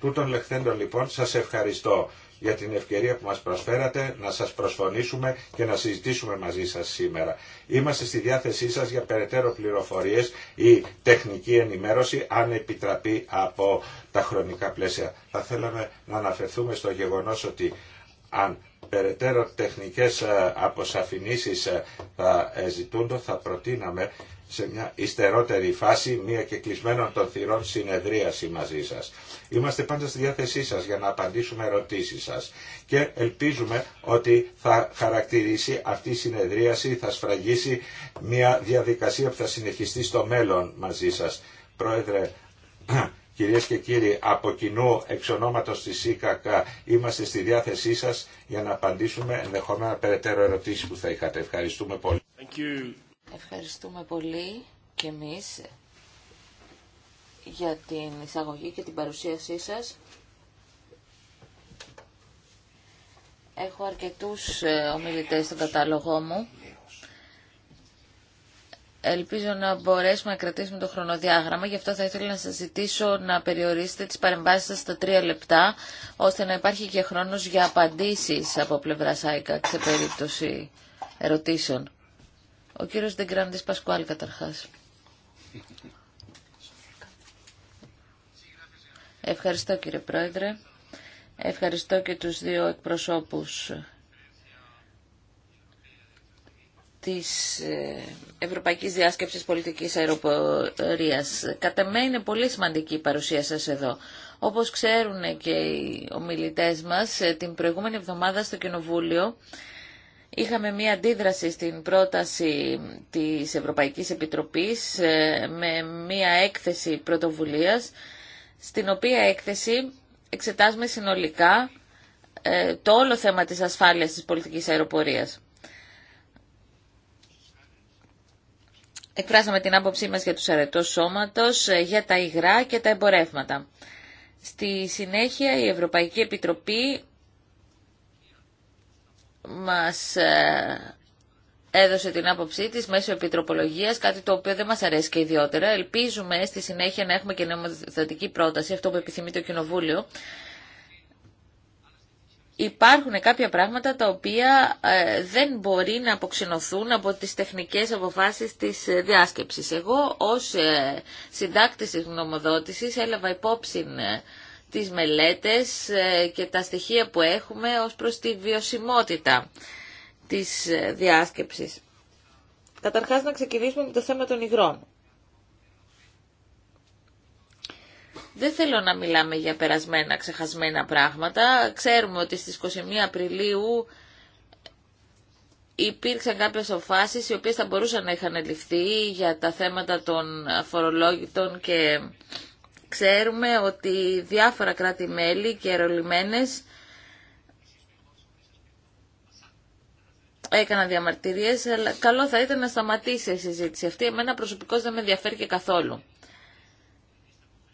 Τούτων λεχθέντων λοιπόν σα ευχαριστώ για την ευκαιρία που μας προσφέρατε να σας προσφωνήσουμε και να συζητήσουμε μαζί σας σήμερα. Είμαστε στη διάθεσή σας για περαιτέρω πληροφορίες ή τεχνική ενημέρωση αν επιτραπεί από τα χρονικά πλαίσια. Θα θέλαμε να αναφερθούμε στο γεγονός ότι αν περαιτέρω τεχνικές ε, αποσαφηνίσεις ε, θα ε, ζητούντο, θα προτείναμε σε μια υστερότερη φάση μια και κλεισμένων των θυρών συνεδρίαση μαζί σας. Είμαστε πάντα στη διάθεσή σας για να απαντήσουμε ερωτήσεις σας και ελπίζουμε ότι θα χαρακτηρίσει αυτή η συνεδρίαση, θα σφραγίσει μια διαδικασία που θα συνεχιστεί στο μέλλον μαζί σας. Πρόεδρε, Κυρίες και κύριοι, από κοινού εξ ονόματος της ΣΥΚΑΚ είμαστε στη διάθεσή σας για να απαντήσουμε ενδεχομένα περαιτέρω ερωτήσεις που θα είχατε. Ευχαριστούμε πολύ. Ευχαριστούμε πολύ και εμείς για την εισαγωγή και την παρουσίασή σας. Έχω αρκετούς ε, ομιλητές στον κατάλογό μου. Ελπίζω να μπορέσουμε να κρατήσουμε το χρονοδιάγραμμα, γι' αυτό θα ήθελα να σας ζητήσω να περιορίσετε τις παρεμβάσεις σας στα τρία λεπτά, ώστε να υπάρχει και χρόνος για απαντήσεις από πλευρά ΣΑΙΚΑ σε περίπτωση ερωτήσεων. Ο κύριος Δεγκράντης Πασκουάλ καταρχάς. Ευχαριστώ κύριε Πρόεδρε. Ευχαριστώ και τους δύο εκπροσώπους της ε, Ευρωπαϊκής Διάσκεψης Πολιτικής Αεροπορίας. Κατά μένα είναι πολύ σημαντική η παρουσία σας εδώ. Όπως ξέρουν και οι ομιλητές μας, ε, την προηγούμενη εβδομάδα στο Κοινοβούλιο είχαμε μία αντίδραση στην πρόταση της Ευρωπαϊκής Επιτροπής ε, με μία έκθεση πρωτοβουλίας, στην οποία έκθεση εξετάζουμε συνολικά το όλο θέμα της ασφάλειας της πολιτικής αεροπορίας. εκφράσαμε την άποψή μας για τους αρετός σώματος, ε, για τα υγρά και τα εμπορεύματα. Στη συνέχεια η Ευρωπαϊκή Επιτροπή μας ε, έδωσε την άποψή της μέσω επιτροπολογίας, κάτι το οποίο δεν μας αρέσει και ιδιότερα. Ελπίζουμε στη συνέχεια να έχουμε και νομοθετική πρόταση, αυτό που επιθυμεί το Κοινοβούλιο, υπάρχουν κάποια πράγματα τα οποία ε, δεν μπορεί να αποξενωθούν από τις τεχνικές αποφάσεις της ε, διάσκεψης. Εγώ ως ε, συντάκτης της γνωμοδότησης έλαβα υπόψη τις μελέτες και τα στοιχεία που έχουμε ως προς τη βιωσιμότητα της διάσκεψης. Καταρχάς να ξεκινήσουμε με το θέμα των υγρών. Δεν θέλω να μιλάμε για περασμένα, ξεχασμένα πράγματα. Ξέρουμε ότι στις 21 Απριλίου υπήρξαν κάποιες οφάσεις οι οποίες θα μπορούσαν να είχαν ληφθεί για τα θέματα των φορολόγητων και ξέρουμε ότι διάφορα κράτη-μέλη και ερωλημένες έκαναν διαμαρτυρίες, αλλά καλό θα ήταν να σταματήσει η συζήτηση αυτή. Εμένα προσωπικώς δεν με ενδιαφέρει και καθόλου.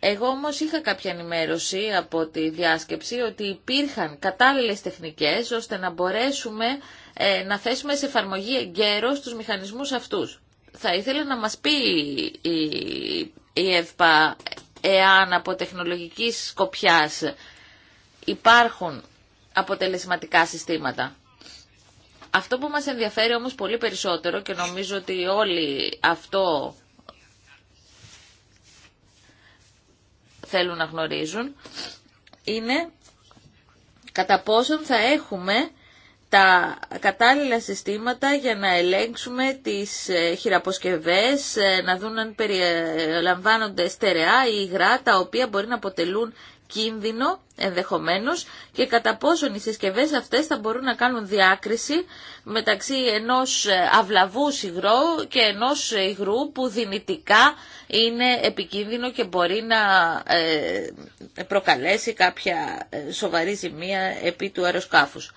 Εγώ όμως είχα κάποια ενημέρωση από τη διάσκεψη ότι υπήρχαν κατάλληλες τεχνικές ώστε να μπορέσουμε ε, να θέσουμε σε εφαρμογή εγκαίρως τους μηχανισμούς αυτούς. Θα ήθελα να μας πει η, η ΕΕΠΑ ε, εάν από τεχνολογική σκοπιάς υπάρχουν αποτελεσματικά συστήματα. Αυτό που μας ενδιαφέρει όμως πολύ περισσότερο και νομίζω ότι όλοι αυτό θέλουν να γνωρίζουν είναι κατά πόσον θα έχουμε τα κατάλληλα συστήματα για να ελέγξουμε τις ε, χειραποσκευές, ε, να δουν αν περιλαμβάνονται στερεά ή υγρά τα οποία μπορεί να αποτελούν κίνδυνο ενδεχομένως και κατά πόσον οι συσκευές αυτές θα μπορούν να κάνουν διάκριση μεταξύ ενός ε, αυλαβού υγρού και ενός υγρού που δυνητικά είναι επικίνδυνο και μπορεί να ε, προκαλέσει κάποια ε, σοβαρή ζημία επί του αεροσκάφους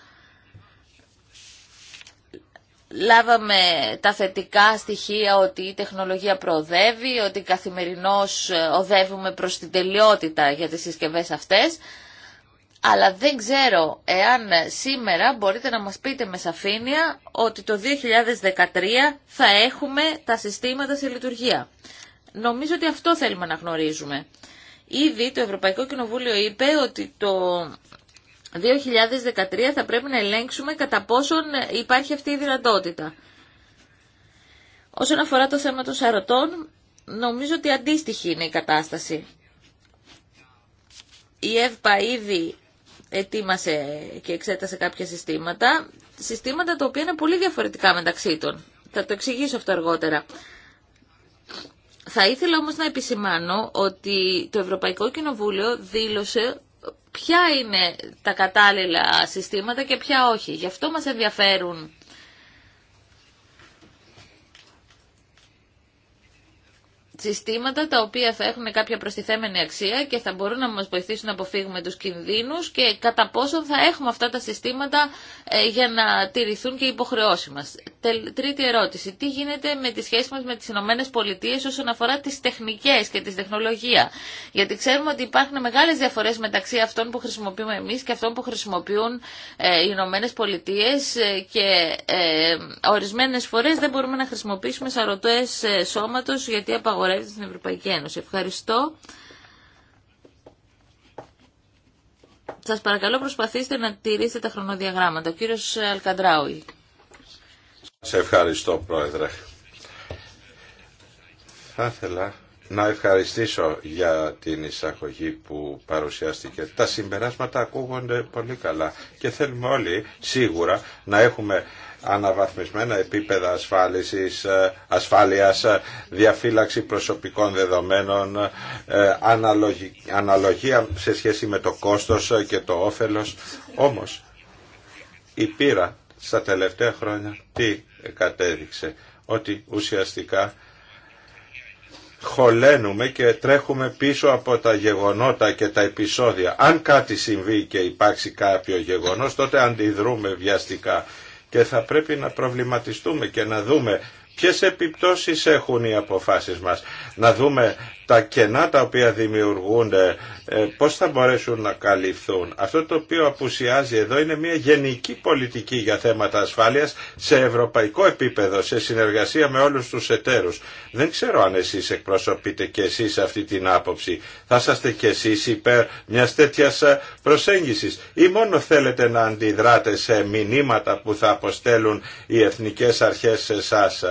λάβαμε τα θετικά στοιχεία ότι η τεχνολογία προοδεύει, ότι καθημερινώς ε, οδεύουμε προς την τελειότητα για τις συσκευές αυτές, αλλά δεν ξέρω εάν ε, σήμερα μπορείτε να μας πείτε με σαφήνεια ότι το 2013 θα έχουμε τα συστήματα σε λειτουργία. Νομίζω ότι αυτό θέλουμε να γνωρίζουμε. Ήδη το Ευρωπαϊκό Κοινοβούλιο είπε ότι το 2013 θα πρέπει να ελέγξουμε κατά πόσον υπάρχει αυτή η δυνατότητα. Όσον αφορά το θέμα των σαρωτών, νομίζω ότι αντίστοιχη είναι η κατάσταση. Η ΕΒΠΑ ήδη ετοίμασε και εξέτασε κάποια συστήματα, συστήματα τα οποία είναι πολύ διαφορετικά μεταξύ των. Θα το εξηγήσω αυτό αργότερα. Θα ήθελα όμως να επισημάνω ότι το Ευρωπαϊκό Κοινοβούλιο δήλωσε ποια είναι τα κατάλληλα συστήματα και ποια όχι. Γι' αυτό μας ενδιαφέρουν συστήματα τα οποία θα έχουν κάποια προστιθέμενη αξία και θα μπορούν να μας βοηθήσουν να αποφύγουμε τους κινδύνους και κατά πόσο θα έχουμε αυτά τα συστήματα ε, για να τηρηθούν και οι υποχρεώσεις μας. Τρίτη ερώτηση. Τι γίνεται με τις σχέσεις μας με τις Ηνωμένε Πολιτείες όσον αφορά τις τεχνικές και τη τεχνολογία. Γιατί ξέρουμε ότι υπάρχουν μεγάλες διαφορές μεταξύ αυτών που χρησιμοποιούμε εμείς και αυτών που χρησιμοποιούν ε, οι Ηνωμένε Πολιτείες ε, και ορισμένες φορές δεν μπορούμε να χρησιμοποιήσουμε σαρωτές σώματος γιατί απαγορεύουν αγοράζεται στην Ευρωπαϊκή Ένωση. Ευχαριστώ. Σας παρακαλώ προσπαθήστε να τηρήσετε τα χρονοδιαγράμματα. Ο κύριος Αλκαντράουι. Σε ευχαριστώ Πρόεδρε. Θα ήθελα να ευχαριστήσω για την εισαγωγή που παρουσιάστηκε. Τα συμπεράσματα ακούγονται πολύ καλά και θέλουμε όλοι σίγουρα να έχουμε αναβαθμισμένα επίπεδα ασφάλισης, ε, ασφάλειας, ε, διαφύλαξη προσωπικών δεδομένων, ε, αναλογία σε σχέση με το κόστος και το όφελος. Όμως η πείρα στα τελευταία χρόνια τι κατέδειξε, ότι ουσιαστικά χωλένουμε και τρέχουμε πίσω από τα γεγονότα και τα επεισόδια. Αν κάτι συμβεί και υπάρξει κάποιο γεγονός, τότε αντιδρούμε βιαστικά και θα πρέπει να προβληματιστούμε και να δούμε ποιες επιπτώσεις έχουν οι αποφάσεις μας. Να δούμε τα κενά τα οποία δημιουργούνται, ε, πώς θα μπορέσουν να καλυφθούν. Αυτό το οποίο απουσιάζει εδώ είναι μια γενική πολιτική για θέματα ασφάλειας σε ευρωπαϊκό επίπεδο, σε συνεργασία με όλους τους εταίρους. Δεν ξέρω αν εσείς εκπροσωπείτε και εσείς αυτή την άποψη. Θα είσαστε και εσείς υπέρ μια τέτοια ε, προσέγγισης ή μόνο θέλετε να αντιδράτε σε μηνύματα που θα αποστέλουν οι εθνικές αρχές σε εσάς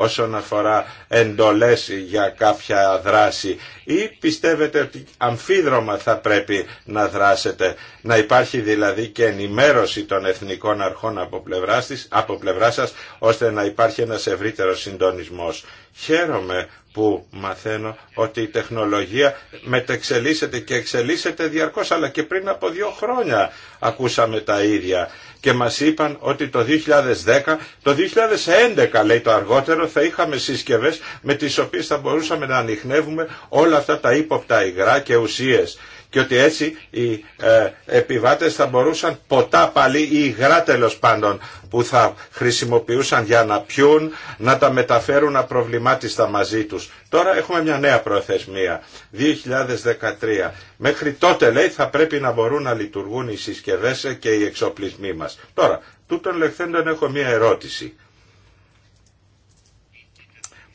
όσον αφορά εντολές για κάποια δράση ή πιστεύετε ότι αμφίδρομα θα πρέπει να δράσετε, να υπάρχει δηλαδή και ενημέρωση των εθνικών αρχών από πλευρά, της, από πλευρά σας, ώστε να υπάρχει ένας ευρύτερος συντονισμός. Χαίρομαι που μαθαίνω ότι η τεχνολογία μετεξελίσσεται και ενημερωση των εθνικων αρχων απο πλευρα της απο διαρκώς, αλλά και πριν από δύο χρόνια ακούσαμε τα ίδια και μας είπαν ότι το 2010, το 2011 λέει το αργότερο, θα είχαμε συσκευές με τις οποίες θα μπορούσαμε να ανοιχνεύουμε όλα αυτά τα ύποπτα υγρά και ουσίες και ότι έτσι οι ε, επιβάτες θα μπορούσαν ποτά παλί ή υγρά τέλο πάντων που θα χρησιμοποιούσαν για να πιούν να τα μεταφέρουν απροβλημάτιστα μαζί τους. Τώρα έχουμε μια νέα προθεσμία, 2013. Μέχρι τότε λέει θα πρέπει να μπορούν να λειτουργούν οι συσκευές και οι εξοπλισμοί μας. Τώρα, τούτον λεχθέντων έχω μια ερώτηση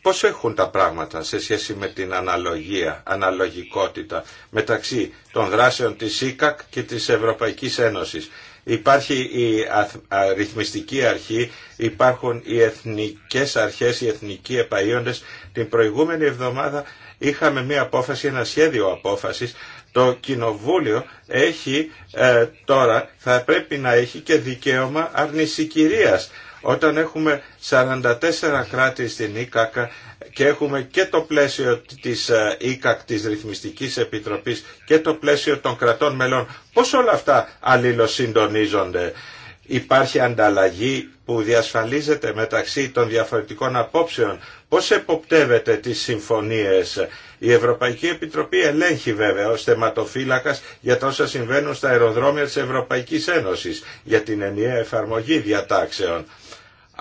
πώς έχουν τα πράγματα σε σχέση με την αναλογία, αναλογικότητα μεταξύ των δράσεων της ΣΥΚΑΚ και της Ευρωπαϊκής Ένωσης. Υπάρχει η αριθμιστική αρχή, υπάρχουν οι εθνικές αρχές, οι εθνικοί επαΐοντες. Την προηγούμενη εβδομάδα είχαμε μία απόφαση, ένα σχέδιο απόφασης. Το Κοινοβούλιο έχει ε, τώρα, θα πρέπει να έχει και δικαίωμα αρνησικυρίας όταν έχουμε 44 κράτη στην ΙΚΑΚ και έχουμε και το πλαίσιο της ε, ΙΚΑΚ, της Ρυθμιστικής Επιτροπής και το πλαίσιο των κρατών μελών, πώς όλα αυτά αλληλοσυντονίζονται. Υπάρχει ανταλλαγή που διασφαλίζεται μεταξύ των διαφορετικών απόψεων. Πώς εποπτεύεται τις συμφωνίες. Η Ευρωπαϊκή Επιτροπή ελέγχει βέβαια ως θεματοφύλακας για τα συμβαίνουν στα αεροδρόμια της Ευρωπαϊκής Ένωσης για την ενιαία εφαρμογή διατάξεων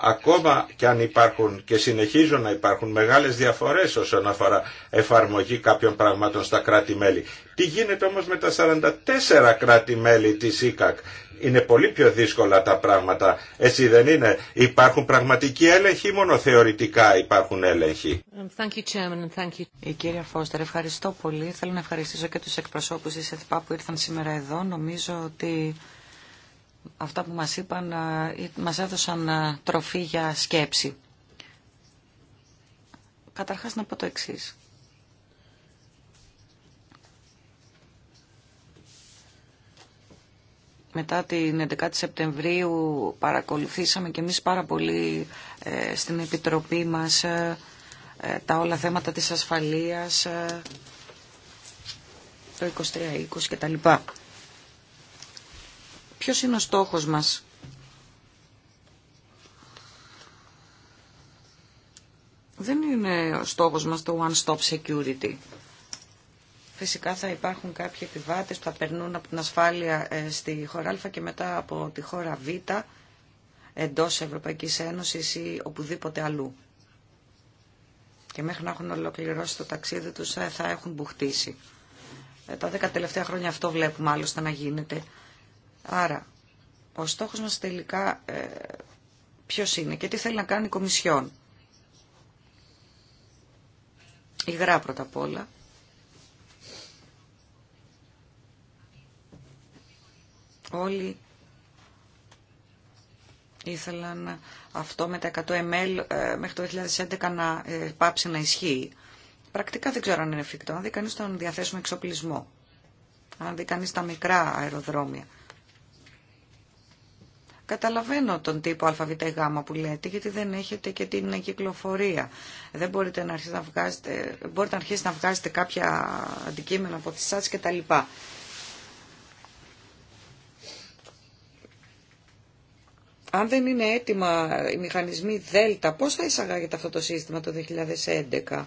ακόμα και αν υπάρχουν και συνεχίζουν να υπάρχουν μεγάλες διαφορές όσον αφορά εφαρμογή κάποιων πραγμάτων στα κράτη-μέλη. Τι γίνεται όμως με τα 44 κράτη-μέλη της ΙΚΑΚ. Είναι πολύ πιο δύσκολα τα πράγματα. Έτσι δεν είναι. Υπάρχουν πραγματικοί έλεγχοι ή μόνο θεωρητικά υπάρχουν έλεγχοι. Thank you, Chairman, thank you. Η κυρία Φώστερ, ευχαριστώ πολύ. Θέλω να ευχαριστήσω και τους εκπροσώπους της ΕΘΠΑ που ήρθαν σήμερα εδώ. Νομίζω ότι αυτά που μας είπαν ε, μας έδωσαν ε, τροφή για σκέψη. Καταρχάς να πω το εξής. μετά την 11η Σεπτεμβρίου παρακολουθήσαμε και εμείς πάρα πολύ ε, στην Επιτροπή μας τα όλα θέματα της ασφαλείας, το 23-20 και τα λοιπά. Ποιος είναι ο στόχος μας. Δεν είναι ο στόχος μας το one-stop security. Φυσικά θα υπάρχουν κάποιοι επιβάτες που θα περνούν από την ασφάλεια ε, στη χώρα Α και μετά από τη χώρα Β εντός Ευρωπαϊκής Ένωσης ή οπουδήποτε αλλού. Και μέχρι να έχουν ολοκληρώσει το ταξίδι τους ε, θα έχουν μπουχτίσει. Ε, τα δέκα τελευταία χρόνια αυτό βλέπουμε άλλωστε να γίνεται. Άρα, ο στόχος μας τελικά ε, ποιος είναι και τι θέλει να κάνει η Κομισιόν. Υγρά πρώτα απ' όλα. Όλοι ήθελαν αυτό με τα 100 ml ε, μέχρι το 2011 να ε, πάψει να ισχύει. Πρακτικά δεν ξέρω αν είναι εφικτό. Αν δει κανείς τον διαθέσιμο εξοπλισμό. Αν δει κανείς τα μικρά αεροδρόμια. Καταλαβαίνω τον τύπο ΑΒΓ που λέτε, γιατί δεν έχετε και την κυκλοφορία. Δεν μπορείτε να αρχίσετε να βγάζετε, μπορείτε να αρχίσετε να κάποια αντικείμενα από τις σας και τα λοιπά. Αν δεν είναι έτοιμα οι μηχανισμοί ΔΕΛΤΑ, πώς θα εισαγάγετε αυτό το σύστημα το 2011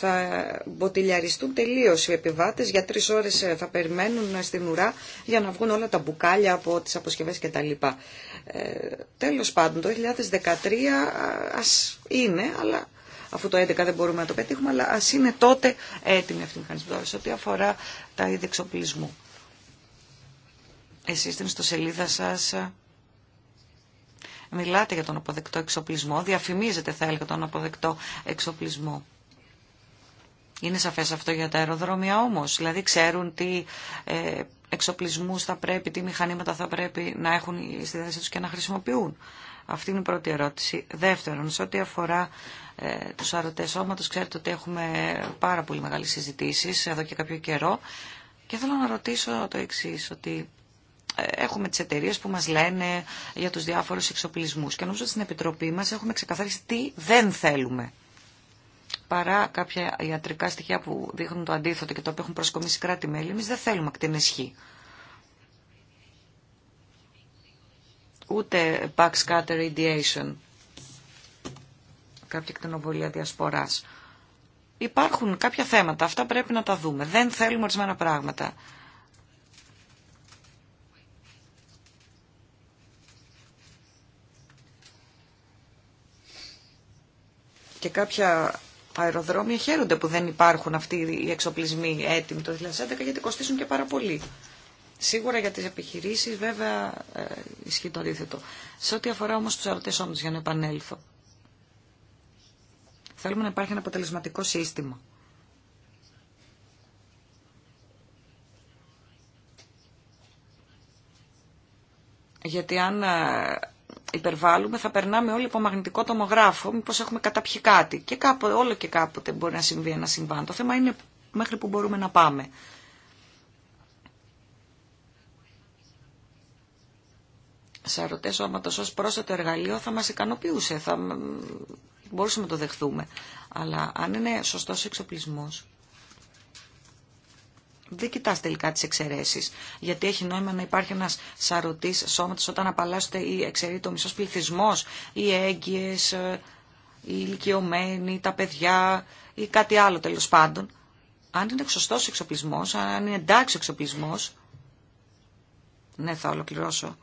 θα μποτιλιαριστούν τελείως οι επιβάτες. Για τρεις ώρες ε, θα περιμένουν ε, στην ουρά για να βγουν όλα τα μπουκάλια από τις αποσκευές κτλ. Ε, τέλος πάντων, το 2013 ας είναι, αλλά αφού το 2011 δεν μπορούμε να το πετύχουμε, αλλά ας είναι τότε έτοιμη αυτή η μηχανισμή σε ό,τι αφορά τα είδη εξοπλισμού. Εσείς στην ιστοσελίδα σας ε, μιλάτε για τον αποδεκτό εξοπλισμό, διαφημίζετε θα έλεγα τον αποδεκτό εξοπλισμό. Είναι σαφές αυτό για τα αεροδρόμια όμως. Δηλαδή ξέρουν τι ε, εξοπλισμούς θα πρέπει, τι μηχανήματα θα πρέπει να έχουν στη θέση τους και να χρησιμοποιούν. Αυτή είναι η πρώτη ερώτηση. Δεύτερον, σε ό,τι αφορά ε, τους αρωτές σώματος, ξέρετε ότι έχουμε πάρα πολύ μεγάλες συζητήσεις εδώ και κάποιο καιρό. Και θέλω να ρωτήσω το εξή ότι ε, έχουμε τις εταιρείε που μας λένε για τους διάφορους εξοπλισμούς. Και νομίζω ότι στην Επιτροπή μας έχουμε ξεκαθαρίσει τι δεν θέλουμε παρά κάποια ιατρικά στοιχεία που δείχνουν το αντίθετο και το οποιο εχουν έχουν προσκομίσει κράτη-μέλη. Εμεί δεν θέλουμε Χ. Ούτε backscatter radiation. Κάποια κτηνοβολία διασποράς. Υπάρχουν κάποια θέματα, αυτά πρέπει να τα δούμε. Δεν θέλουμε ορισμένα πράγματα. και κάποια αεροδρόμια χαίρονται που δεν υπάρχουν αυτοί οι εξοπλισμοί έτοιμοι το 2011 γιατί κοστίζουν και πάρα πολύ. Σίγουρα για τις επιχειρήσεις βέβαια ε, ισχύει το αντίθετο. Σε ό,τι αφορά όμως τους αρωτές όμως για να επανέλθω. Θέλουμε να υπάρχει ένα αποτελεσματικό σύστημα. Γιατί αν ε, υπερβάλλουμε θα περνάμε όλοι από μαγνητικό τομογράφο, μήπως έχουμε καταπιεί κάτι. Και όλο και κάποτε μπορεί να συμβεί ένα συμβάν. Το θέμα είναι μέχρι που μπορούμε να πάμε. Σαρωτέ άματος ω πρόσθετο εργαλείο θα μα ικανοποιούσε, θα μπορούσαμε να το δεχθούμε. Αλλά αν είναι σωστό εξοπλισμό, δεν κοιτάς τελικά τι εξαιρέσει. Γιατί έχει νόημα να υπάρχει ένα σαρωτής σώματος όταν απαλλάσσεται ή εξαιρείται ο μισός πληθυσμός, οι έγκυες, ε, οι ηλικιωμένοι, τα παιδιά ή κάτι άλλο τέλο πάντων. Αν είναι σωστό ο εξοπλισμό, αν είναι εντάξει ο εξοπλισμό. ναι θα ολοκληρώσω,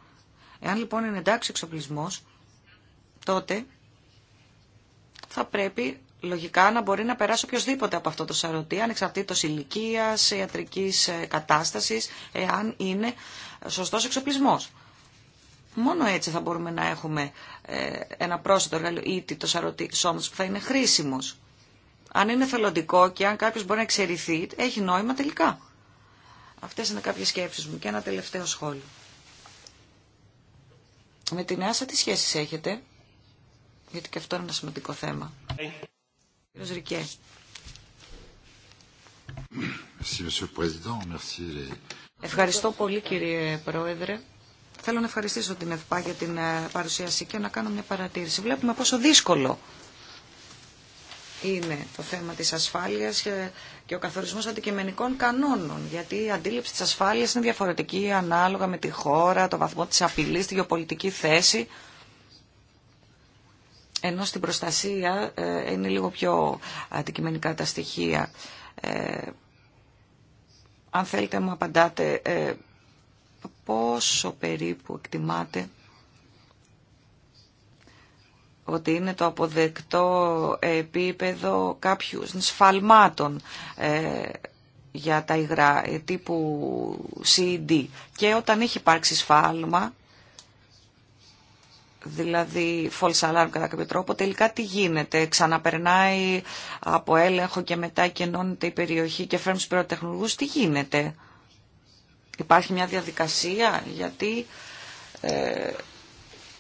εάν λοιπόν είναι εντάξει ο εξοπλισμό, τότε θα πρέπει λογικά να μπορεί να περάσει οποιοδήποτε από αυτό το σαρωτή, ανεξαρτήτως ηλικία, ιατρικής ε, κατάστασης, εάν είναι σωστός εξοπλισμός. Μόνο έτσι θα μπορούμε να έχουμε ε, ένα πρόσθετο εργαλείο ή το σαρωτή σώματος που θα είναι χρήσιμος. Αν είναι θελοντικό και αν κάποιος μπορεί να εξαιρεθεί, έχει νόημα τελικά. Αυτές είναι κάποιες σκέψεις μου και ένα τελευταίο σχόλιο. Με την Άσα τι σχέσεις έχετε, γιατί και αυτό είναι ένα σημαντικό θέμα. Ευχαριστώ πολύ κύριε Πρόεδρε. Θέλω να ευχαριστήσω την ΕΦΠΑ για την ε, παρουσίαση και να κάνω μια παρατήρηση. Βλέπουμε πόσο δύσκολο είναι το θέμα της ασφάλειας και ο καθορισμός αντικειμενικών κανόνων, γιατί η αντίληψη της ασφάλειας είναι διαφορετική ανάλογα με τη χώρα, το βαθμό της απειλής, τη γεωπολιτική θέση ενώ στην προστασία ε, είναι λίγο πιο αντικειμενικά τα στοιχεία. Ε, αν θέλετε μου απαντάτε ε, πόσο περίπου εκτιμάτε ότι είναι το αποδεκτό επίπεδο κάποιου σφαλμάτων για τα υγρά τύπου CD. Και όταν έχει υπάρξει σφάλμα δηλαδή false alarm κατά κάποιο τρόπο, τελικά τι γίνεται. Ξαναπερνάει από έλεγχο και μετά κενώνεται η περιοχή και φέρνουν στους πυροτεχνουργούς. Τι γίνεται. Υπάρχει μια διαδικασία γιατί ε,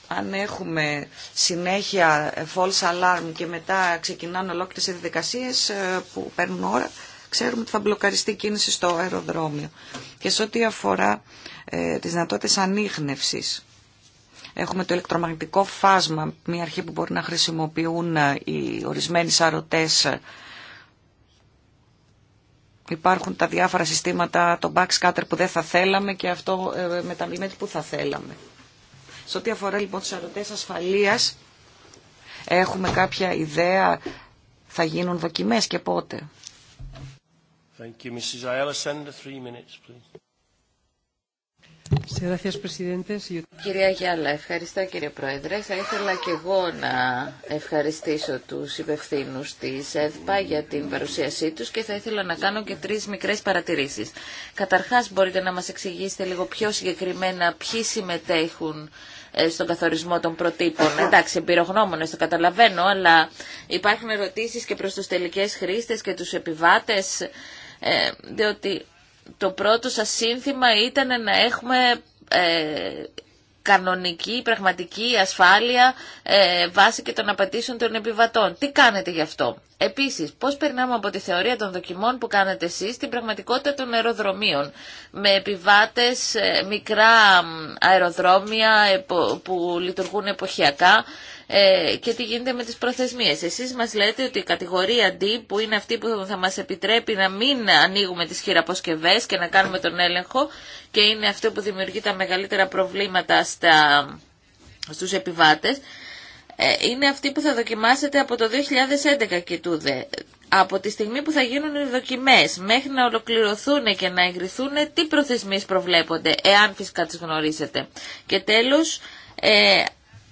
αν έχουμε συνέχεια false alarm και μετά ξεκινάνε ολόκληρες διαδικασίες ε, που παίρνουν ώρα, ξέρουμε ότι θα μπλοκαριστεί η κίνηση στο αεροδρόμιο. Και σε ό,τι αφορά ε, τις δυνατότητες ανείχνευσης, Έχουμε το ηλεκτρομαγνητικό φάσμα, μια αρχή που μπορεί να χρησιμοποιούν ε, οι ορισμένοι σαρωτές. Υπάρχουν τα διάφορα συστήματα, το backscatter που δεν θα θέλαμε και αυτό ε, με τα που θα θέλαμε. Σε ό,τι αφορά λοιπόν του σαρωτές ασφαλείας, έχουμε κάποια ιδέα, θα γίνουν δοκιμές και πότε. Thank you, Mrs. three minutes, please. Κυρία Γιάλα, ευχαριστώ κύριε Πρόεδρε. Θα ήθελα και εγώ να ευχαριστήσω τους υπευθύνου τη ΕΔΠΑ για την παρουσίασή τους και θα ήθελα να κάνω και τρεις μικρές παρατηρήσεις. Καταρχάς μπορείτε να μας εξηγήσετε λίγο πιο συγκεκριμένα ποιοι συμμετέχουν ε, στον καθορισμό των προτύπων. Εντάξει, εμπειρογνώμονε, το καταλαβαίνω, αλλά υπάρχουν ερωτήσει και προ του τελικέ χρήστε και τους επιβάτες, ε, διότι το πρώτο σας σύνθημα ήταν να έχουμε ε, κανονική, πραγματική ασφάλεια ε, βάσει και των απαιτήσεων των επιβατών. Τι κάνετε γι' αυτό. Επίσης, πώς περνάμε από τη θεωρία των δοκιμών που κάνετε εσείς στην πραγματικότητα των αεροδρομίων με επιβάτες, ε, μικρά αεροδρόμια που λειτουργούν εποχιακά ε, και τι γίνεται με τις προθεσμίες. Εσείς μας λέτε ότι η κατηγορία D που είναι αυτή που θα μας επιτρέπει να μην ανοίγουμε τις χειραποσκευές και να κάνουμε τον έλεγχο και είναι αυτό που δημιουργεί τα μεγαλύτερα προβλήματα στα, στους επιβάτες ε, είναι αυτή που θα δοκιμάσετε από το 2011 και τούδε. Από τη στιγμή που θα γίνουν οι δοκιμές μέχρι να ολοκληρωθούν και να εγκριθούν, τι προθεσμίες προβλέπονται, εάν φυσικά τις γνωρίζετε. Και τέλος, ε,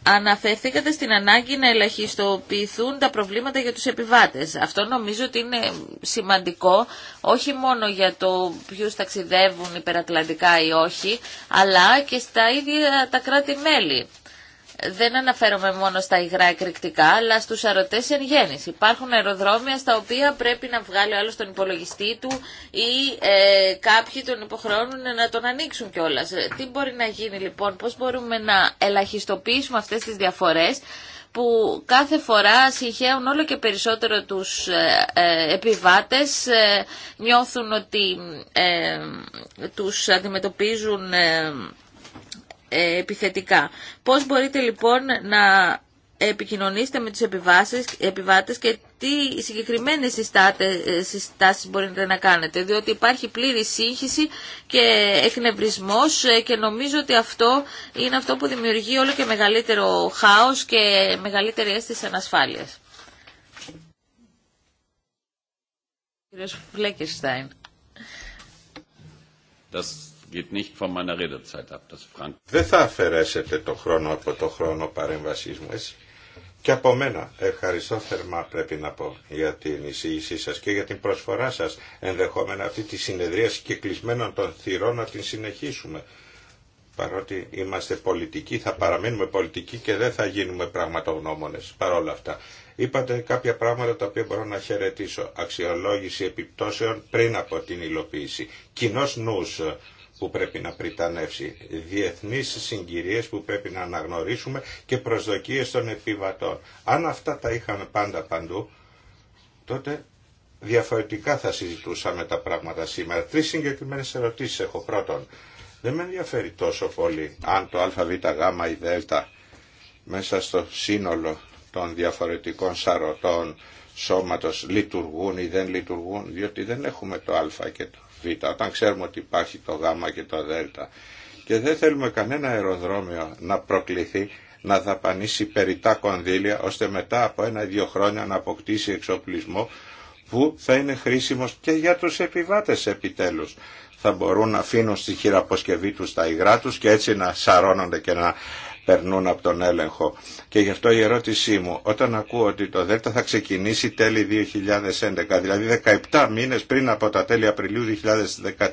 Αναφερθήκατε στην ανάγκη να ελαχιστοποιηθούν τα προβλήματα για τους επιβάτες. Αυτό νομίζω ότι είναι σημαντικό, όχι μόνο για το ποιους ταξιδεύουν υπερατλαντικά ή όχι, αλλά και στα ίδια τα κράτη-μέλη δεν αναφέρομαι μόνο στα υγρά εκρηκτικά, αλλά στους αρωτέ εν Υπάρχουν αεροδρόμια στα οποία πρέπει να βγάλει άλλο τον υπολογιστή του ή ε, κάποιοι τον υποχρεώνουν να τον ανοίξουν κιόλα. Τι μπορεί να γίνει λοιπόν, πώς μπορούμε να ελαχιστοποιήσουμε αυτές τις διαφορές που κάθε φορά συγχαίουν όλο και περισσότερο τους ε, ε επιβάτες, ε, νιώθουν ότι ε, τους αντιμετωπίζουν ε, ε, επιθετικά. Πώς μπορείτε λοιπόν να επικοινωνήσετε με τους επιβάσεις, επιβάτες και τι συγκεκριμένες ε, συστάσεις μπορείτε να κάνετε, διότι υπάρχει πλήρη σύγχυση και εκνευρισμός ε, και νομίζω ότι αυτό είναι αυτό που δημιουργεί όλο και μεγαλύτερο χάος και μεγαλύτερη αίσθηση ανασφάλειας. Κύριος δεν θα αφαιρέσετε το χρόνο από το χρόνο παρέμβασή μου, έτσι. Και από μένα ευχαριστώ θερμά πρέπει να πω για την εισήγησή σας και για την προσφορά σας ενδεχόμενα αυτή τη συνεδρία και κλεισμένων των θυρών να την συνεχίσουμε. Παρότι είμαστε πολιτικοί, θα παραμείνουμε πολιτικοί και δεν θα γίνουμε πραγματογνώμονες παρόλα αυτά. Είπατε κάποια πράγματα τα οποία μπορώ να χαιρετήσω. Αξιολόγηση επιπτώσεων πριν από την υλοποίηση. κοινό νου που πρέπει να πριτανεύσει, διεθνείς συγκυρίες που πρέπει να αναγνωρίσουμε και προσδοκίες των επιβατών. Αν αυτά τα είχαμε πάντα παντού, τότε διαφορετικά θα συζητούσαμε τα πράγματα σήμερα. Τρεις συγκεκριμένες ερωτήσεις έχω. Πρώτον, δεν με ενδιαφέρει τόσο πολύ αν το αβγ ή δ μέσα στο σύνολο των διαφορετικών σαρωτών σώματος λειτουργούν ή δεν λειτουργούν, διότι δεν έχουμε το α και το Β, όταν ξέρουμε ότι υπάρχει το Γ και το Δ. Και δεν θέλουμε κανένα αεροδρόμιο να προκληθεί να δαπανίσει περιτά κονδύλια ώστε μετά από ένα-δύο χρόνια να αποκτήσει εξοπλισμό που θα είναι χρήσιμος και για τους επιβάτες επιτέλους. Θα μπορούν να αφήνουν στη χειραποσκευή τους τα υγρά τους και έτσι να σαρώνονται και να περνούν από τον έλεγχο. Και γι' αυτό η ερώτησή μου, όταν ακούω ότι το ΔΕΛΤΑ θα ξεκινήσει τέλη 2011, δηλαδή 17 μήνες πριν από τα τέλη Απριλίου 2013,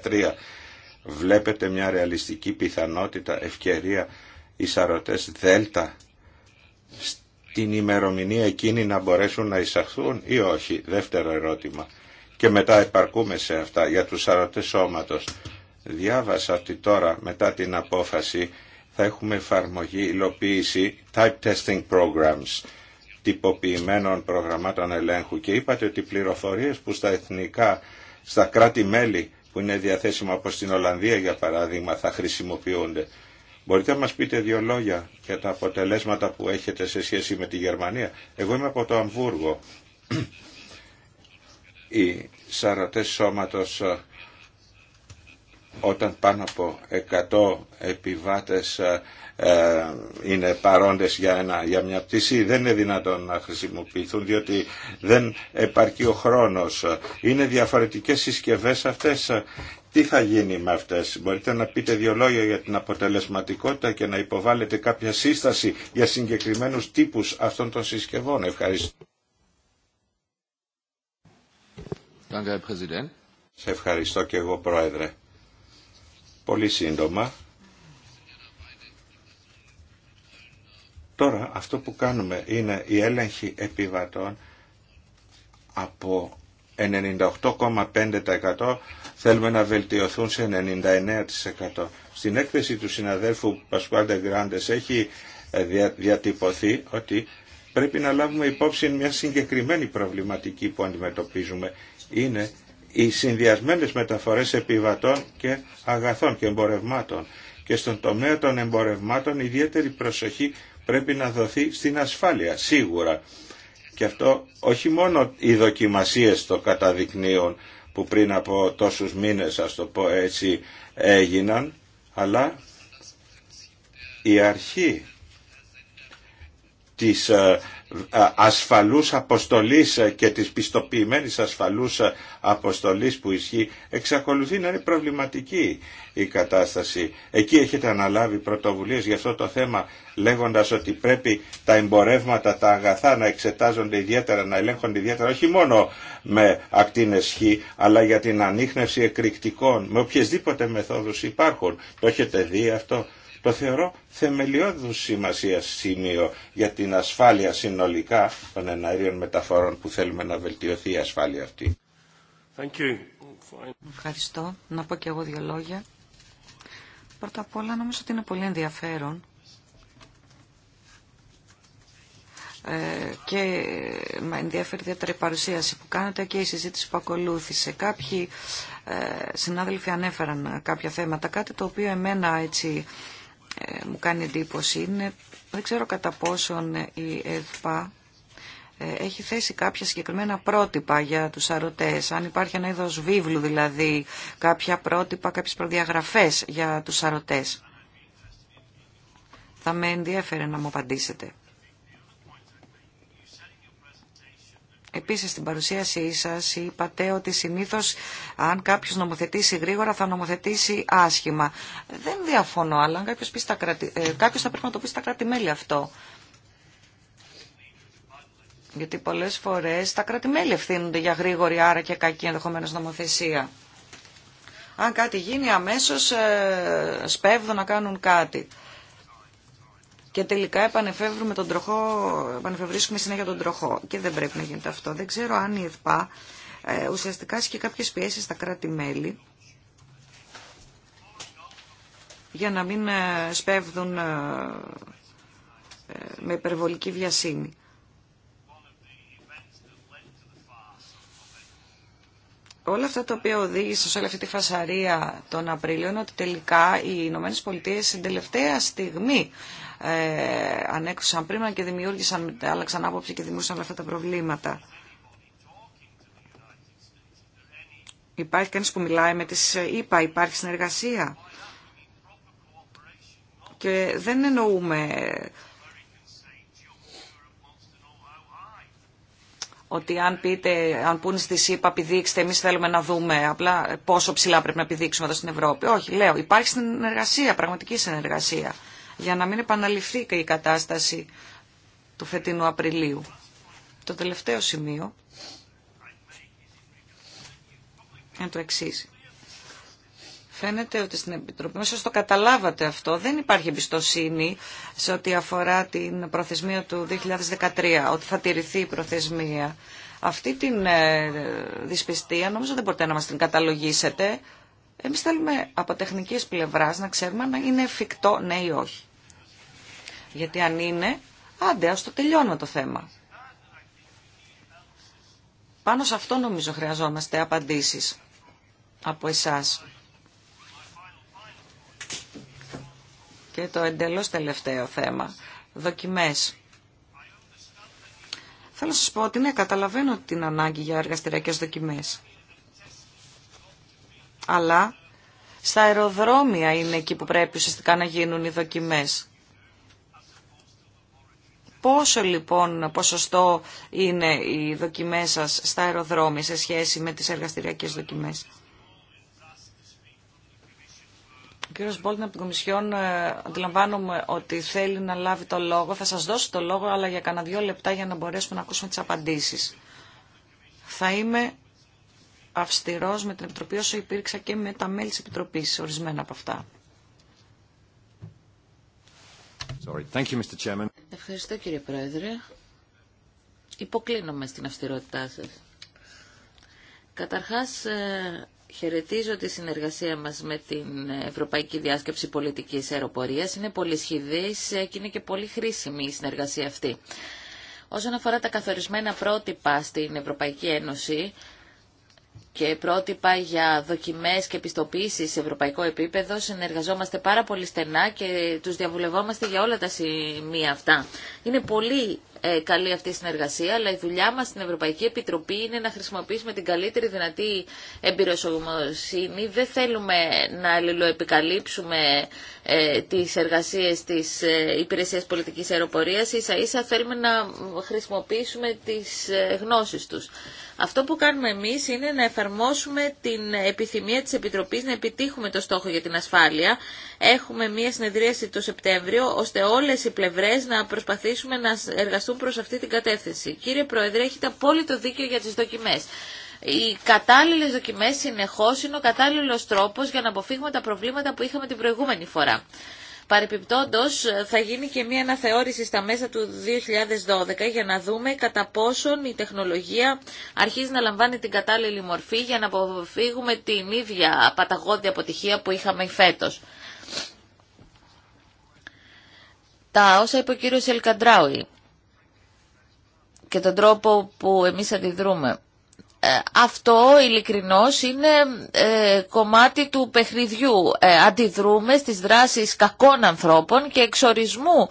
βλέπετε μια ρεαλιστική πιθανότητα, ευκαιρία οι σαρωτές ΔΕΛΤΑ ...στην ημερομηνία εκείνη να μπορέσουν να εισαχθούν ή όχι. Δεύτερο ερώτημα. Και μετά επαρκούμε σε αυτά για τους σαρωτές σώματος. Διάβασα ότι τώρα μετά την απόφαση θα έχουμε εφαρμογή, υλοποίηση type testing programs τυποποιημένων προγραμμάτων ελέγχου και είπατε ότι οι πληροφορίες που στα εθνικά, στα κράτη-μέλη που είναι διαθέσιμα από στην Ολλανδία για παράδειγμα θα χρησιμοποιούνται. Μπορείτε να μας πείτε δύο λόγια για τα αποτελέσματα που έχετε σε σχέση με τη Γερμανία. Εγώ είμαι από το Αμβούργο. Οι σαρωτές σώματος όταν πάνω από 100 επιβάτες ε, ε, είναι παρόντες για, ένα, για μια πτήση δεν είναι δυνατόν να χρησιμοποιηθούν διότι δεν επαρκεί ο χρόνος. Είναι διαφορετικές συσκευές αυτές. Τι θα γίνει με αυτές. Μπορείτε να πείτε δύο λόγια για την αποτελεσματικότητα και να υποβάλλετε κάποια σύσταση για συγκεκριμένους τύπους αυτών των συσκευών. Ευχαριστώ. Σε ευχαριστώ και εγώ Πρόεδρε πολύ σύντομα. Τώρα αυτό που κάνουμε είναι η έλεγχη επιβατών από 98,5% θέλουμε να βελτιωθούν σε 99%. Στην έκθεση του συναδέλφου Πασκουάντε Γκράντες έχει ε, διατυπωθεί ότι πρέπει να λάβουμε υπόψη μια συγκεκριμένη προβληματική που αντιμετωπίζουμε. Είναι οι συνδυασμένες μεταφορές επιβατών και αγαθών και εμπορευμάτων. Και στον τομέα των εμπορευμάτων ιδιαίτερη προσοχή πρέπει να δοθεί στην ασφάλεια, σίγουρα. Και αυτό όχι μόνο οι δοκιμασίες το καταδεικνύουν που πριν από τόσους μήνες, ας το πω έτσι, έγιναν, αλλά η αρχή της ε, ασφαλούς αποστολής και της πιστοποιημένης ασφαλούς αποστολής που ισχύει εξακολουθεί να είναι προβληματική η κατάσταση. Εκεί έχετε αναλάβει πρωτοβουλίες για αυτό το θέμα λέγοντας ότι πρέπει τα εμπορεύματα, τα αγαθά να εξετάζονται ιδιαίτερα, να ελέγχονται ιδιαίτερα όχι μόνο με ακτίνες χ αλλά για την ανείχνευση εκρηκτικών με οποιασδήποτε μεθόδους υπάρχουν. Το έχετε δει αυτό. Το θεωρώ θεμελιώδου σημασία σημείο για την ασφάλεια συνολικά των εναερίων μεταφορών που θέλουμε να βελτιωθεί η ασφάλεια αυτή. Thank you. Ευχαριστώ. Να πω και εγώ δύο λόγια. Πρώτα απ' όλα νομίζω ότι είναι πολύ ενδιαφέρον ε, και με ενδιαφέρει ιδιαίτερα η παρουσίαση που κάνετε και η συζήτηση που ακολούθησε. Κάποιοι ε, συνάδελφοι ανέφεραν κάποια θέματα, κάτι το οποίο εμένα έτσι ε, μου κάνει εντύπωση είναι, δεν ξέρω κατά πόσον ε, η ΕΔΠΑ ε, έχει θέσει κάποια συγκεκριμένα πρότυπα για τους σαρωτές. Αν υπάρχει ένα είδος βίβλου δηλαδή, κάποια πρότυπα, κάποιες προδιαγραφές για τους σαρωτές. Θα με ενδιαφέρε να μου απαντήσετε. Επίσης στην παρουσίασή σας είπατε ότι συνήθως αν κάποιος νομοθετήσει γρήγορα θα νομοθετήσει άσχημα. Δεν διαφωνώ, αλλά αν κάποιος, πει ε, κάποιος θα πρέπει να το πει στα κρατη αυτό. Γιατί πολλές φορές τα κράτη-μέλη ευθύνονται για γρήγορη άρα και κακή ενδεχομένως νομοθεσία. Αν κάτι γίνει αμέσως ε, σπέβδω να κάνουν κάτι και τελικά επανεφεύρουμε τον τροχό, επανεφευρίσκουμε συνέχεια τον τροχό και δεν πρέπει να γίνεται αυτό. Δεν ξέρω αν η ΕΔΠΑ ε, ουσιαστικά ασκεί κάποιε πιέσει στα κράτη-μέλη για να μην ε, σπέβδουν ε, με υπερβολική βιασύνη. όλα αυτά τα οποία οδήγησε σε όλη αυτή τη φασαρία τον Απρίλιο είναι ότι τελικά οι Ηνωμένε Πολιτείε στην τελευταία στιγμή ε, ανέκτουσαν πρίμα και δημιούργησαν, άλλαξαν άποψη και δημιούργησαν όλα αυτά τα προβλήματα. Υπάρχει κανείς που μιλάει με τις ΕΠΑ, υπάρχει συνεργασία. Και δεν εννοούμε ότι αν, πείτε, αν πούνε στη ΣΥΠΑ πηδήξτε, εμεί θέλουμε να δούμε απλά πόσο ψηλά πρέπει να πηδήξουμε εδώ στην Ευρώπη. Όχι, λέω, υπάρχει συνεργασία, πραγματική συνεργασία για να μην επαναληφθεί και η κατάσταση του φετινού Απριλίου. Το τελευταίο σημείο είναι το εξή. Φαίνεται ότι στην Επιτροπή μας, το καταλάβατε αυτό, δεν υπάρχει εμπιστοσύνη σε ό,τι αφορά την προθεσμία του 2013, ότι θα τηρηθεί η προθεσμία. Αυτή την ε, δυσπιστία νομίζω δεν μπορείτε να μας την καταλογίσετε. Εμείς θέλουμε από τεχνικής πλευράς να ξέρουμε αν είναι εφικτό ναι ή όχι. Γιατί αν είναι, άντε ας το τελειώνουμε το θέμα. Πάνω σε αυτό νομίζω χρειαζόμαστε απαντήσεις από εσάς. Και το εντελώς τελευταίο θέμα, δοκιμές. Θέλω να σας πω ότι ναι, καταλαβαίνω την ανάγκη για εργαστηριακές δοκιμές. Αλλά στα αεροδρόμια είναι εκεί που πρέπει ουσιαστικά να γίνουν οι δοκιμές. Πόσο λοιπόν ποσοστό είναι οι δοκιμές σας στα αεροδρόμια σε σχέση με τις εργαστηριακές δοκιμές. Ο κύριος Μπόλτιν από την Κομισιόν ε, αντιλαμβάνομαι ότι θέλει να λάβει το λόγο. Θα σας δώσω το λόγο αλλά για κανένα δύο λεπτά για να μπορέσουμε να ακούσουμε τις απαντήσεις. Θα είμαι αυστηρός με την Επιτροπή όσο υπήρξα και με τα μέλη της Επιτροπής, ορισμένα από αυτά. Sorry. Thank you, Mr. Ευχαριστώ κύριε Πρόεδρε. Υποκλίνομαι στην αυστηρότητά σας. Καταρχάς, ε, χαιρετίζω τη συνεργασία μας με την Ευρωπαϊκή Διάσκεψη Πολιτικής Αεροπορίας. Είναι πολύ σχηδής ε, και είναι και πολύ χρήσιμη η συνεργασία αυτή. Όσον αφορά τα καθορισμένα πρότυπα στην Ευρωπαϊκή Ένωση, και πρότυπα για δοκιμές και επιστοποίηση σε ευρωπαϊκό επίπεδο. Συνεργαζόμαστε πάρα πολύ στενά και τους διαβουλευόμαστε για όλα τα σημεία αυτά. Είναι πολύ ε, καλή αυτή η συνεργασία, αλλά η δουλειά μας στην Ευρωπαϊκή Επιτροπή είναι να χρησιμοποιήσουμε την καλύτερη δυνατή εμπειροσωμοσύνη. Δεν θέλουμε να αλληλοεπικαλύψουμε ε, τις εργασίες της ε, Υπηρεσίας Πολιτικής Αεροπορίας. Ίσα ίσα θέλουμε να χρησιμοποιήσουμε τις ε, γνώσεις τους. Αυτό που κάνουμε εμείς είναι να εφαρμόσουμε την επιθυμία της Επιτροπής να επιτύχουμε το στόχο για την ασφάλεια. Έχουμε μία συνεδρίαση το Σεπτέμβριο, ώστε όλες οι πλευρές να προσπαθήσουμε να εργαστούν προς αυτή την κατεύθυνση. Κύριε Πρόεδρε, έχετε απόλυτο δίκιο για τις δοκιμές. Οι κατάλληλες δοκιμές συνεχώς είναι ο κατάλληλος τρόπος για να αποφύγουμε τα προβλήματα που είχαμε την προηγούμενη φορά. Παρεπιπτόντως ε, θα γίνει και μια αναθεώρηση στα μέσα του 2012 για να δούμε κατά πόσον η τεχνολογία αρχίζει να λαμβάνει την κατάλληλη μορφή για να αποφύγουμε την ίδια παταγώδη αποτυχία που είχαμε φέτος. Τα όσα είπε ο κύριος Ελκαντράουι και τον τρόπο που εμείς αντιδρούμε. Ε, αυτό ειλικρινώς είναι ε, κομμάτι του παιχνιδιού. Ε, αντιδρούμε στις δράσεις κακών ανθρώπων και εξορισμού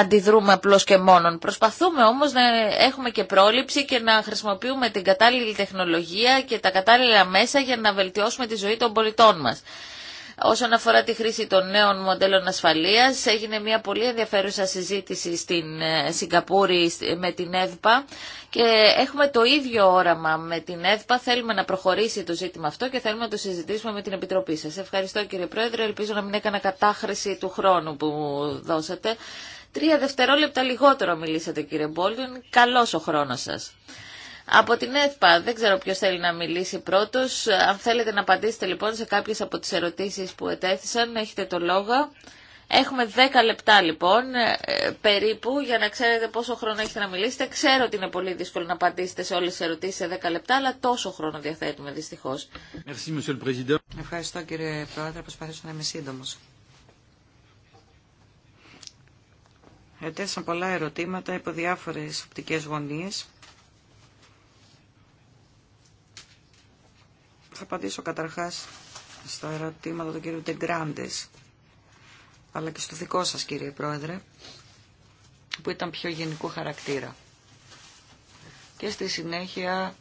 αντιδρούμε απλώς και μόνον. Προσπαθούμε όμως να έχουμε και πρόληψη και να χρησιμοποιούμε την κατάλληλη τεχνολογία και τα κατάλληλα μέσα για να βελτιώσουμε τη ζωή των πολιτών μας. Όσον αφορά τη χρήση των νέων μοντέλων ασφαλείας, έγινε μια πολύ ενδιαφέρουσα συζήτηση στην ε, Σιγκαπούρη με την ΕΔΠΑ και έχουμε το ίδιο όραμα με την ΕΔΠΑ. Θέλουμε να προχωρήσει το ζήτημα αυτό και θέλουμε να το συζητήσουμε με την Επιτροπή σας. Ευχαριστώ κύριε Πρόεδρε, ελπίζω να μην έκανα κατάχρηση του χρόνου που μου δώσατε. Τρία δευτερόλεπτα λιγότερο μιλήσατε κύριε Μπόλτον. Καλός ο χρόνος σας από την ΕΤΠΑ. Δεν ξέρω ποιος θέλει να μιλήσει πρώτος. Αν θέλετε να απαντήσετε λοιπόν σε κάποιες από τις ερωτήσεις που ετέθησαν, έχετε το λόγο. Έχουμε 10 λεπτά λοιπόν ε, περίπου για να ξέρετε πόσο χρόνο έχετε να μιλήσετε. Ξέρω ότι είναι πολύ δύσκολο να απαντήσετε σε όλες τις ερωτήσεις σε 10 λεπτά, αλλά τόσο χρόνο διαθέτουμε δυστυχώς. Ευχαριστώ κύριε Πρόεδρε, προσπαθήσω να είμαι σύντομος. Ετέθησαν πολλά ερωτήματα από διάφορε οπτικέ γωνίες. Θα απαντήσω καταρχάς στα ερωτήματα του κύριου Τεγκράντες, αλλά και στο δικό σας κύριε Πρόεδρε, που ήταν πιο γενικού χαρακτήρα. Και στη συνέχεια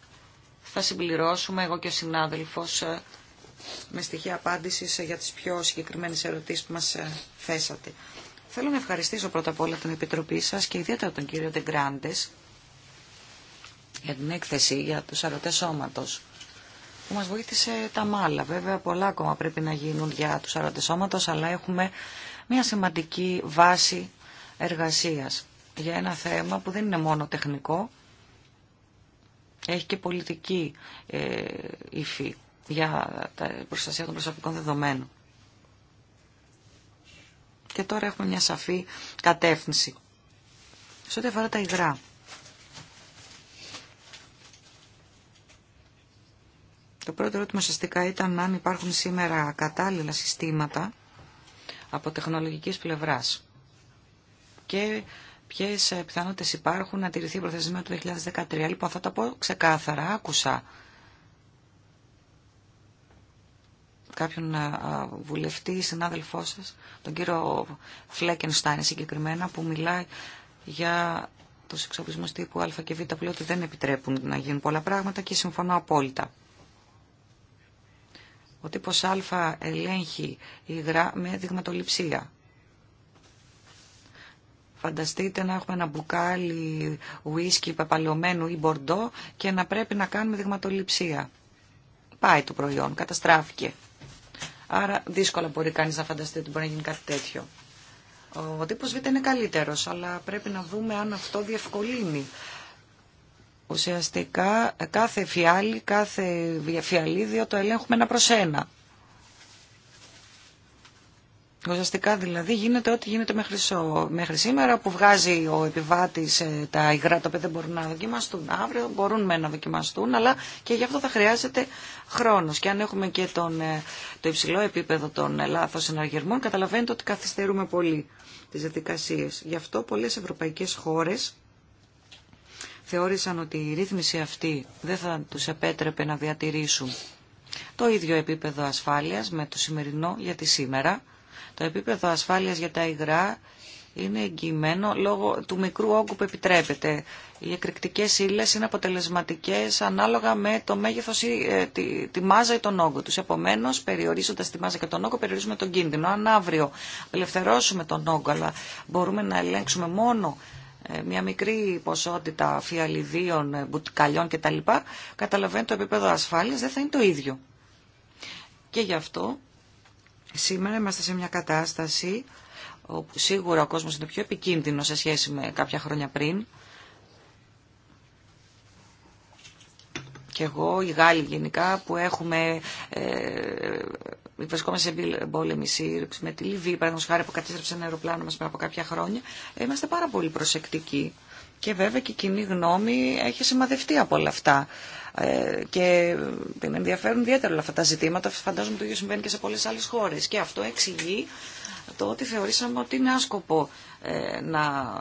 θα συμπληρώσουμε εγώ και ο συνάδελφος ε, με στοιχεία απάντηση ε, για τις πιο συγκεκριμένες ερωτήσεις που μας ε, θέσατε. Θέλω να ευχαριστήσω πρώτα απ' όλα την Επιτροπή σας και ιδιαίτερα τον κύριο Τεγκράντες για την έκθεση για τους αρωτές σώματος που μας βοήθησε τα μάλα. Βέβαια πολλά ακόμα πρέπει να γίνουν για τους αρρώντες αλλά έχουμε μια σημαντική βάση εργασίας για ένα θέμα που δεν είναι μόνο τεχνικό, έχει και πολιτική ε, υφή για τα προστασία των προσωπικών δεδομένων. Και τώρα έχουμε μια σαφή κατεύθυνση. Σε ό,τι αφορά τα υγρά, Το πρώτο ερώτημα ουσιαστικά ήταν αν υπάρχουν σήμερα κατάλληλα συστήματα από τεχνολογικής πλευράς και ποιες πιθανότητες υπάρχουν να τηρηθεί η προθεσμία του 2013. Λοιπόν, θα τα πω ξεκάθαρα. Άκουσα κάποιον βουλευτή, συνάδελφό σας, τον κύριο Φλέκενστάιν συγκεκριμένα, που μιλάει για τους εξοπλισμούς τύπου Α και Β, που λέει ότι δεν επιτρέπουν να γίνουν πολλά πράγματα και συμφωνώ απόλυτα. Ο τύπος Α ελέγχει υγρά με δειγματοληψία. Φανταστείτε να έχουμε ένα μπουκάλι ουίσκι πεπαλαιωμένου ή μπορντό και να πρέπει να κάνουμε δειγματοληψία. Πάει το προϊόν, καταστράφηκε. Άρα δύσκολα μπορεί κανείς να φανταστεί ότι μπορεί να γίνει κάτι τέτοιο. Ο τύπος Β είναι καλύτερος, αλλά πρέπει να δούμε αν αυτό διευκολύνει Ουσιαστικά κάθε φιάλι, κάθε φιαλίδιο το ελέγχουμε ένα προς ένα. Ουσιαστικά δηλαδή γίνεται ό,τι γίνεται μέχρι, μέχρι σήμερα που βγάζει ο επιβάτης ε, τα υγρά τα οποία δεν μπορούν να δοκιμαστούν. Αύριο μπορούν με να δοκιμαστούν αλλά και γι' αυτό θα χρειάζεται χρόνος. Και αν έχουμε και τον, ε, το υψηλό επίπεδο των ε, λάθο συναγερμών καταλαβαίνετε ότι καθυστερούμε πολύ τις διαδικασίε. Γι' αυτό πολλές ευρωπαϊκές χώρες θεώρησαν ότι η ρύθμιση αυτή δεν θα τους επέτρεπε να διατηρήσουν το ίδιο επίπεδο ασφάλειας με το σημερινό για τη σήμερα το επίπεδο ασφάλειας για τα υγρά είναι εγγυημένο λόγω του μικρού όγκου που επιτρέπεται. Οι εκρηκτικές ύλες είναι αποτελεσματικές ανάλογα με το μέγεθος ε, τη, μάζα ή τον όγκο τους. Επομένως, περιορίζοντας τη μάζα και τον όγκο, περιορίζουμε τον κίνδυνο. Αν αύριο απελευθερώσουμε τον όγκο, αλλά μπορούμε να ελέγξουμε μόνο ε, μια μικρή ποσότητα φιαλιδίων, ε, μπουτικαλιών κτλ. Καταλαβαίνετε το επίπεδο ασφάλειας δεν θα είναι το ίδιο. Και γι' αυτό σήμερα είμαστε σε μια κατάσταση όπου σίγουρα ο κόσμος είναι πιο επικίνδυνο σε σχέση με κάποια χρόνια πριν. Και εγώ, οι Γάλλοι γενικά, που έχουμε ε, βρισκόμαστε σε πόλεμη σύρρηξη με τη Λιβύη, παραδείγματο χάρη που κατέστρεψε ένα αεροπλάνο μα πριν από κάποια χρόνια, είμαστε πάρα πολύ προσεκτικοί. Και βέβαια και η κοινή γνώμη έχει σημαδευτεί από όλα αυτά. Ε, και την ενδιαφέρουν ιδιαίτερα όλα αυτά τα ζητήματα. Φαντάζομαι το ίδιο συμβαίνει και σε πολλέ άλλε χώρε. Και αυτό εξηγεί το ότι θεωρήσαμε ότι είναι άσκοπο ε, να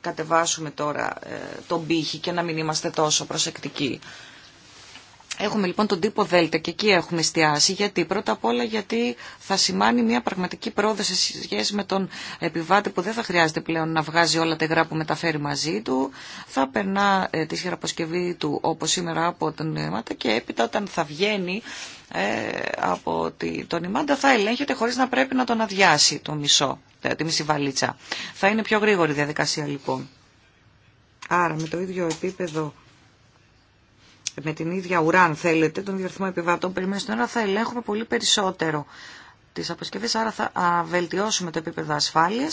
κατεβάσουμε τώρα ε, τον πύχη και να μην είμαστε τόσο προσεκτικοί. Έχουμε λοιπόν τον τύπο Δέλτα και εκεί έχουμε εστιάσει. Γιατί πρώτα απ' όλα γιατί θα σημάνει μια πραγματική πρόοδο σε σχέση με τον επιβάτη που δεν θα χρειάζεται πλέον να βγάζει όλα τα υγρά που μεταφέρει μαζί του. Θα περνά ε, τη χειραποσκευή του όπως σήμερα από τον νήματα και έπειτα όταν θα βγαίνει ε, από τη, τον Νιμάντα θα ελέγχεται χωρίς να πρέπει να τον αδειάσει το μισό, ε, τη μισή βαλίτσα. Θα είναι πιο γρήγορη διαδικασία λοιπόν. Άρα με το ίδιο επίπεδο με την ίδια ουράν θέλετε, τον διορθμό επιβατών περιμένει στην ώρα, θα ελέγχουμε πολύ περισσότερο τις αποσκευέ. άρα θα βελτιώσουμε το επίπεδο ασφάλεια,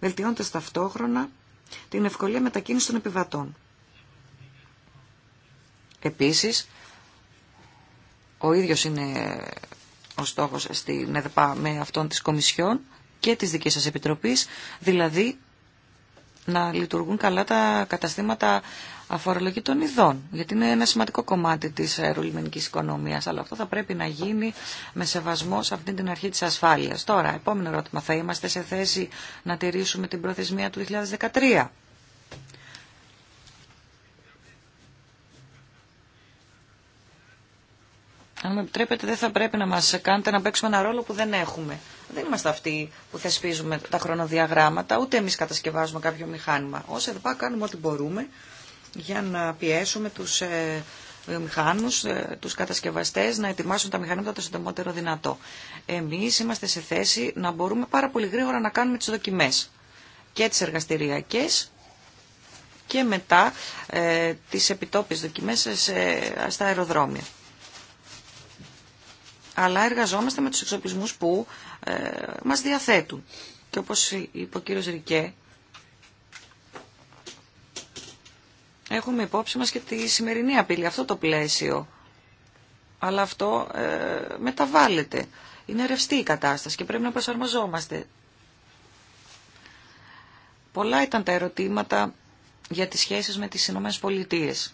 βελτιώνοντας ταυτόχρονα την ευκολία μετακίνηση των επιβατών. Επίσης, ο ίδιος είναι ο στόχος στην ΕΔΠΑ με αυτόν τις Κομισιόν και της δικής σας Επιτροπής, δηλαδή να λειτουργούν καλά τα καταστήματα αφορολογή των ειδών, γιατί είναι ένα σημαντικό κομμάτι της ρουλιμενικής οικονομίας, αλλά αυτό θα πρέπει να γίνει με σεβασμό σε αυτή την αρχή της ασφάλειας. Τώρα, επόμενο ερώτημα, θα είμαστε σε θέση να τηρήσουμε την προθεσμία του 2013. Αν με επιτρέπετε, δεν θα πρέπει να μας κάνετε να παίξουμε ένα ρόλο που δεν έχουμε. Δεν είμαστε αυτοί που θεσπίζουμε τα χρονοδιαγράμματα, ούτε εμείς κατασκευάζουμε κάποιο μηχάνημα. Όσο εδώ κάνουμε ό,τι μπορούμε για να πιέσουμε τους ε, βιομηχάνους, ε, τους κατασκευαστές να ετοιμάσουν τα μηχανήματα το συντομότερο δυνατό. Εμείς είμαστε σε θέση να μπορούμε πάρα πολύ γρήγορα να κάνουμε τις δοκιμές και τις εργαστηριακές και μετά ε, τις επιτόπιες δοκιμές σε, στα αεροδρόμια. Αλλά εργαζόμαστε με τους εξοπλισμούς που ε, μας διαθέτουν. Και όπως είπε ο κύριος Ρικέ, έχουμε υπόψη μας και τη σημερινή απειλή, αυτό το πλαίσιο. Αλλά αυτό ε, μεταβάλλεται. Είναι ρευστή η κατάσταση και πρέπει να προσαρμοζόμαστε. Πολλά ήταν τα ερωτήματα για τις σχέσεις με τις Ηνωμένες Πολιτείες.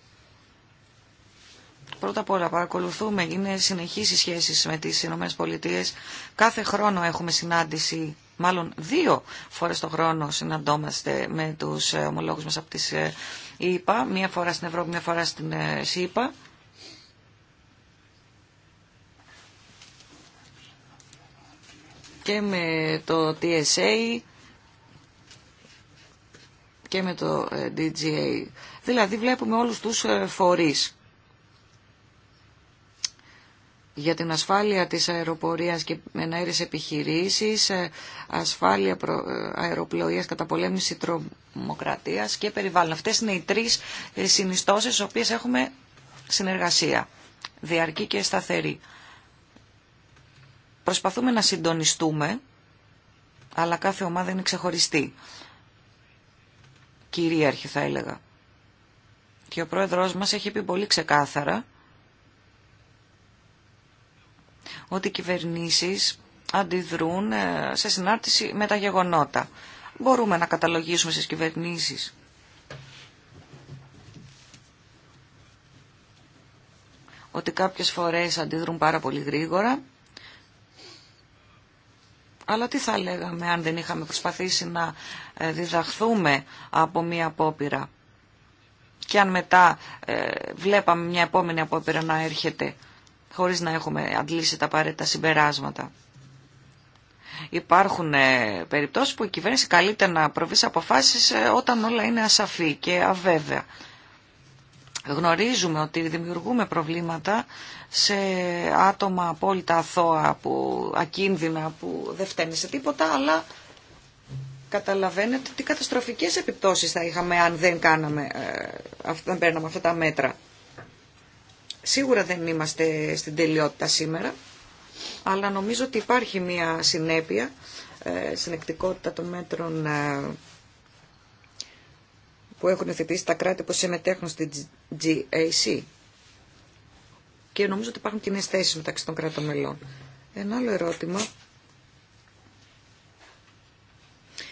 Πρώτα απ' όλα παρακολουθούμε, είναι συνεχείς οι σχέσεις με τις Ηνωμένες Πολιτείες. Κάθε χρόνο έχουμε συνάντηση, μάλλον δύο φορές το χρόνο συναντόμαστε με τους ε, ομολόγους μας από τις ε, ΗΠΑ, μία φορά στην Ευρώπη, μία φορά στην ε, ΣΥΠΑ. Και με το TSA και με το ε, DGA. Δηλαδή βλέπουμε όλους τους ε, φορείς για την ασφάλεια της αεροπορίας και εναέρειες επιχειρήσεις, ε, ασφάλεια ε, αεροπλοείας κατά πολέμηση τρομοκρατίας και περιβάλλον. Αυτές είναι οι τρεις ε, συνιστώσεις στις οποίες έχουμε συνεργασία, διαρκή και σταθερή. Προσπαθούμε να συντονιστούμε, αλλά κάθε ομάδα είναι ξεχωριστή. Κυρίαρχη θα έλεγα. Και ο πρόεδρος μας έχει πει πολύ ξεκάθαρα ότι οι κυβερνήσεις αντιδρούν ε, σε συνάρτηση με τα γεγονότα. Μπορούμε να καταλογίσουμε στις κυβερνήσεις. Ότι κάποιες φορές αντιδρούν πάρα πολύ γρήγορα. Αλλά τι θα λέγαμε αν δεν είχαμε προσπαθήσει να ε, διδαχθούμε από μία απόπειρα. Και αν μετά ε, βλέπαμε μια επόμενη απόπειρα να έρχεται χωρίς να έχουμε αντλήσει τα απαραίτητα συμπεράσματα. Υπάρχουν ε, περιπτώσεις που η κυβέρνηση καλείται να προβεί σε αποφάσεις ε, όταν όλα είναι ασαφή και αβέβαια. Γνωρίζουμε ότι δημιουργούμε προβλήματα σε άτομα απόλυτα αθώα, που, ακίνδυνα, που δεν φταίνει σε τίποτα, αλλά καταλαβαίνετε τι καταστροφικές επιπτώσεις θα είχαμε αν δεν, κάναμε, ε, αν δεν παίρναμε αυτά τα μέτρα. Σίγουρα δεν είμαστε στην τελειότητα σήμερα, αλλά νομίζω ότι υπάρχει μια συνέπεια, ε, συνεκτικότητα των μέτρων ε, που έχουν θετήσει τα κράτη που συμμετέχουν στη GAC. Και νομίζω ότι υπάρχουν κοινέ θέσει μεταξύ των κρατών μελών. Ένα άλλο ερώτημα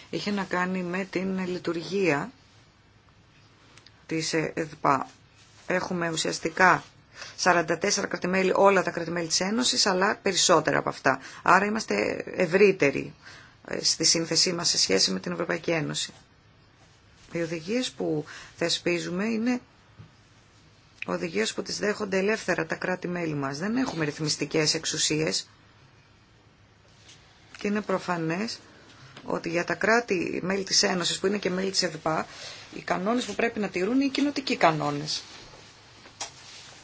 είχε να κάνει με την λειτουργία της ΕΔΠΑ. Έχουμε ουσιαστικά 44 κρατημέλη, όλα τα κρατημέλη της Ένωσης, αλλά περισσότερα από αυτά. Άρα είμαστε ευρύτεροι ε, στη σύνθεσή μας σε σχέση με την Ευρωπαϊκή Ένωση. Οι οδηγίες που θεσπίζουμε είναι οδηγίες που τις δέχονται ελεύθερα τα κράτη-μέλη μας. Δεν έχουμε ρυθμιστικές εξουσίες και είναι προφανές ότι για τα κράτη-μέλη της Ένωσης που είναι και μέλη της ΕΔΠΑ οι κανόνες που πρέπει να τηρούν είναι οι κοινοτικοί κανόνες.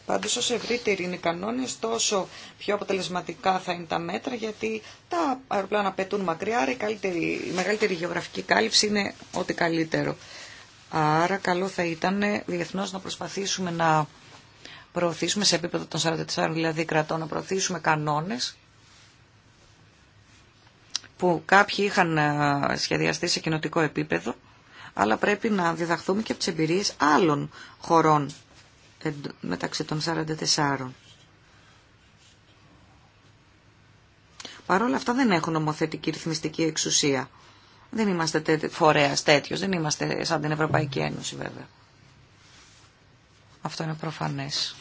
Πάντως όσο ευρύτεροι είναι οι κανόνες, τόσο πιο αποτελεσματικά θα είναι τα μέτρα, γιατί τα αεροπλάνα πετούν μακριά, άρα η, καλύτερη, μεγαλύτερη γεωγραφική κάλυψη είναι ό,τι καλύτερο. Άρα καλό θα ήταν διεθνώς να προσπαθήσουμε να προωθήσουμε σε επίπεδο των 44 δηλαδή κρατών, να προωθήσουμε κανόνες που κάποιοι είχαν σχεδιαστεί σε κοινοτικό επίπεδο, αλλά πρέπει να διδαχθούμε και από τις εμπειρίες άλλων χωρών μεταξύ των 44. Παρ' όλα αυτά δεν έχουν νομοθετική ρυθμιστική εξουσία. Δεν είμαστε τέ, φορέας τέτοιο, δεν είμαστε σαν την Ευρωπαϊκή Ένωση βέβαια. Αυτό είναι προφανές.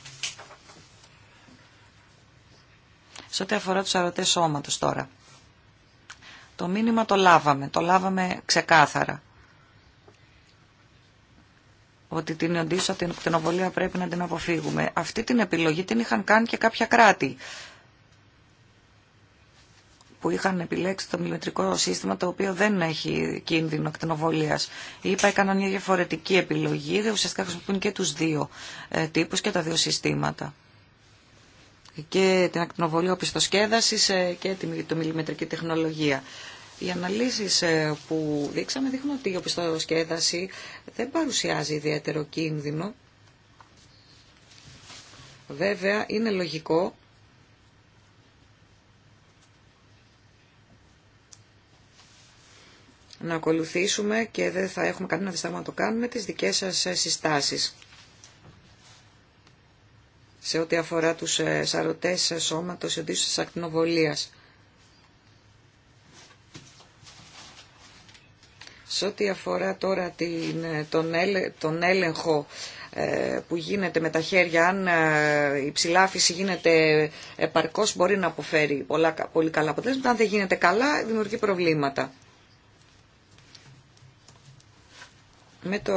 Σε ό,τι αφορά τους αρωτές σώματος τώρα. Το μήνυμα το λάβαμε, το λάβαμε ξεκάθαρα ότι την ότι την κτηνοβολία πρέπει να την αποφύγουμε. Αυτή την επιλογή την είχαν κάνει και κάποια κράτη που είχαν επιλέξει το μιλιμετρικό σύστημα το οποίο δεν έχει κίνδυνο ακτινοβολία. Είπα, έκαναν μια διαφορετική επιλογή. Ουσιαστικά χρησιμοποιούν και του δύο ε, τύπου και τα δύο συστήματα. Και την ακτινοβολία οπισθοσκέδαση ε, και τη, το μιλιμετρική τεχνολογία. Οι αναλύσει ε, που δείξαμε δείχνουν ότι η οπισθοσκέδαση δεν παρουσιάζει ιδιαίτερο κίνδυνο. Βέβαια, είναι λογικό να ακολουθήσουμε και δεν θα έχουμε κανένα διστάγμα να το κάνουμε τις δικές σας ε, συστάσεις σε ό,τι αφορά τους ε, σαρωτές σώματος εντύσσεως της ακτινοβολίας. Σε ό,τι αφορά τώρα την, ε, τον, τον έλεγχο ε, που γίνεται με τα χέρια, αν ε, η ψηλάφιση γίνεται επαρκώς μπορεί να αποφέρει πολύ καλά αποτελέσματα, αν δεν γίνεται καλά δημιουργεί προβλήματα. με το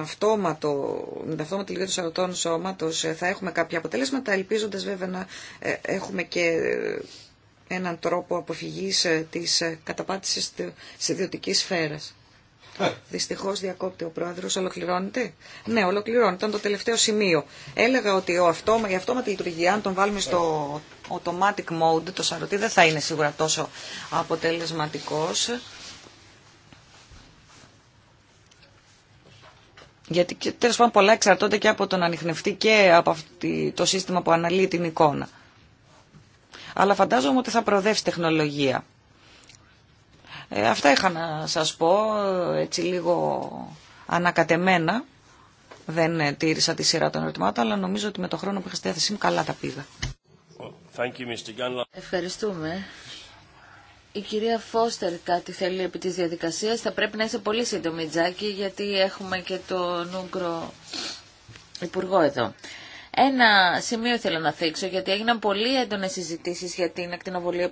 αυτόματο, με το αυτόματο λιγότερο του σαρωτών σώματος θα έχουμε κάποια αποτελέσματα, ελπίζοντας βέβαια να έχουμε και έναν τρόπο αποφυγής ε, της ε, καταπάτησης της ιδιωτικής σφαίρας. Ε. Δυστυχώ διακόπτει ο πρόεδρο. Ολοκληρώνεται. Ναι, ολοκληρώνεται. Ήταν το τελευταίο σημείο. Έλεγα ότι ο αυτόμα, η αυτόματη λειτουργία, αν τον βάλουμε στο automatic mode, το σαρωτή δεν θα είναι σίγουρα τόσο αποτελεσματικό. Γιατί τέλο πάντων πολλά εξαρτώνται και από τον ανιχνευτή και από το σύστημα που αναλύει την εικόνα αλλά φαντάζομαι ότι θα προοδεύσει τεχνολογία. Ε, αυτά είχα να σας πω, έτσι λίγο ανακατεμένα. Δεν ε, τήρησα τη σειρά των ερωτημάτων, αλλά νομίζω ότι με το χρόνο που είχα στη διάθεσή μου καλά τα πήγα. Ευχαριστούμε. Η κυρία Φώστερ κάτι θέλει επί της διαδικασίας. Θα πρέπει να είσαι πολύ σύντομη, Τζάκη, γιατί έχουμε και τον Ούγκρο Υπουργό εδώ. Ένα σημείο θέλω να θίξω, γιατί έγιναν πολύ έντονε συζητήσει για την ακτινοβολία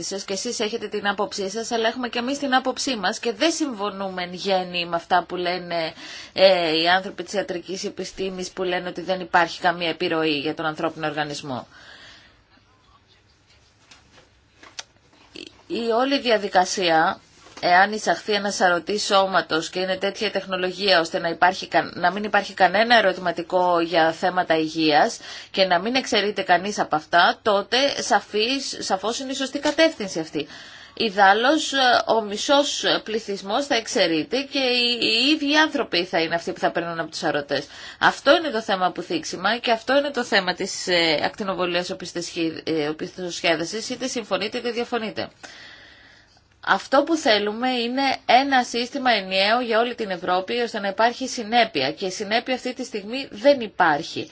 σα και εσεί έχετε την άποψή σα, αλλά έχουμε και εμεί την άποψή μα και δεν συμφωνούμε εν γέννη με αυτά που λένε ε, οι άνθρωποι τη ιατρική επιστήμη που λένε ότι δεν υπάρχει καμία επιρροή για τον ανθρώπινο οργανισμό. Η όλη διαδικασία εάν εισαχθεί ένα σαρωτή σώματο και είναι τέτοια τεχνολογία ώστε να, υπάρχει, να μην υπάρχει κανένα ερωτηματικό για θέματα υγεία και να μην εξαιρείται κανεί από αυτά, τότε σαφώ είναι η σωστή κατεύθυνση αυτή. Ιδάλω, ε, ο μισό πληθυσμό θα εξαιρείται και οι ίδιοι άνθρωποι θα είναι αυτοί που θα παίρνουν από του σαρωτέ. Αυτό είναι το θέμα που θίξιμα και αυτό είναι το θέμα της ε, ακτινοβολίας ε, οπισθοσχέδεση, είτε συμφωνείτε είτε διαφωνείτε. Αυτό που θέλουμε είναι ένα σύστημα ενιαίο για όλη την Ευρώπη ώστε να υπάρχει συνέπεια και συνέπεια αυτή τη στιγμή δεν υπάρχει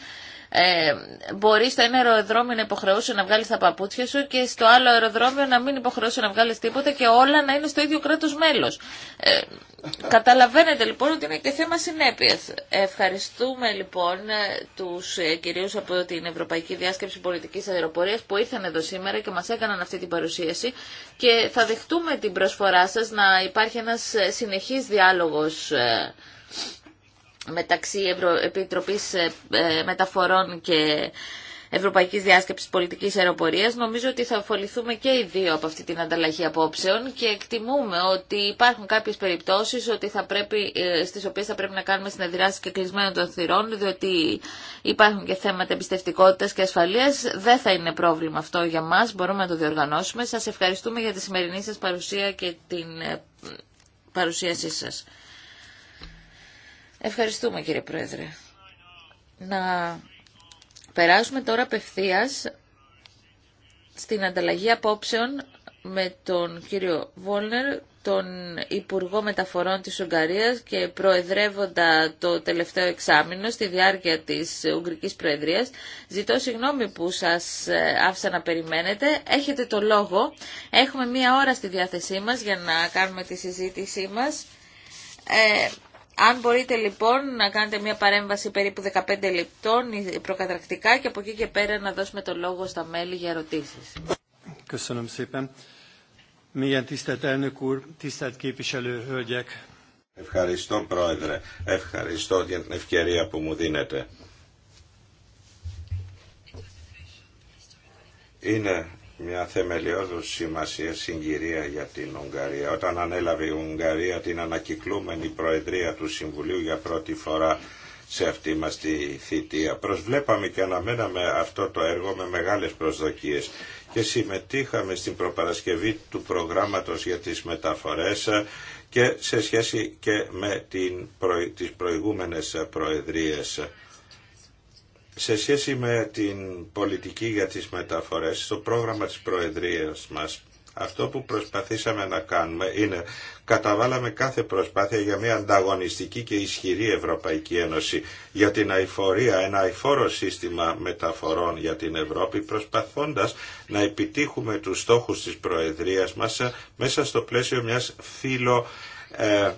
ε, μπορεί στο ένα αεροδρόμιο να υποχρεώσει να βγάλει τα παπούτσια σου και στο άλλο αεροδρόμιο να μην υποχρεώσει να βγάλει τίποτα και όλα να είναι στο ίδιο κράτο μέλο. Ε, καταλαβαίνετε λοιπόν ότι είναι και θέμα συνέπεια. Ευχαριστούμε λοιπόν ε, του ε, κυρίου από την Ευρωπαϊκή Διάσκεψη Πολιτική Αεροπορία που ήρθαν εδώ σήμερα και μα έκαναν αυτή την παρουσίαση και θα δεχτούμε την προσφορά σα να υπάρχει ένα συνεχή διάλογο μεταξύ Ευρω... Επιτροπής ε, ε, Μεταφορών και Ευρωπαϊκής Διάσκεψης Πολιτικής Αεροπορίας. Νομίζω ότι θα αφοληθούμε και οι δύο από αυτή την ανταλλαγή απόψεων και εκτιμούμε ότι υπάρχουν κάποιες περιπτώσεις ότι θα πρέπει, ε, στις οποίες θα πρέπει να κάνουμε συνεδριάσεις και κλεισμένων των θυρών, διότι υπάρχουν και θέματα εμπιστευτικότητας και ασφαλείας. Δεν θα είναι πρόβλημα αυτό για μας, μπορούμε να το διοργανώσουμε. Σας ευχαριστούμε για τη σημερινή σας παρουσία και την παρουσίασή σας. Ευχαριστούμε κύριε Πρόεδρε. Να περάσουμε τώρα απευθείας στην ανταλλαγή απόψεων με τον κύριο Βόλνερ, τον Υπουργό Μεταφορών της Ουγγαρίας και προεδρεύοντα το τελευταίο εξάμεινο στη διάρκεια της Ουγγρικής Προεδρίας. Ζητώ συγγνώμη που σας ε, άφησα να περιμένετε. Έχετε το λόγο. Έχουμε μία ώρα στη διάθεσή μας για να κάνουμε τη συζήτησή μας. Ε, αν μπορείτε λοιπόν να κάνετε μια παρέμβαση περίπου 15 λεπτών ε, προκαταρκτικά και από εκεί και πέρα να δώσουμε το λόγο στα μέλη για ερωτήσεις. Ευχαριστώ Πρόεδρε, ευχαριστώ για την ευκαιρία που μου δίνετε. Είναι μια θεμελιώδους σημασία συγκυρία για την Ουγγαρία. Όταν ανέλαβε η Ουγγαρία την ανακυκλούμενη Προεδρία του Συμβουλίου για πρώτη φορά σε αυτή μας τη θητεία. Προσβλέπαμε και αναμέναμε αυτό το έργο με μεγάλες προσδοκίες και συμμετείχαμε στην προπαρασκευή του προγράμματος για τις μεταφορές και σε σχέση και με την τις προηγούμενες σε σχέση με την πολιτική για τις μεταφορές, στο πρόγραμμα της Προεδρίας μας, αυτό που προσπαθήσαμε να κάνουμε είναι καταβάλαμε κάθε προσπάθεια για μια ανταγωνιστική και ισχυρή Ευρωπαϊκή Ένωση για την αηφορία, ένα αηφόρο σύστημα μεταφορών για την Ευρώπη προσπαθώντας να επιτύχουμε τους στόχους της Προεδρίας μας μέσα στο πλαίσιο μιας φιλο ε,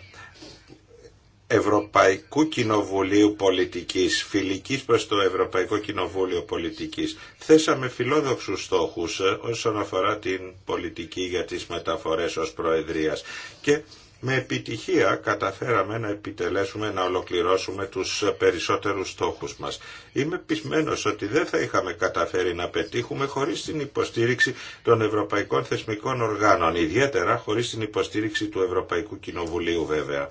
Ευρωπαϊκού Κοινοβουλίου Πολιτικής, φιλικής προς το Ευρωπαϊκό Κοινοβούλιο Πολιτικής. Θέσαμε φιλόδοξους στόχους ε, όσον αφορά την πολιτική για τις μεταφορές ως Προεδρίας και με επιτυχία καταφέραμε να επιτελέσουμε, να ολοκληρώσουμε τους περισσότερους στόχους μας. Είμαι πισμένος ότι δεν θα είχαμε καταφέρει να πετύχουμε χωρίς την υποστήριξη των Ευρωπαϊκών Θεσμικών Οργάνων, ιδιαίτερα χωρίς την υποστήριξη του Ευρωπαϊκού Κοινοβουλίου βέβαια.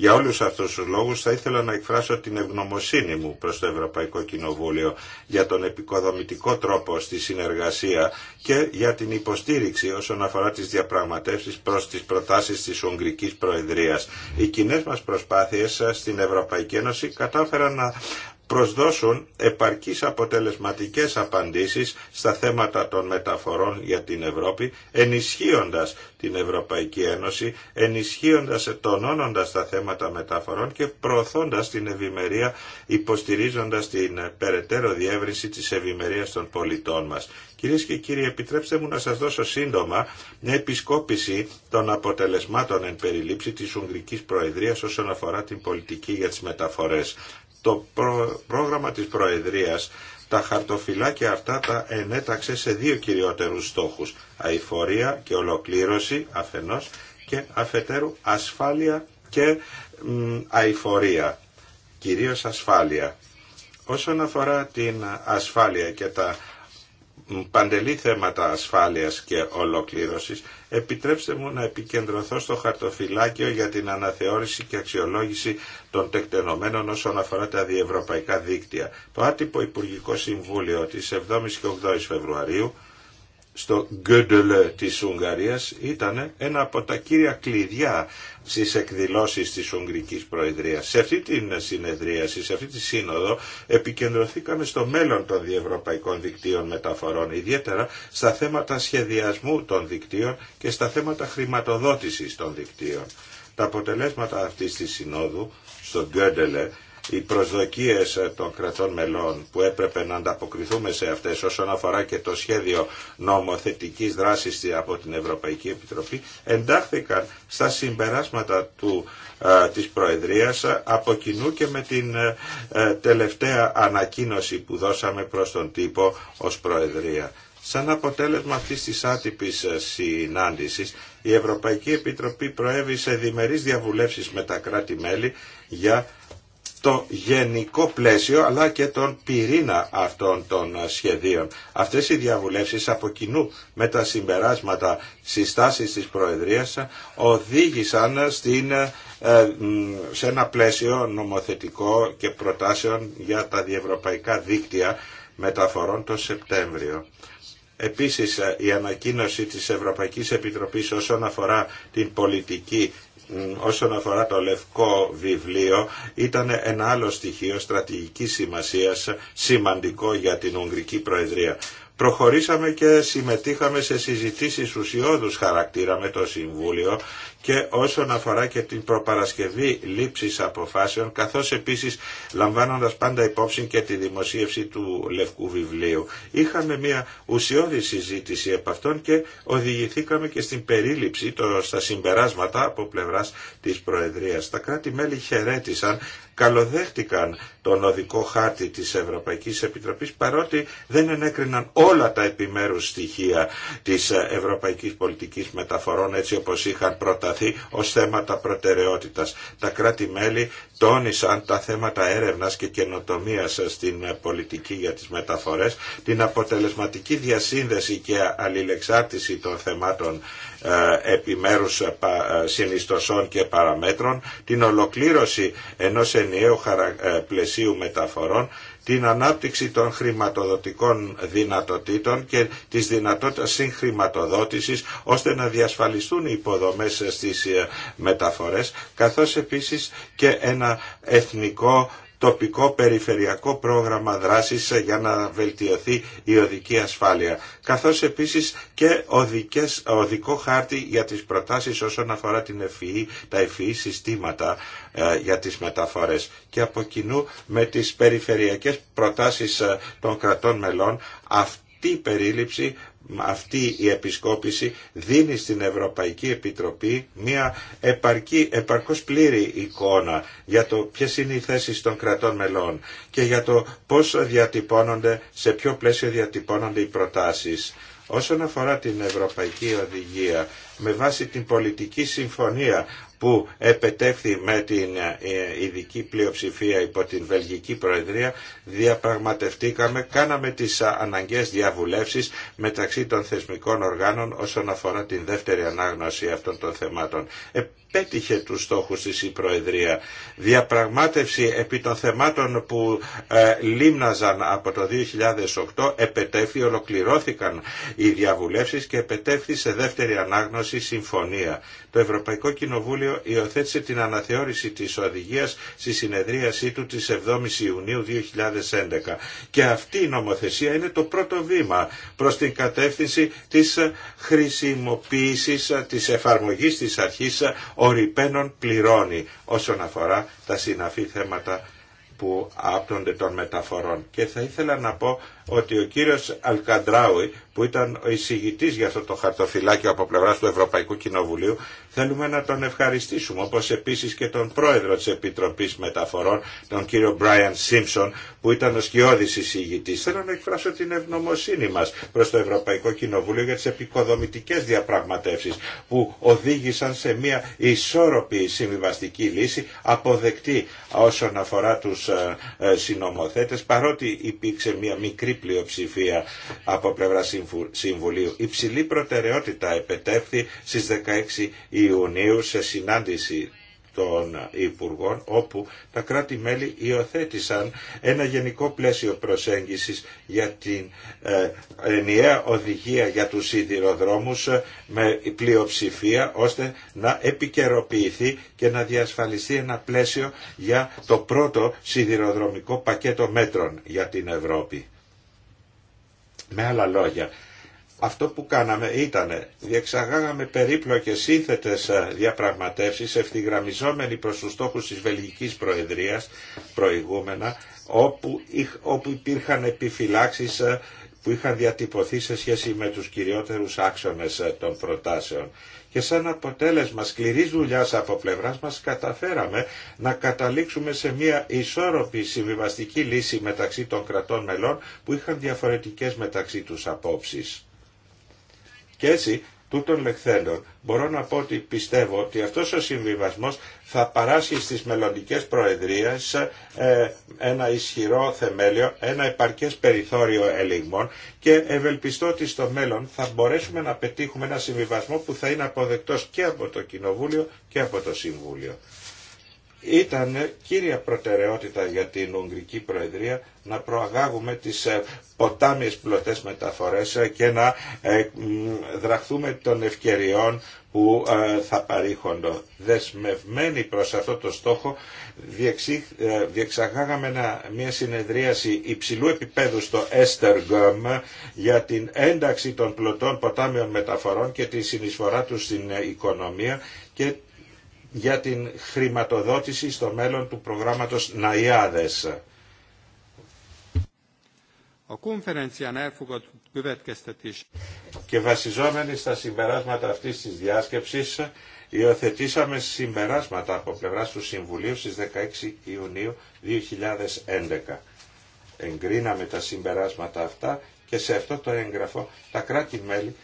Για όλους αυτούς τους λόγους θα ήθελα να εκφράσω την ευγνωμοσύνη μου προς το Ευρωπαϊκό Κοινοβούλιο για τον επικοδομητικό τρόπο στη συνεργασία και για την υποστήριξη όσον αφορά τις διαπραγματεύσεις προς τις προτάσεις της Ουγγρικής Προεδρίας. Οι κοινέ μας προσπάθειες στην Ευρωπαϊκή Ένωση κατάφεραν να προσδώσουν επαρκείς αποτελεσματικές απαντήσεις στα θέματα των μεταφορών για την Ευρώπη, ενισχύοντας την Ευρωπαϊκή Ένωση, ενισχύοντας, τονώνοντας τα θέματα μεταφορών και προωθώντας την ευημερία, υποστηρίζοντας την περαιτέρω διεύρυνση της ευημερία των πολιτών μας. Κυρίες και κύριοι, επιτρέψτε μου να σας δώσω σύντομα μια επισκόπηση των αποτελεσμάτων εν περιλήψη της Ουγγρικής Προεδρίας όσον αφορά την πολιτική για τις μεταφορές το πρόγραμμα της Προεδρίας τα χαρτοφυλάκια αυτά τα ενέταξε σε δύο κυριότερους στόχους, αηφορία και ολοκλήρωση αφενός και αφετέρου ασφάλεια και αηφορία, κυρίως ασφάλεια. Όσον αφορά την ασφάλεια και τα παντελή θέματα ασφάλειας και ολοκλήρωσης, επιτρέψτε μου να επικεντρωθώ στο χαρτοφυλάκιο για την αναθεώρηση και αξιολόγηση των τεκτενομένων όσον αφορά τα διευρωπαϊκά δίκτυα. Το άτυπο Υπουργικό Συμβούλιο της 7ης και 8ης Φεβρουαρίου στο Γκέντελε της Ουγγαρίας ήταν ένα από τα κύρια κλειδιά στις εκδηλώσεις της Ουγγρικής Προεδρίας. Σε αυτή την συνεδρίαση, σε αυτή τη σύνοδο επικεντρωθήκαμε στο μέλλον των διευρωπαϊκών δικτύων μεταφορών, ιδιαίτερα στα θέματα σχεδιασμού των δικτύων και στα θέματα χρηματοδότησης των δικτύων. Τα αποτελέσματα αυτής της συνόδου στο Γκέντελε οι προσδοκίες των κρατών μελών που έπρεπε να ανταποκριθούμε σε αυτές όσον αφορά και το σχέδιο νομοθετικής δράσης από την Ευρωπαϊκή Επιτροπή εντάχθηκαν στα συμπεράσματα του, της Προεδρίας από κοινού και με την τελευταία ανακοίνωση που δώσαμε προς τον τύπο ως Προεδρία. Σαν αποτέλεσμα αυτής της άτυπης συνάντησης, η Ευρωπαϊκή Επιτροπή προέβη σε διμερείς διαβουλεύσεις με τα κράτη-μέλη για το γενικό πλαίσιο αλλά και τον πυρήνα αυτών των σχεδίων. Αυτές οι διαβουλεύσεις από κοινού με τα συμπεράσματα συστάσεις της Προεδρίας οδήγησαν στην, ε, σε ένα πλαίσιο νομοθετικό και προτάσεων για τα διευρωπαϊκά δίκτυα μεταφορών το Σεπτέμβριο. Επίσης ε, η ανακοίνωση της Ευρωπαϊκής Επιτροπής όσον αφορά την πολιτική όσον αφορά το λευκό βιβλίο ήταν ένα άλλο στοιχείο στρατηγικής σημασίας σημαντικό για την Ουγγρική Προεδρία. Προχωρήσαμε και συμμετείχαμε σε συζητήσεις ουσιώδους χαρακτήρα με το Συμβούλιο και όσον αφορά και την προπαρασκευή λήψης αποφάσεων καθώς επίσης λαμβάνοντας πάντα υπόψη και τη δημοσίευση του Λευκού Βιβλίου. Είχαμε μια ουσιώδη συζήτηση επ' αυτών και οδηγηθήκαμε και στην περίληψη το, στα συμπεράσματα από πλευράς της Προεδρίας. Τα κράτη-μέλη χαιρέτησαν καλοδέχτηκαν τον οδικό χάρτη της Ευρωπαϊκής Επιτροπής παρότι δεν ενέκριναν όλα τα επιμέρους στοιχεία της Ευρωπαϊκής Πολιτικής Μεταφορών έτσι όπως είχαν πρώτα παραταθεί θέματα προτεραιότητας. Τα κράτη-μέλη τόνισαν τα θέματα έρευνας και καινοτομίας στην πολιτική για τις μεταφορές, την αποτελεσματική διασύνδεση και αλληλεξάρτηση των θεμάτων ε, επιμέρους ε, ε, συνιστοσών και παραμέτρων, την ολοκλήρωση ενός ενιαίου πλαισίου μεταφορών την ανάπτυξη των χρηματοδοτικών δυνατοτήτων και της δυνατότητας συγχρηματοδότησης ώστε να διασφαλιστούν οι υποδομές στις ε, μεταφορές καθώς επίσης και ένα εθνικό τοπικό περιφερειακό πρόγραμμα δράσης ε, για να βελτιωθεί η οδική ασφάλεια, καθώς επίσης και οδικές, οδικό χάρτη για τις προτάσεις όσον αφορά την FEE, τα e συστήματα ε, για τις μεταφορές και από κοινού με τις περιφερειακές προτάσεις ε, των κρατών μελών αυτή η περίληψη αυτή η επισκόπηση δίνει στην Ευρωπαϊκή Επιτροπή μια επαρκή, επαρκώς πλήρη εικόνα για το ποιες είναι οι θέσεις των κρατών μελών και για το πώς διατυπώνονται, σε ποιο πλαίσιο διατυπώνονται οι προτάσεις. Όσον αφορά την Ευρωπαϊκή Οδηγία, με βάση την πολιτική συμφωνία που επετέχθη με την ε, ε, ειδική πλειοψηφία υπό την Βελγική Προεδρία διαπραγματευτήκαμε, κάναμε τις ε, αναγκαίες διαβουλεύσεις μεταξύ των θεσμικών οργάνων όσον αφορά την δεύτερη ανάγνωση αυτών των θεμάτων πέτυχε τους στόχους της η Προεδρία. Διαπραγμάτευση επί των θεμάτων που ε, λίμναζαν από το 2008 επετέφθη, ολοκληρώθηκαν οι διαβουλεύσεις και επετέφθη σε δεύτερη ανάγνωση συμφωνία. Το Ευρωπαϊκό Κοινοβούλιο υιοθέτησε την αναθεώρηση της οδηγίας στη συνεδρίασή του της 7ης Ιουνίου 2011 και αυτή η νομοθεσία είναι το πρώτο βήμα προς την κατεύθυνση της χρησιμοποίησης της εφαρμογής της αρχής ο πληρώνει όσον αφορά τα συναφή θέματα που άπτονται των μεταφορών. Και θα ήθελα να πω ότι ο κύριος Αλκαντράουι που ήταν ο εισηγητής για αυτό το χαρτοφυλάκιο από πλευράς του Ευρωπαϊκού Κοινοβουλίου θέλουμε να τον ευχαριστήσουμε όπως επίσης και τον πρόεδρο της Επιτροπής Μεταφορών τον κύριο Μπράιαν Σίμψον που ήταν ο σκιώδης εισηγητής. Θέλω να εκφράσω την ευγνωμοσύνη μας προς το Ευρωπαϊκό Κοινοβούλιο για τις επικοδομητικές διαπραγματεύσεις που οδήγησαν σε μια ισόρροπη συμβιβαστική λύση αποδεκτή όσον αφορά τους ε, ε, συνομοθέτες παρότι υπήρξε μια μικρή πλειοψηφία από πλευρά Συμβουλίου. Υψηλή προτεραιότητα επετέφθη στις 16 Ιουνίου σε συνάντηση των Υπουργών, όπου τα κράτη-μέλη υιοθέτησαν ένα γενικό πλαίσιο προσέγγισης για την ε, ενιαία οδηγία για τους σιδηροδρόμους ε, με πλειοψηφία, ώστε να επικαιροποιηθεί και να διασφαλιστεί ένα πλαίσιο για το πρώτο σιδηροδρομικό πακέτο μέτρων για την Ευρώπη. Με άλλα λόγια, αυτό που κάναμε ήταν διεξαγάγαμε περίπλοκες σύνθετες ε, διαπραγματεύσεις ευθυγραμμιζόμενοι προς τους στόχους της Βελγικής Προεδρίας προηγούμενα όπου, όπου υπήρχαν επιφυλάξεις ε, που είχαν διατυπωθεί σε σχέση με τους κυριότερους άξονες ε, των προτάσεων. Και σαν αποτέλεσμα σκληρής δουλειάς από πλευράς μας καταφέραμε να καταλήξουμε σε μια ισόρροπη συμβιβαστική λύση μεταξύ των κρατών μελών που είχαν διαφορετικές μεταξύ τους απόψεις. Και έτσι Τούτων λεχθέντων μπορώ να πω ότι πιστεύω ότι αυτός ο συμβιβασμός θα παράσχει στις μελλοντικέ προεδρίες ε, ένα ισχυρό θεμέλιο, ένα επαρκές περιθώριο ελιγμών και ευελπιστώ ότι στο μέλλον θα μπορέσουμε να πετύχουμε ένα συμβιβασμό που θα είναι αποδεκτός και από το Κοινοβούλιο και από το Συμβούλιο ήταν κύρια προτεραιότητα για την Ουγγρική Προεδρία να προαγάγουμε τις ε, ποτάμιες πλωτές μεταφορές ε, και να ε, δραχθούμε των ευκαιριών που θα παρήχονται. Δεσμευμένοι προς αυτό το στόχο διεξαγάγαμε μια συνεδρίαση υψηλού επίπεδου στο Estergom για την ένταξη των πλωτών ποτάμιων μεταφορών και τη συνεισφορά τους στην οικονομία και για την χρηματοδότηση στο μέλλον του προγράμματος ΝΑΙΑΔΕΣ. Και βασιζόμενοι στα συμπεράσματα αυτής της διάσκεψης, υιοθετήσαμε συμπεράσματα από πλευράς του Συμβουλίου στις 16 Ιουνίου 2011. Εγκρίναμε τα συμπεράσματα αυτά και σε αυτό το έγγραφο τα κράτη-μέλη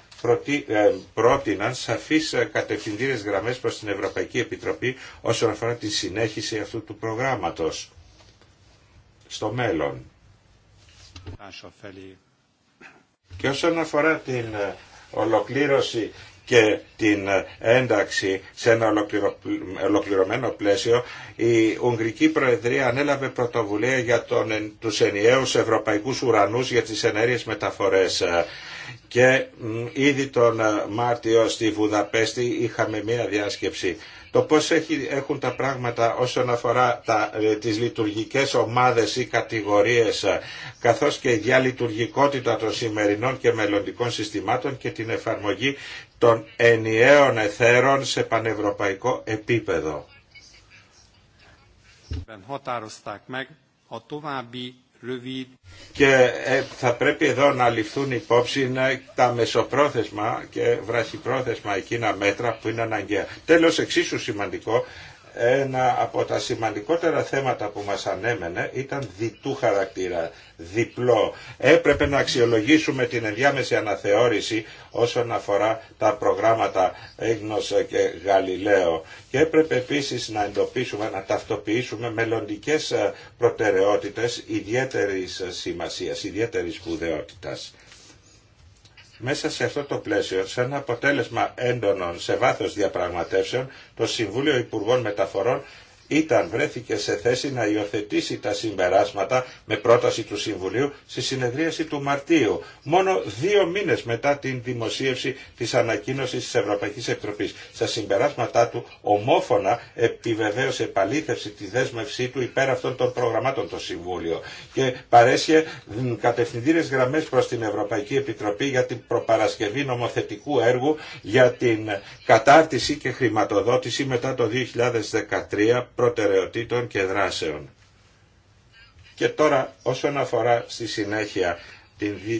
ε, πρότειναν σαφείς ε, κατευθυντήρες γραμμές προς την Ευρωπαϊκή Επιτροπή όσον αφορά τη συνέχιση αυτού του προγράμματος στο μέλλον. Και όσον αφορά την ε, ολοκλήρωση και την ε, ένταξη σε ένα ολοκληρωμένο πλαίσιο, η Ουγγρική Προεδρία ανέλαβε πρωτοβουλία για τον, τους ενιαίους ευρωπαϊκούς ουρανούς για τις ενέργειες μεταφορές. Και ήδη τον ε, Μάρτιο στη Βουδαπέστη είχαμε μία διάσκεψη το πώς έχουν τα πράγματα όσον αφορά τα, ε, τις λειτουργικές ομάδες ή κατηγορίες καθώς και η διαλειτουργικότητα των σημερινών και μελλοντικών συστημάτων και την εφαρμογή των ενιαίων εθέρων σε πανευρωπαϊκό επίπεδο. Και ε, θα πρέπει εδώ να ληφθούν υπόψη ε, τα μεσοπρόθεσμα και βραχυπρόθεσμα εκείνα μέτρα που είναι αναγκαία. Τέλος, εξίσου σημαντικό ένα από τα σημαντικότερα θέματα που μας ανέμενε ήταν διτού χαρακτήρα, διπλό. Έπρεπε να αξιολογήσουμε την ενδιάμεση αναθεώρηση όσον αφορά τα προγράμματα Έγνος και Γαλιλαίο και έπρεπε επίσης να εντοπίσουμε, να ταυτοποιήσουμε μελλοντικές προτεραιότητες ιδιαίτερης σημασίας, ιδιαίτερης σπουδαιότητας. Μέσα σε αυτό το πλαίσιο, σε ένα αποτέλεσμα έντονων σε βάθος διαπραγματεύσεων, το Συμβούλιο Υπουργών Μεταφορών ήταν βρέθηκε σε θέση να υιοθετήσει τα συμπεράσματα με πρόταση του Συμβουλίου στη συνεδρίαση του Μαρτίου, μόνο δύο μήνες μετά την δημοσίευση της ανακοίνωσης της Ευρωπαϊκής Επιτροπής. Στα συμπεράσματά του ομόφωνα επιβεβαίωσε επαλήθευση τη δέσμευσή του υπέρ αυτών των προγραμμάτων το Συμβούλιο και παρέσχε κατευθυντήρες γραμμές προς την Ευρωπαϊκή Επιτροπή για την προπαρασκευή νομοθετικού έργου για την κατάρτιση και χρηματοδότηση μετά το 2013 προτεραιοτήτων και δράσεων. Και τώρα όσον αφορά στη συνέχεια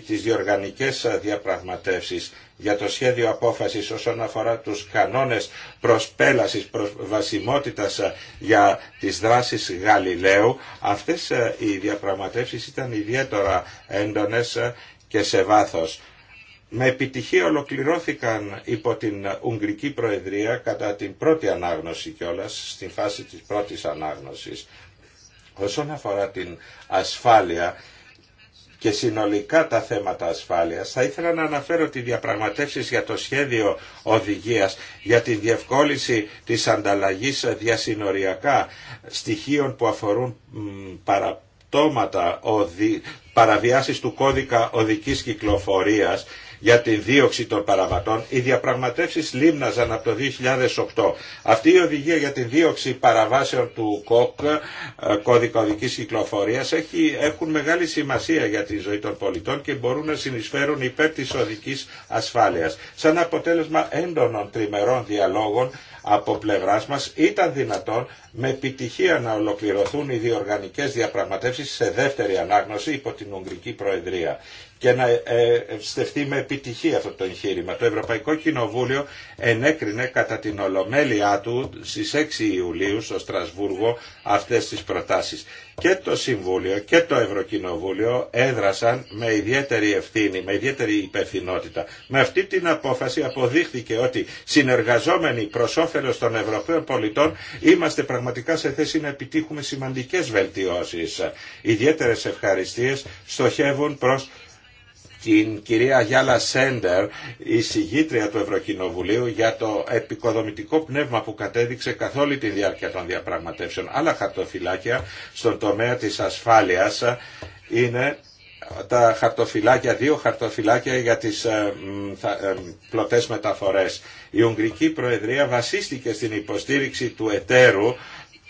τις διοργανικές διαπραγματεύσεις για το σχέδιο απόφασης όσον αφορά τους κανόνες προσπέλασης, προσβασιμότητας για τις δράσεις Γαλιλαίου. Αυτές οι διαπραγματεύσεις ήταν ιδιαίτερα έντονες και σε βάθος με επιτυχία ολοκληρώθηκαν υπό την Ουγγρική Προεδρία κατά την πρώτη ανάγνωση κιόλας, στην φάση της πρώτης ανάγνωσης. Όσον αφορά την ασφάλεια και συνολικά τα θέματα ασφάλειας, θα ήθελα να αναφέρω τη διαπραγματεύσεις για το σχέδιο οδηγίας για την διευκόλυνση της ανταλλαγής διασυνοριακά στοιχείων που αφορούν παραπτώματα, παραβιάσεις του κώδικα οδικής κυκλοφορίας για τη δίωξη των παραβατών, οι διαπραγματεύσει λίμναζαν από το 2008. Αυτή η οδηγία για τη δίωξη παραβάσεων του ΚΟΚ, ε, κώδικα οδική κυκλοφορία έχουν μεγάλη σημασία για τη ζωή των πολιτών και μπορούν να συνεισφέρουν υπέρ της οδική ασφάλειας. Σαν αποτέλεσμα έντονων τριμερών διαλόγων από πλευράς μας ήταν δυνατόν με επιτυχία να ολοκληρωθούν οι διοργανικές διαπραγματεύσεις σε δεύτερη ανάγνωση υπό την Ουγγρική Προεδρία και να ευστευτεί ε, με επιτυχία αυτό το εγχείρημα. Το Ευρωπαϊκό Κοινοβούλιο ενέκρινε κατά την ολομέλειά του στις 6 Ιουλίου στο Στρασβούργο αυτές τις προτάσεις και το Συμβούλιο και το Ευρωκοινοβούλιο έδρασαν με ιδιαίτερη ευθύνη, με ιδιαίτερη υπευθυνότητα. Με αυτή την απόφαση αποδείχθηκε ότι συνεργαζόμενοι προ όφελο των Ευρωπαίων πολιτών είμαστε πραγματικά σε θέση να επιτύχουμε σημαντικέ βελτιώσει. Ιδιαίτερε ευχαριστίε στοχεύουν προ την κυρία Γιάλα Σέντερ, η συγγήτρια του Ευρωκοινοβουλίου, για το επικοδομητικό πνεύμα που κατέδειξε καθ' όλη τη διάρκεια των διαπραγματεύσεων. Άλλα χαρτοφυλάκια στον τομέα της ασφάλειας είναι τα χαρτοφυλάκια, δύο χαρτοφυλάκια για τις ε, ε, μεταφορές. Η Ουγγρική Προεδρία βασίστηκε στην υποστήριξη του εταίρου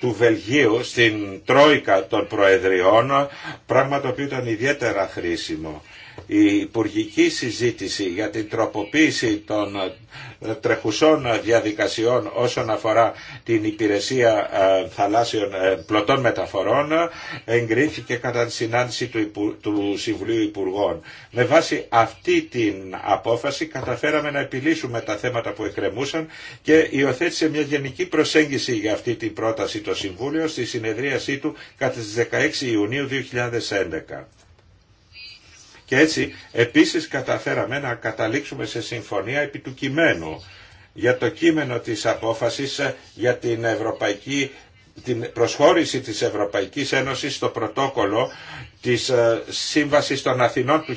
του Βελγίου στην Τρόικα των Προεδριών, πράγμα το οποίο ήταν ιδιαίτερα χρήσιμο η υπουργική συζήτηση για την τροποποίηση των ε, τρεχουσών διαδικασιών όσον αφορά την υπηρεσία ε, θαλάσσιων ε, πλωτών μεταφορών εγκρίθηκε κατά τη συνάντηση του Συμβουλίου Υπουργών. Με βάση αυτή την απόφαση καταφέραμε να επιλύσουμε τα θέματα που εκκρεμούσαν και υιοθέτησε μια γενική προσέγγιση για αυτή την πρόταση το Συμβούλιο στη συνεδρίασή του κατά τις 16 Ιουνίου 2011. Και έτσι επίσης καταφέραμε να καταλήξουμε σε συμφωνία επί του κειμένου για το κείμενο της απόφασης ε, για την Ευρωπαϊκή την προσχώρηση της Ευρωπαϊκής Ένωσης στο πρωτόκολλο της ε, Σύμβασης των Αθηνών του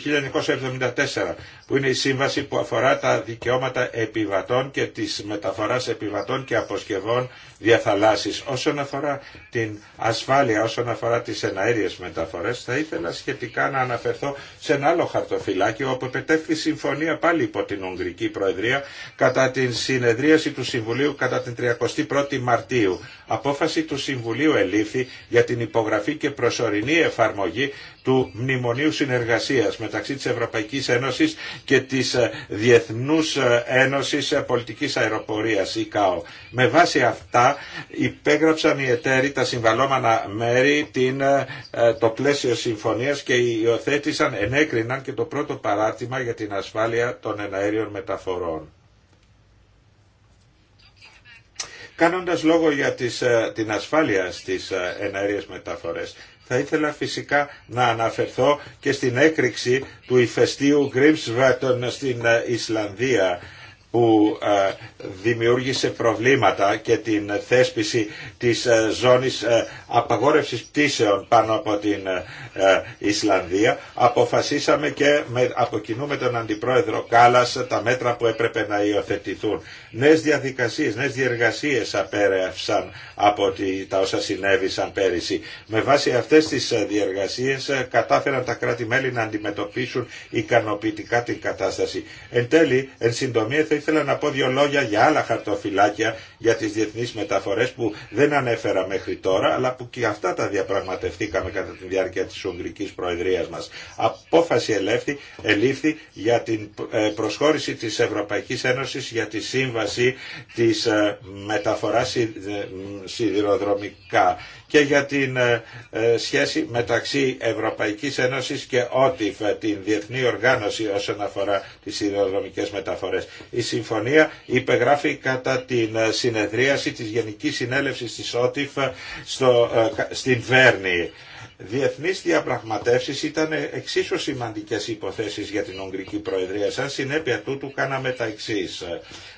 1974 που είναι η σύμβαση που αφορά τα δικαιώματα επιβατών και της μεταφοράς επιβατών και αποσκευών διαθαλάσσης. Όσον αφορά την ασφάλεια, όσον αφορά τις εναέριες μεταφορές θα ήθελα σχετικά να αναφερθώ σε ένα άλλο χαρτοφυλάκιο όπου επετεύχθη συμφωνία πάλι υπό την Ουγγρική Προεδρία κατά την συνεδρίαση του Συμβουλίου κατά την 31η Μαρτίου. Απόφαση του Συμβουλίου ελήφθη για την υπογραφή και προσωρινή εφαρμογή του Μνημονίου Συνεργασίας μεταξύ της Ευρωπαϊκής Ένωσης και της ε, Διεθνούς ε, Ένωσης ε, Πολιτικής Αεροπορίας, ΙΚΑΟ. Με βάση αυτά υπέγραψαν οι εταίροι τα συμβαλώμανα μέρη την, το πλαίσιο συμφωνίας και υιοθέτησαν, ενέκριναν και το πρώτο παράτημα για την ασφάλεια των εναέριων μεταφορών. Κάνοντας λόγο για την ασφάλεια στις εναέριες μεταφορές, θα ήθελα φυσικά να αναφερθώ και στην έκρηξη του ηφαιστείου Γκρίμσβατον στην ε, Ισλανδία που ε, δημιούργησε προβλήματα και την θέσπιση της ε, ζώνης ε, απαγόρευσης πτήσεων πάνω από την ε, Ισλανδία αποφασίσαμε και με, από κοινού με τον Αντιπρόεδρο Κάλλας τα μέτρα που έπρεπε να υιοθετηθούν. Νέες διαδικασίες, νέες διεργασίες απέρευσαν από τα όσα συνέβησαν πέρυσι. Με βάση αυτές τις διεργασίες κατάφεραν τα κράτη-μέλη να αντιμετωπίσουν ικανοποιητικά την κατάσταση. Εν τέλει, θα ήθελα να πω λόγια για άλλα χαρτοφυλάκια για τις διεθνείς μεταφορές που δεν ανέφερα μέχρι τώρα αλλά που και αυτά τα διαπραγματευτήκαμε κατά τη διάρκεια της Ουγγρικής Προεδρίας μας. Απόφαση ελήφθη για την ε, προσχώρηση της Ευρωπαϊκής Ένωσης για τη σύμβαση της ε, μεταφοράς ε, σιδηροδρομικά και για την ε, ε, σχέση μεταξύ Ευρωπαϊκής Ένωσης και ΟΤΙΦ, ε, την Διεθνή Οργάνωση όσον αφορά τις ιδεοδρομικές μεταφορές. Η συμφωνία υπεγράφει κατά την συνεδρίαση της Γενικής Συνέλευσης της ΟΤΙΦ στο, στην Βέρνη διεθνείς διαπραγματεύσεις ήταν εξίσου σημαντικές υποθέσεις για την Ουγγρική Προεδρία. Σαν συνέπεια τούτου κάναμε τα εξή.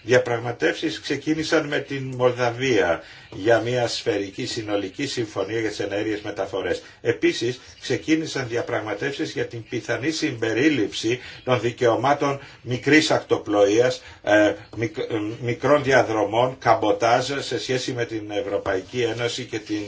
Διαπραγματεύσεις ξεκίνησαν με την Μολδαβία για μια σφαιρική συνολική συμφωνία για τις ενέργειες μεταφορές. Επίσης ξεκίνησαν διαπραγματεύσεις για την πιθανή συμπερίληψη των δικαιωμάτων μικρής ακτοπλοείας, ε, ε, μικρών διαδρομών, καμποτάζ σε σχέση με την Ευρωπαϊκή Ένωση και την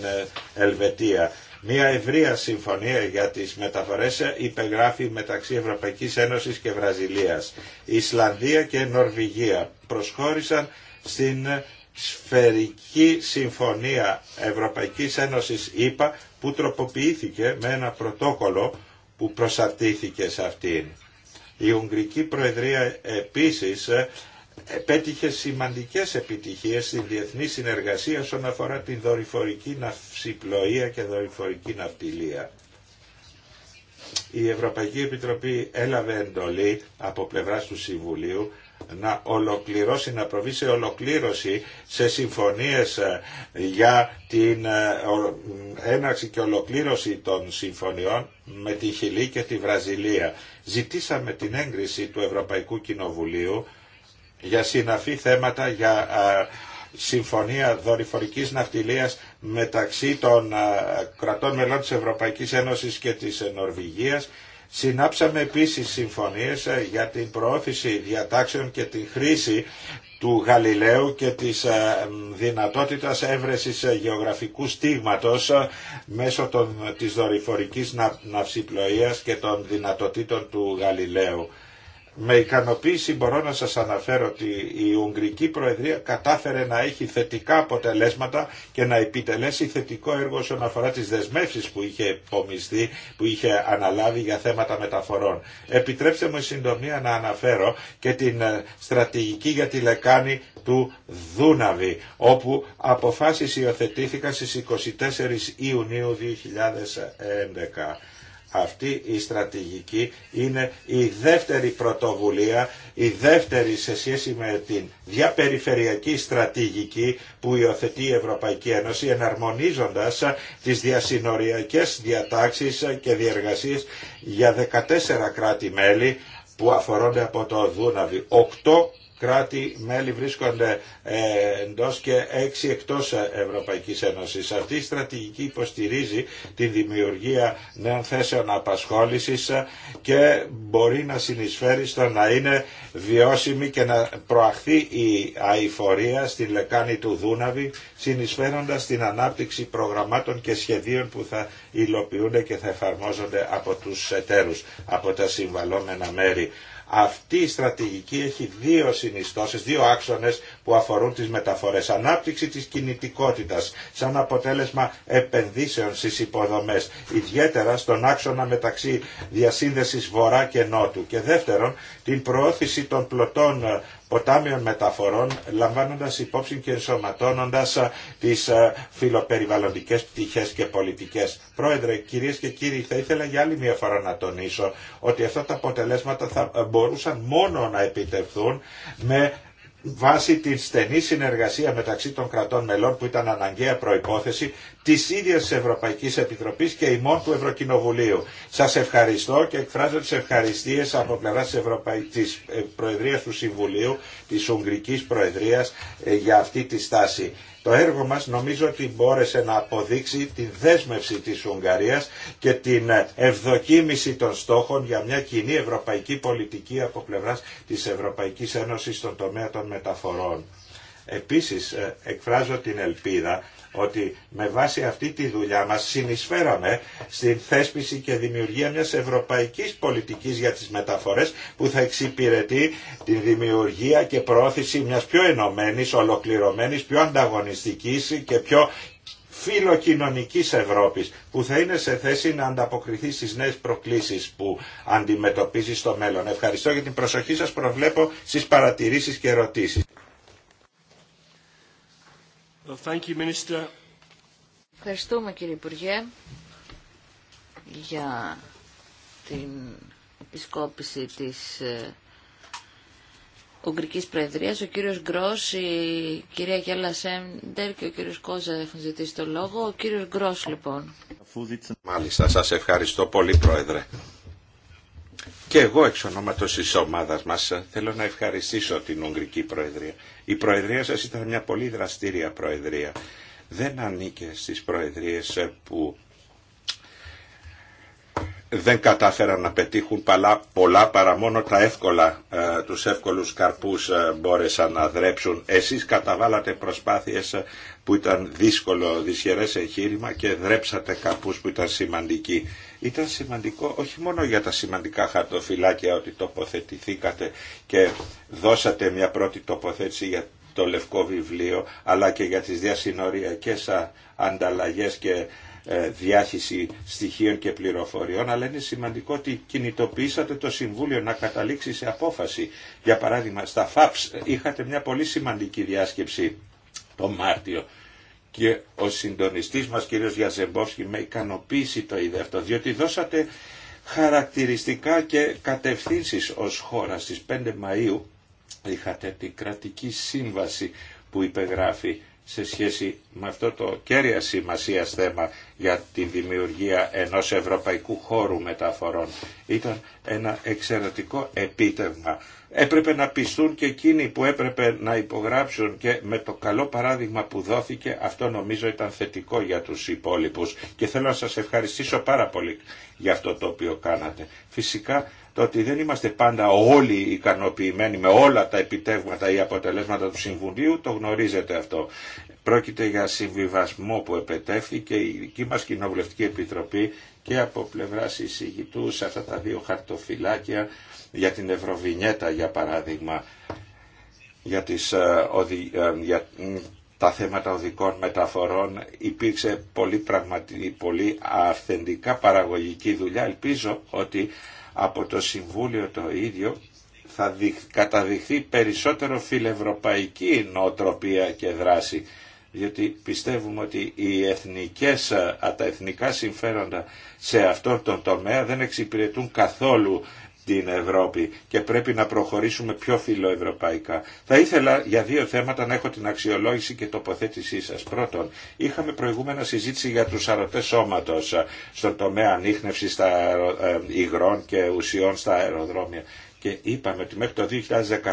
ε, Ελβετία. Μια ευρεία συμφωνία για τις μεταφορές υπεγράφει μεταξύ Ευρωπαϊκής Ένωσης και Βραζιλίας. Ισλανδία και Νορβηγία προσχώρησαν στην σφαιρική συμφωνία Ευρωπαϊκής Ένωσης ΕΠΑ που τροποποιήθηκε με ένα πρωτόκολλο που προσαρτήθηκε σε αυτήν. Η Ουγγρική Προεδρία επίσης πέτυχε σημαντικές επιτυχίες στην διεθνή συνεργασία όσον αφορά την δορυφορική ναυσιπλοεία και δορυφορική ναυτιλία. Η Ευρωπαϊκή Επιτροπή έλαβε εντολή από πλευράς του Συμβουλίου να ολοκληρώσει, να προβεί σε ολοκλήρωση σε συμφωνίες ε, για την ε, έναρξη και ολοκλήρωση των συμφωνιών με τη Χιλή και τη Βραζιλία. Ζητήσαμε την έγκριση του Ευρωπαϊκού Κοινοβουλίου για συναφή θέματα, για συμφωνία δορυφορικής ναυτιλίας μεταξύ των κρατών μελών της Ευρωπαϊκής Ένωσης και της Νορβηγίας. Συνάψαμε επίσης συμφωνίες ε, για την προώθηση διατάξεων και την χρήση του Γαλιλαίου και της ε, δυνατότητας έβρεσης ε, γεωγραφικού στίγματος μέσω των, της δορυφορικής ναυσιπλοείας και των δυνατοτήτων του Γαλιλαίου. Με ικανοποίηση μπορώ να σας αναφέρω ότι η Ουγγρική Προεδρία κατάφερε να έχει θετικά αποτελέσματα και να επιτελέσει θετικό έργο όσον αφορά τις δεσμεύσεις που είχε υπομειστεί, που είχε αναλάβει για θέματα μεταφορών. Επιτρέψτε μου συντομία να αναφέρω και την ε, στρατηγική για τη λεκάνη του Δούναβη, όπου αποφάσεις υιοθετήθηκαν στις 24 Ιουνίου 2011 αυτή η στρατηγική είναι η δεύτερη πρωτοβουλία, η δεύτερη σε σχέση με την διαπεριφερειακή στρατηγική που υιοθετεί η Ευρωπαϊκή Ένωση εναρμονίζοντας τις διασυνοριακές διατάξεις και διεργασίες για 14 κράτη-μέλη που αφορώνται από το Δούναβι. Οκτώ κράτη-μέλη βρίσκονται ε, εντό και έξι εκτός Ευρωπαϊκής Ένωσης. Αυτή η στρατηγική υποστηρίζει τη δημιουργία νέων θέσεων απασχόλησης και μπορεί να συνεισφέρει στο να είναι βιώσιμη και να προαχθεί η αηφορία στην λεκάνη του Δούναβη, συνεισφέροντας την ανάπτυξη προγραμμάτων και σχεδίων που θα υλοποιούνται και θα εφαρμόζονται από τους εταίρους, από τα συμβαλόμενα μέρη. Αυτή η στρατηγική έχει δύο συνιστώσεις, δύο άξονες που αφορούν τις μεταφορές. Ανάπτυξη της κινητικότητας σαν αποτέλεσμα επενδύσεων στις υποδομές, ιδιαίτερα στον άξονα μεταξύ διασύνδεσης βορρά και νότου. Και δεύτερον, την προώθηση των πλωτών ε, ποτάμιων μεταφορών λαμβάνοντας υπόψη και ενσωματώνοντας τις φιλοπεριβαλλοντικές πτυχές και πολιτικές. Πρόεδρε, κυρίες και κύριοι, θα ήθελα για άλλη μια φορά να τονίσω ότι αυτά τα αποτελέσματα θα μπορούσαν μόνο να επιτευχθούν με βάσει την στενή συνεργασία μεταξύ των κρατών μελών που ήταν αναγκαία προϋπόθεση της ίδιας Ευρωπαϊκής Επιτροπής και ημών του Ευρωκοινοβουλίου. Σας ευχαριστώ και εκφράζω τις ευχαριστίες από πλευρά της, της ε, Προεδρίας του Συμβουλίου, της Ουγγρικής Προεδρίας ε, για αυτή τη στάση. Το έργο μας νομίζω ότι μπόρεσε να αποδείξει την δέσμευση της Ουγγαρίας και την ευδοκίμηση των στόχων για μια κοινή ευρωπαϊκή πολιτική από πλευράς της Ευρωπαϊκής Ένωσης στον τομέα των μεταφορών. Επίσης ε, εκφράζω την ελπίδα ότι με βάση αυτή τη δουλειά μας συνεισφέραμε στην θέσπιση και δημιουργία μιας ευρωπαϊκής πολιτικής για τις μεταφορές που θα εξυπηρετεί τη δημιουργία και προώθηση μιας πιο ενωμένης, ολοκληρωμένης, πιο ανταγωνιστικής και πιο φιλοκοινωνικής Ευρώπης που θα είναι σε θέση να ανταποκριθεί στις νέες προκλήσεις που αντιμετωπίζει στο μέλλον. Ευχαριστώ για την προσοχή σας. Προβλέπω στις παρατηρήσεις και ερωτήσεις. Ευχαριστούμε κύριε Υπουργέ για την επισκόπηση της ε, Ουγγρικής Προεδρίας. Ο κύριος Γκρός, η κυρία Γέλα Σέντερ και ο κύριος Κόζα έχουν ζητήσει το λόγο. Ο κύριος Γκρός λοιπόν. Μάλιστα, σας ευχαριστώ πολύ Πρόεδρε. Και εγώ εξ ονόματο της ομάδας μας θέλω να ευχαριστήσω την Ουγγρική Προεδρία. Η Προεδρία σας ήταν μια πολύ δραστήρια Προεδρία. Δεν ανήκε στι Προεδρίες που δεν κατάφεραν να πετύχουν πολλά, πολλά παρά μόνο τα εύκολα, ε, τους εύκολους καρπούς ε, μπόρεσαν να δρέψουν. Εσείς καταβάλατε προσπάθειες ε, που ήταν δύσκολο, δυσχερές εγχείρημα και δρέψατε καρπούς που ήταν σημαντικοί. Ήταν σημαντικό όχι μόνο για τα σημαντικά χαρτοφυλάκια ότι τοποθετηθήκατε και δώσατε μια πρώτη τοποθέτηση για το λευκό βιβλίο, αλλά και για τις διασυνοριακές ανταλλαγές και ε, διάχυση στοιχείων και πληροφοριών, αλλά είναι σημαντικό ότι κινητοποιήσατε το Συμβούλιο να καταλήξει σε απόφαση. Για παράδειγμα, στα ΦΑΠΣ είχατε μια πολύ σημαντική διάσκεψη το Μάρτιο και ο συντονιστής μας κύριος Γιαζεμπόφσκι με ικανοποίηση το είδε αυτό διότι δώσατε χαρακτηριστικά και κατευθύνσεις ως χώρα στις 5 Μαΐου είχατε την κρατική σύμβαση που υπεγράφει σε σχέση με αυτό το κέρια σημασία θέμα για τη δημιουργία ενός ευρωπαϊκού χώρου μεταφορών. Ήταν ένα εξαιρετικό επίτευγμα έπρεπε να πιστούν και εκείνοι που έπρεπε να υπογράψουν και με το καλό παράδειγμα που δόθηκε αυτό νομίζω ήταν θετικό για τους υπόλοιπους και θέλω να σας ευχαριστήσω πάρα πολύ για αυτό το οποίο κάνατε. Φυσικά το ότι δεν είμαστε πάντα όλοι ικανοποιημένοι με όλα τα επιτεύγματα ή αποτελέσματα του Συμβουλίου, το γνωρίζετε αυτό. Πρόκειται για συμβιβασμό που επετεύθηκε η δική μας Κοινοβουλευτική Επιτροπή και από πλευρά εισηγητού σε αυτά τα δύο χαρτοφυλάκια για την Ευρωβινιέτα για παράδειγμα για, τις, ε, ε, για τα θέματα οδικών μεταφορών υπήρξε πολύ, πολύ αυθεντικά παραγωγική δουλειά. Ελπίζω ότι από το Συμβούλιο το ίδιο θα καταδειχθεί περισσότερο φιλευρωπαϊκή νοοτροπία και δράση διότι πιστεύουμε ότι οι εθνικές, τα εθνικά συμφέροντα σε αυτόν τον τομέα δεν εξυπηρετούν καθόλου την Ευρώπη και πρέπει να προχωρήσουμε πιο φιλοευρωπαϊκά. Θα ήθελα για δύο θέματα να έχω την αξιολόγηση και τοποθέτησή σας. Πρώτον, είχαμε προηγούμενα συζήτηση για τους αρωτές σώματος στον τομέα ανείχνευσης στα ε, υγρών και ουσιών στα αεροδρόμια και είπαμε ότι μέχρι το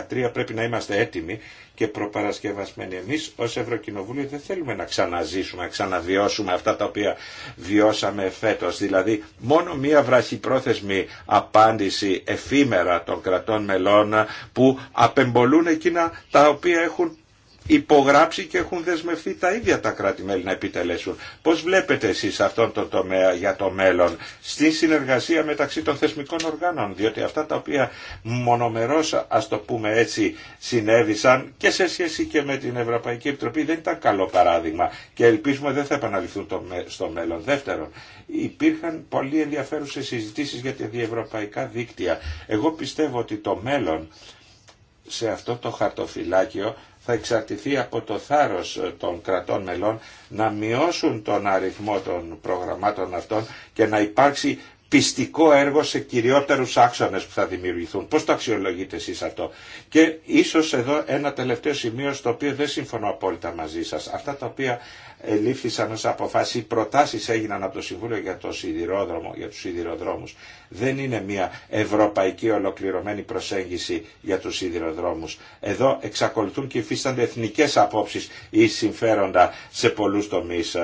2013 πρέπει να είμαστε έτοιμοι και προπαρασκευασμένοι. Εμείς ως Ευρωκοινοβούλιο δεν θέλουμε να ξαναζήσουμε, να ξαναβιώσουμε αυτά τα οποία βιώσαμε φέτος. Δηλαδή μόνο μία βραχυπρόθεσμη απάντηση εφήμερα των κρατών μελών που απεμπολούν εκείνα τα οποία έχουν υπογράψει και έχουν δεσμευτεί τα ίδια τα κράτη-μέλη να επιτελέσουν. Πώς βλέπετε εσείς αυτόν τον τομέα για το μέλλον στη συνεργασία μεταξύ των θεσμικών οργάνων, διότι αυτά τα οποία μονομερώς ας το πούμε έτσι συνέβησαν και σε σχέση και με την Ευρωπαϊκή Επιτροπή δεν ήταν καλό παράδειγμα και ελπίζουμε δεν θα επαναληφθούν στο μέλλον. Δεύτερον, υπήρχαν πολύ ενδιαφέρουσες συζητήσεις για τα διευρωπαϊκά δίκτυα. Εγώ πιστεύω ότι το μέλλον σε αυτό το χαρτοφυλάκιο θα εξαρτηθεί από το θάρρος των κρατών μελών να μειώσουν τον αριθμό των προγραμμάτων αυτών και να υπάρξει πιστικό έργο σε κυριότερους άξονες που θα δημιουργηθούν. Πώς το αξιολογείτε εσείς αυτό. Και ίσως εδώ ένα τελευταίο σημείο στο οποίο δεν συμφωνώ απόλυτα μαζί σας. Αυτά τα οποία ελήφθησαν ως αποφάσει. οι προτάσεις έγιναν από το Συμβούλιο για το σιδηρόδρομο, για τους σιδηροδρόμους. Δεν είναι μια ευρωπαϊκή ολοκληρωμένη προσέγγιση για τους σιδηροδρόμους. Εδώ εξακολουθούν και υφίστανται εθνικές απόψεις ή συμφέροντα σε πολλούς τομείς.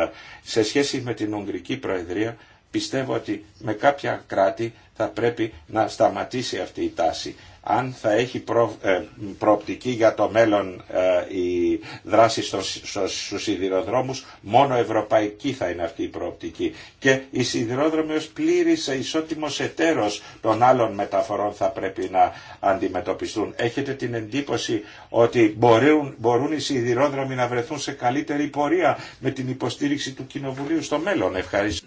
Σε σχέση με την Ουγγρική Προεδρία, Πιστεύω ότι με κάποια κράτη θα πρέπει να σταματήσει αυτή η τάση αν θα έχει ε, προοπτική για το μέλλον ε, η δράση στους σιδηροδρόμους, μόνο ευρωπαϊκή θα είναι αυτή η προοπτική. Και οι σιδηρόδρομοι ως πλήρης ισότιμος εταίρος των άλλων μεταφορών θα πρέπει να αντιμετωπιστούν. Έχετε την εντύπωση ότι μπορούν, μπορούν οι σιδηρόδρομοι να βρεθούν σε καλύτερη πορεία με την υποστήριξη του Κοινοβουλίου στο μέλλον. Ευχαριστώ.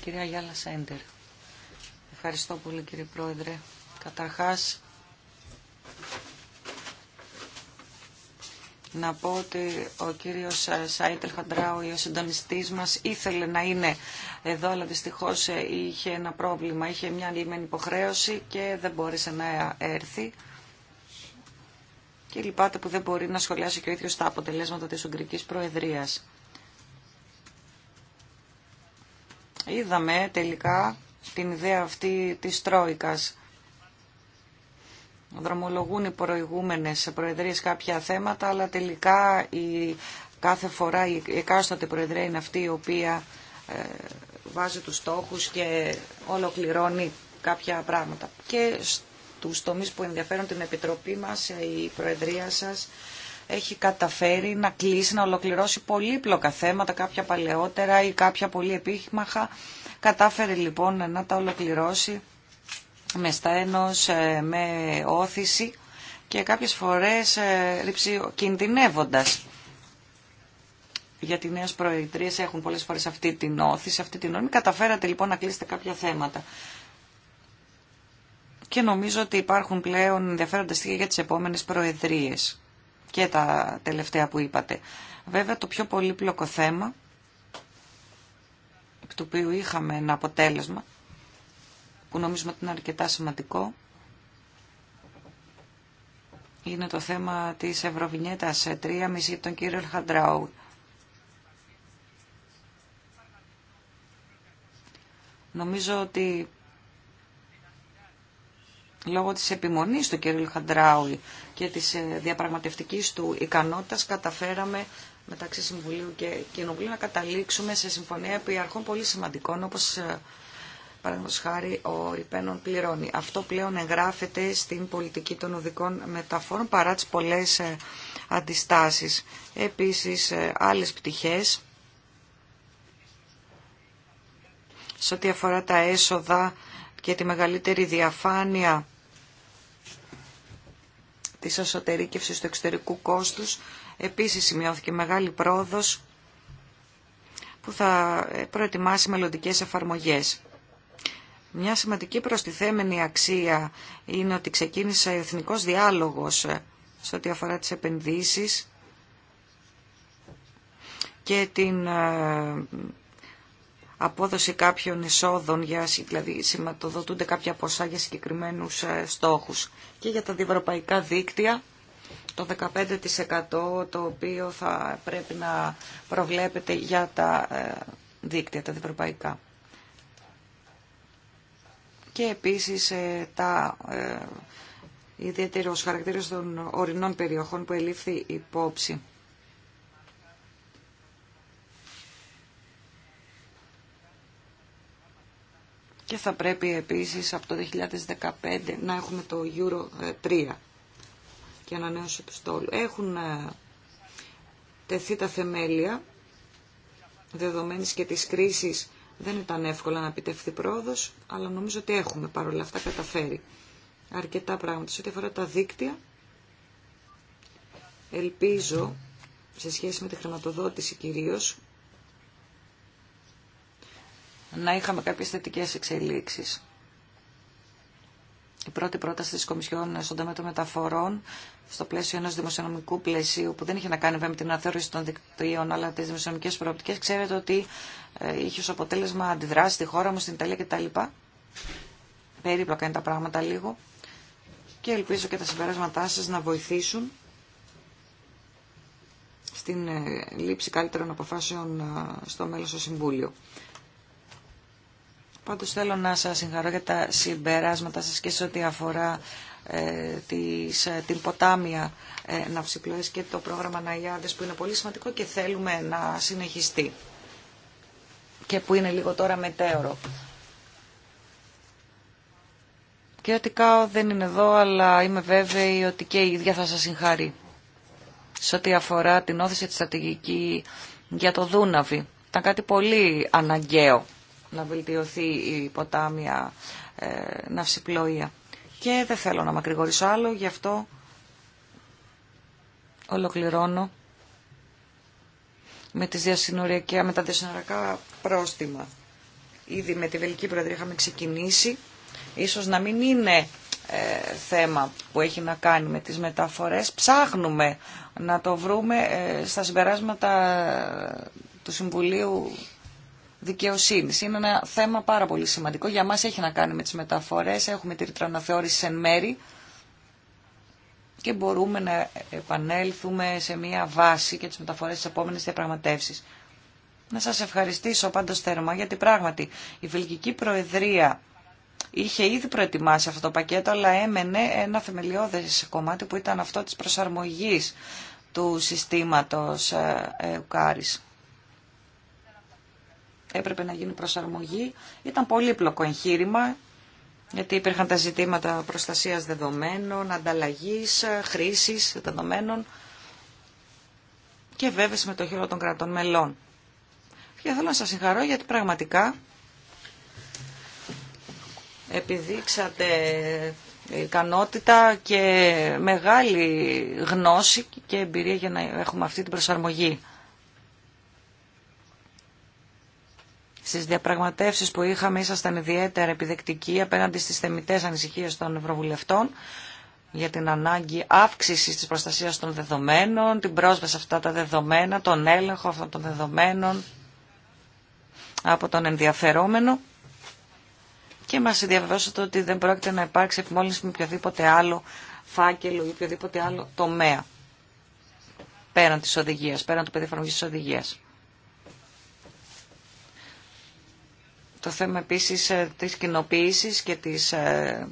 κυρία Σέντερ. Ευχαριστώ πολύ κύριε Πρόεδρε. Καταρχάς, να πω ότι ο κύριος Σάιτερ Χαντράου, ο συντονιστής μας, ήθελε να είναι εδώ, αλλά δυστυχώς ε, είχε ένα πρόβλημα, είχε μια λυμένη υποχρέωση και δεν μπόρεσε να έρθει. Και λυπάται που δεν μπορεί να σχολιάσει και ο ίδιος τα αποτελέσματα της Ουγγρικής Προεδρίας. Είδαμε τελικά την ιδέα αυτή της Τρόικας. Δρομολογούν οι προηγούμενες προεδρίες κάποια θέματα, αλλά τελικά η, κάθε φορά η εκάστοτε προεδρία είναι αυτή η οποία ε, βάζει τους στόχους και ολοκληρώνει κάποια πράγματα. Και στους τομείς που ενδιαφέρουν την Επιτροπή μας, ε, η Προεδρία σας έχει καταφέρει να κλείσει, να ολοκληρώσει πολύπλοκα θέματα, κάποια παλαιότερα ή κάποια πολύ επίχημαχα. Κατάφερε λοιπόν να τα ολοκληρώσει με στένος, ε, με όθηση και κάποιες φορές ε, κινδυνεύοντας. Γιατί οι νέες προεδρίες έχουν πολλές φορές αυτή την όθηση, αυτή την όρμη. Καταφέρατε λοιπόν να κλείσετε κάποια θέματα. Και νομίζω ότι υπάρχουν πλέον ενδιαφέροντα στοιχεία για τις επόμενες προεδρίες και τα τελευταία που είπατε. Βέβαια το πιο πολύπλοκο θέμα, του οποίου είχαμε ένα αποτέλεσμα, που νομίζουμε ότι είναι αρκετά σημαντικό, είναι το θέμα της Ευρωβινιέτας 3,5 για τον κύριο Χαντράου. Νομίζω ότι λόγω της επιμονής του κ. Χαντράουι και της ε, διαπραγματευτικής του ικανότητας καταφέραμε μεταξύ Συμβουλίου και Κοινοβουλίου να καταλήξουμε σε συμφωνία επί αρχών πολύ σημαντικών όπως ε, παραδείγματος χάρη ο Ιππένον πληρώνει. Αυτό πλέον εγγράφεται στην πολιτική των οδικών μεταφόρων παρά τις πολλές ε, αντιστάσεις. Επίσης άλλες πτυχές σε ό,τι αφορά τα έσοδα και τη μεγαλύτερη διαφάνεια της εσωτερήκευσης του εξωτερικού κόστους. Επίσης σημειώθηκε μεγάλη πρόοδος που θα προετοιμάσει μελλοντικές εφαρμογές. Μια σημαντική προστιθέμενη αξία είναι ότι ξεκίνησε ο εθνικός διάλογος ε, σε ό,τι αφορά τις επενδύσεις και την ε, απόδοση κάποιων εισόδων, για, δηλαδή σηματοδοτούνται κάποια ποσά για συγκεκριμένους ε, στόχους. Και για τα διευρωπαϊκά δίκτυα, το 15% το οποίο θα πρέπει να προβλέπεται για τα ε, δίκτυα, τα διευρωπαϊκά. Και επίσης ε, τα ιδιαίτερος χαρακτήρες των ορεινών περιοχών που ελήφθη υπόψη. και θα πρέπει επίσης από το 2015 να έχουμε το Euro 3 ε, και ανανέωση του στόλου. Έχουν ε, τεθεί τα θεμέλια, δεδομένης και της κρίσης δεν ήταν εύκολα να επιτευχθεί πρόοδος, αλλά νομίζω ότι έχουμε παρόλα αυτά καταφέρει αρκετά πράγματα. Σε ό,τι αφορά τα δίκτυα, ελπίζω σε σχέση με τη χρηματοδότηση κυρίως, να είχαμε κάποιες θετικές εξελίξεις. Η πρώτη πρόταση της Κομισιόν στον τομέα των μεταφορών, στο πλαίσιο ενός δημοσιονομικού πλαισίου, που δεν είχε να κάνει βέβαια με την αναθεώρηση των δικτύων, αλλά τις δημοσιονομικές προοπτικές, ξέρετε ότι ε, είχε ως αποτέλεσμα αντιδράσει στη χώρα μου, στην Ιταλία κτλ. Περίπλοκα είναι τα πράγματα λίγο. Και ελπίζω και τα συμπεράσματά σας να βοηθήσουν στην ε, λήψη καλύτερων αποφάσεων ε, στο μέλλον στο Συμβούλιο. Πάντως θέλω να σας συγχαρώ για τα συμπεράσματα σας και σε ό,τι αφορά ε, ε, την ποτάμια ε, και το πρόγραμμα Ναϊάδες που είναι πολύ σημαντικό και θέλουμε να συνεχιστεί και που είναι λίγο τώρα μετέωρο. Και ότι καώ δεν είναι εδώ, αλλά είμαι βέβαιη ότι και η ίδια θα σας συγχαρεί σε ό,τι αφορά την όθηση της στρατηγική για το Δούναβη. Ήταν κάτι πολύ αναγκαίο να βελτιωθεί η ποτάμια ε, ναυσιπλοεία. Και δεν θέλω να μακρηγορήσω άλλο, γι' αυτό ολοκληρώνω με, τις διασυνοριακά, με τα διασυνοριακά πρόστιμα. Ήδη με τη Βελική Προεδρία είχαμε ξεκινήσει. Ίσως να μην είναι ε, θέμα που έχει να κάνει με τις μεταφορές. Ψάχνουμε να το βρούμε ε, στα συμπεράσματα του Συμβουλίου Δικαιοσύνη. Είναι ένα θέμα πάρα πολύ σημαντικό. Για μα έχει να κάνει με τι μεταφορέ, Έχουμε τη ρητραναθεώρηση εν μέρη και μπορούμε να επανέλθουμε σε μια βάση και τις μεταφορές τη επόμενη διαπραγματεύσεις. Να σας ευχαριστήσω πάντως θερμά γιατί πράγματι η Βελγική Προεδρία είχε ήδη προετοιμάσει αυτό το πακέτο αλλά έμενε ένα θεμελιώδες κομμάτι που ήταν αυτό της προσαρμογής του συστήματος Εουκάρης έπρεπε να γίνει προσαρμογή. Ήταν πολύπλοκο εγχείρημα, γιατί υπήρχαν τα ζητήματα προστασίας δεδομένων, ανταλλαγής, χρήσης δεδομένων και βέβαια με το χειρό των κρατών μελών. Και θέλω να σας συγχαρώ γιατί πραγματικά επιδείξατε ικανότητα και μεγάλη γνώση και εμπειρία για να έχουμε αυτή την προσαρμογή. Στι διαπραγματεύσει που είχαμε ήσασταν ιδιαίτερα επιδεκτικοί απέναντι στι θεμητέ ανησυχίε των Ευρωβουλευτών για την ανάγκη αύξηση τη προστασία των δεδομένων, την πρόσβαση σε αυτά τα δεδομένα, τον έλεγχο αυτών των δεδομένων από τον ενδιαφερόμενο και μας διαβεβαιώσατε ότι δεν πρόκειται να υπάρξει επιμόλυνση με οποιοδήποτε άλλο φάκελο ή οποιοδήποτε άλλο τομέα πέραν της οδηγίας, πέραν του παιδί εφαρμογής της Το θέμα επίσης ε, της κοινοποίηση και της ε,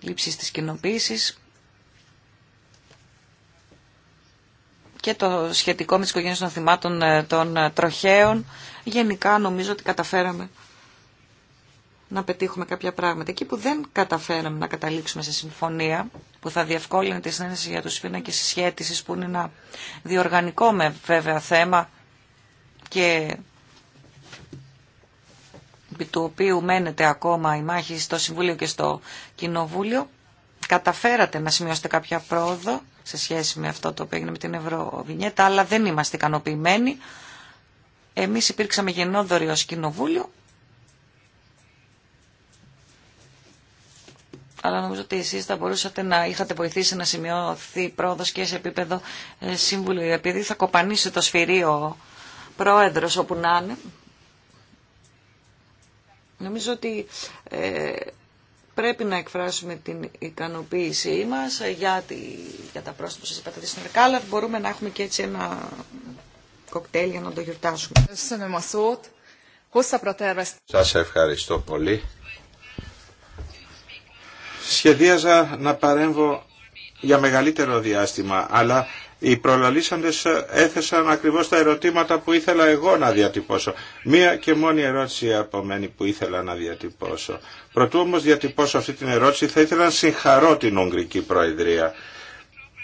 λήψης της κοινοποίηση και το σχετικό με τις οικογένειες των θυμάτων ε, των τροχαίων. Γενικά νομίζω ότι καταφέραμε να πετύχουμε κάποια πράγματα. Εκεί που δεν καταφέραμε να καταλήξουμε σε συμφωνία που θα διευκόλυνε τη συνένεση για τους πίνακες συσχέτισης που είναι ένα διοργανικό με βέβαια θέμα και του οποίου μένεται ακόμα η μάχη στο Συμβούλιο και στο Κοινοβούλιο, καταφέρατε να σημειώσετε κάποια πρόοδο σε σχέση με αυτό το οποίο έγινε με την Ευρωβινιέτα, αλλά δεν είμαστε ικανοποιημένοι. Εμείς υπήρξαμε γεννόδοροι ως Κοινοβούλιο, αλλά νομίζω ότι εσείς θα μπορούσατε να είχατε βοηθήσει να σημειωθεί πρόοδος και σε επίπεδο ε, Συμβουλίου. Επειδή θα κοπανίσει το σφυρί ο πρόεδρος όπου να είναι, Νομίζω ότι ε, πρέπει να εκφράσουμε την ικανοποίησή μας ε, για, για τα πρόσφατα που σας είπατε μπορούμε να έχουμε και έτσι ένα κοκτέιλ για να το γιορτάσουμε. Σας ευχαριστώ πολύ. Σχεδίαζα να παρέμβω για μεγαλύτερο διάστημα, αλλά οι προλαλήσαντες έθεσαν ακριβώς τα ερωτήματα που ήθελα εγώ να διατυπώσω. Μία και μόνη ερώτηση απομένει που ήθελα να διατυπώσω. Πρωτού όμως διατυπώσω αυτή την ερώτηση θα ήθελα να συγχαρώ την Ουγγρική Προεδρία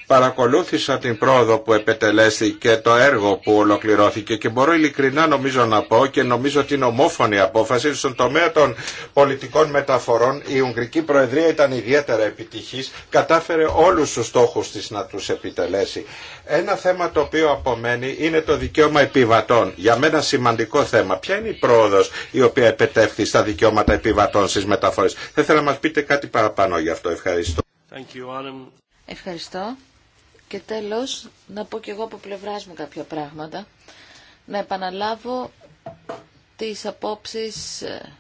παρακολούθησα την πρόοδο που επετελέστη και το έργο που ολοκληρώθηκε και μπορώ ειλικρινά νομίζω να πω και νομίζω την ομόφωνη απόφαση στον τομέα των πολιτικών μεταφορών η Ουγγρική Προεδρία ήταν ιδιαίτερα επιτυχής, κατάφερε όλους τους στόχους της να τους επιτελέσει. Ένα θέμα το οποίο απομένει είναι το δικαίωμα επιβατών. Για μένα σημαντικό θέμα. Ποια είναι η πρόοδος η οποία επετεύχθη στα δικαιώματα επιβατών στις μεταφορές. Θα ήθελα να μας πείτε κάτι παραπάνω γι' αυτό. Ευχαριστώ. Thank you, Ευχαριστώ. Και τέλος, να πω και εγώ από πλευράς μου κάποια πράγματα. Να επαναλάβω τις απόψεις ε,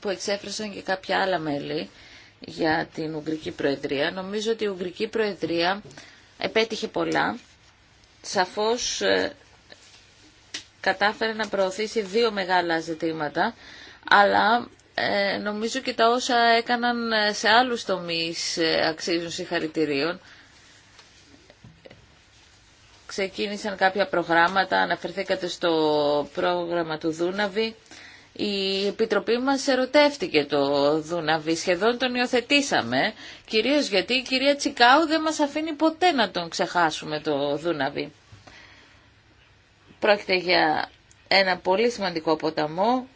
που εξέφρασαν και κάποια άλλα μέλη για την Ουγγρική Προεδρία. Νομίζω ότι η Ουγγρική Προεδρία επέτυχε πολλά. Σαφώς ε, κατάφερε να προωθήσει δύο μεγάλα ζητήματα, αλλά ε, νομίζω και τα όσα έκαναν σε άλλους τομείς αξίζουν συγχαρητηρίων ξεκίνησαν κάποια προγράμματα, αναφερθήκατε στο πρόγραμμα του Δούναβη. Η Επιτροπή μας ερωτεύτηκε το Δούναβη, σχεδόν τον υιοθετήσαμε, κυρίως γιατί η κυρία Τσικάου δεν μας αφήνει ποτέ να τον ξεχάσουμε το Δούναβη. Πρόκειται για ένα πολύ σημαντικό ποταμό,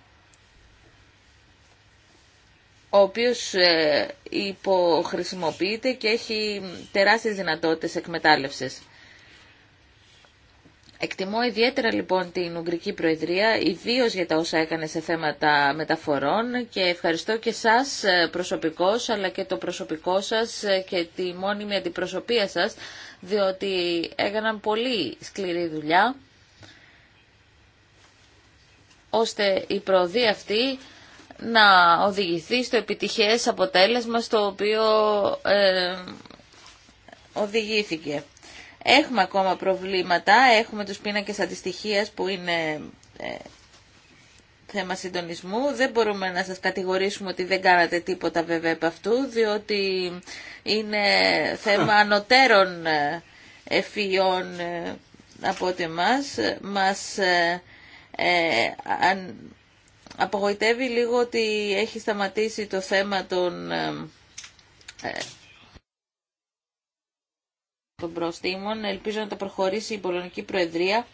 ο οποίος ε, υποχρησιμοποιείται και έχει τεράστιες δυνατότητες εκμετάλλευσης. Εκτιμώ ιδιαίτερα λοιπόν την Ουγγρική Προεδρία, ιδίω για τα όσα έκανε σε θέματα μεταφορών και ευχαριστώ και εσά προσωπικώ, αλλά και το προσωπικό σας ε, και τη μόνιμη αντιπροσωπεία σας διότι έκαναν πολύ σκληρή δουλειά ώστε η προοδή αυτή να οδηγηθεί στο επιτυχές αποτέλεσμα στο οποίο ε, οδηγήθηκε. Έχουμε ακόμα προβλήματα, έχουμε τους πίνακες αντιστοιχίας που είναι ε, θέμα συντονισμού. Δεν μπορούμε να σας κατηγορήσουμε ότι δεν κάνατε τίποτα βέβαια από αυτού, διότι είναι θέμα ανωτέρων ε, ευφυών ε, από ότι μας. Μας αν, απογοητεύει λίγο ότι έχει σταματήσει το θέμα των των προστήμων. Ελπίζω να τα προχωρήσει η Πολωνική Προεδρία.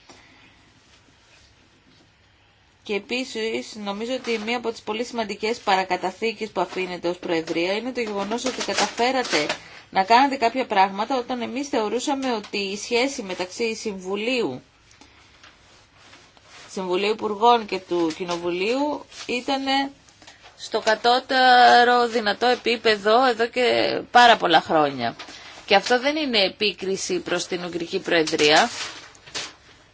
Και επίσης νομίζω ότι μία από τις πολύ σημαντικέ παρακαταθήκες που αφήνεται ω Προεδρία είναι το γεγονός ότι καταφέρατε να κάνετε κάποια πράγματα όταν εμείς θεωρούσαμε ότι η σχέση μεταξύ Συμβουλίου Συμβουλίου Υπουργών και του Κοινοβουλίου ήταν στο κατώτερο δυνατό επίπεδο εδώ και πάρα πολλά χρόνια. Και αυτό δεν είναι επίκριση προς την Ουγγρική Προεδρία.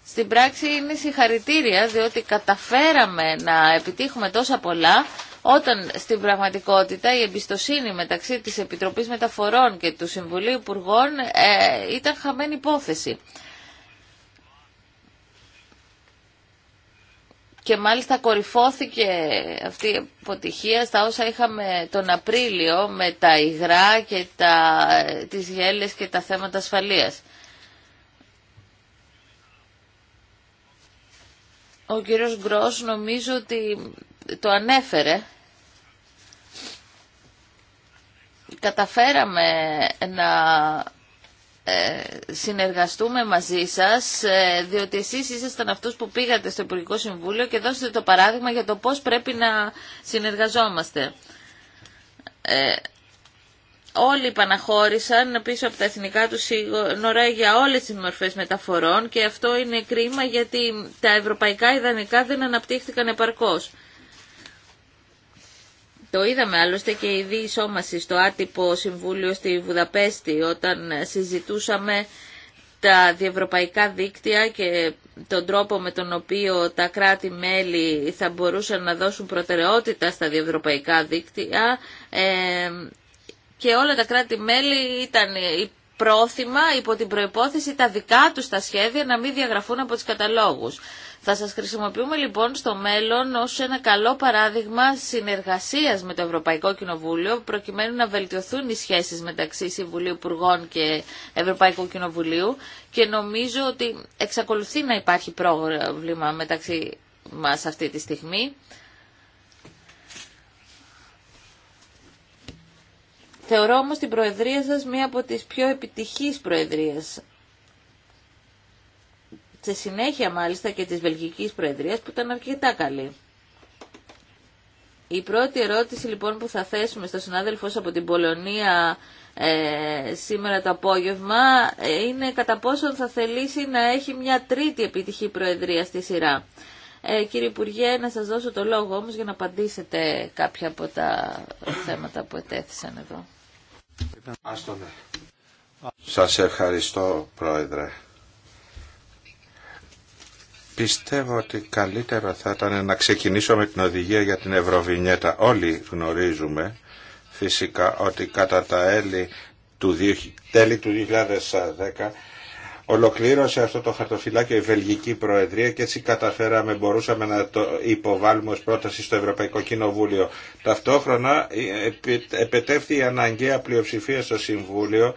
Στην πράξη είναι συγχαρητήρια διότι καταφέραμε να επιτύχουμε τόσα πολλά όταν στην πραγματικότητα η εμπιστοσύνη μεταξύ της Επιτροπής Μεταφορών και του Συμβουλίου Υπουργών ε, ήταν χαμένη υπόθεση. και μάλιστα κορυφώθηκε αυτή η αποτυχία στα όσα είχαμε τον Απρίλιο με τα υγρά και τα, τις γέλες και τα θέματα ασφαλείας. Ο κύριος Γκρός νομίζω ότι το ανέφερε. Καταφέραμε να ε, συνεργαστούμε μαζί σας, ε, διότι εσείς ήσασταν αυτούς που πήγατε στο Υπουργικό Συμβούλιο και δώσετε το παράδειγμα για το πώς πρέπει να συνεργαζόμαστε. Ε, όλοι παναχώρησαν πίσω από τα εθνικά του σύνορα για όλες τις μορφές μεταφορών και αυτό είναι κρίμα γιατί τα ευρωπαϊκά ιδανικά δεν αναπτύχθηκαν επαρκώς. Το είδαμε άλλωστε και η διεισόμαση στο άτυπο συμβούλιο στη Βουδαπέστη όταν συζητούσαμε τα διευρωπαϊκά δίκτυα και τον τρόπο με τον οποίο τα κράτη-μέλη θα μπορούσαν να δώσουν προτεραιότητα στα διευρωπαϊκά δίκτυα και όλα τα κράτη-μέλη ήταν πρόθυμα υπό την προϋπόθεση τα δικά τους τα σχέδια να μην διαγραφούν από τις καταλόγους. Θα σας χρησιμοποιούμε λοιπόν στο μέλλον ως ένα καλό παράδειγμα συνεργασίας με το Ευρωπαϊκό Κοινοβούλιο προκειμένου να βελτιωθούν οι σχέσεις μεταξύ Συμβουλίου Υπουργών και Ευρωπαϊκού Κοινοβουλίου και νομίζω ότι εξακολουθεί να υπάρχει πρόβλημα μεταξύ μας αυτή τη στιγμή. Θεωρώ όμως την Προεδρία σας μία από τις πιο επιτυχείς Προεδρίες σε συνέχεια μάλιστα και της Βελγικής Προεδρίας που ήταν αρκετά καλή. Η πρώτη ερώτηση λοιπόν που θα θέσουμε στο συνάδελφο από την Πολωνία ε, σήμερα το απόγευμα ε, είναι κατά πόσο θα θελήσει να έχει μια τρίτη επιτυχή Προεδρία στη σειρά. Ε, κύριε Υπουργέ, να σας δώσω το λόγο όμως για να απαντήσετε κάποια από τα θέματα που ετέθησαν εδώ. Σας ευχαριστώ Πρόεδρε. Πιστεύω ότι καλύτερο θα ήταν να ξεκινήσω με την οδηγία για την Ευρωβινιέτα. Όλοι γνωρίζουμε φυσικά ότι κατά τα έλλη του, τέλη του 2010 ολοκλήρωσε αυτό το χαρτοφυλάκιο η Βελγική Προεδρία και έτσι καταφέραμε, μπορούσαμε να το υποβάλουμε ως πρόταση στο Ευρωπαϊκό Κοινοβούλιο. Ταυτόχρονα ε, επετεύθη η αναγκαία πλειοψηφία στο Συμβούλιο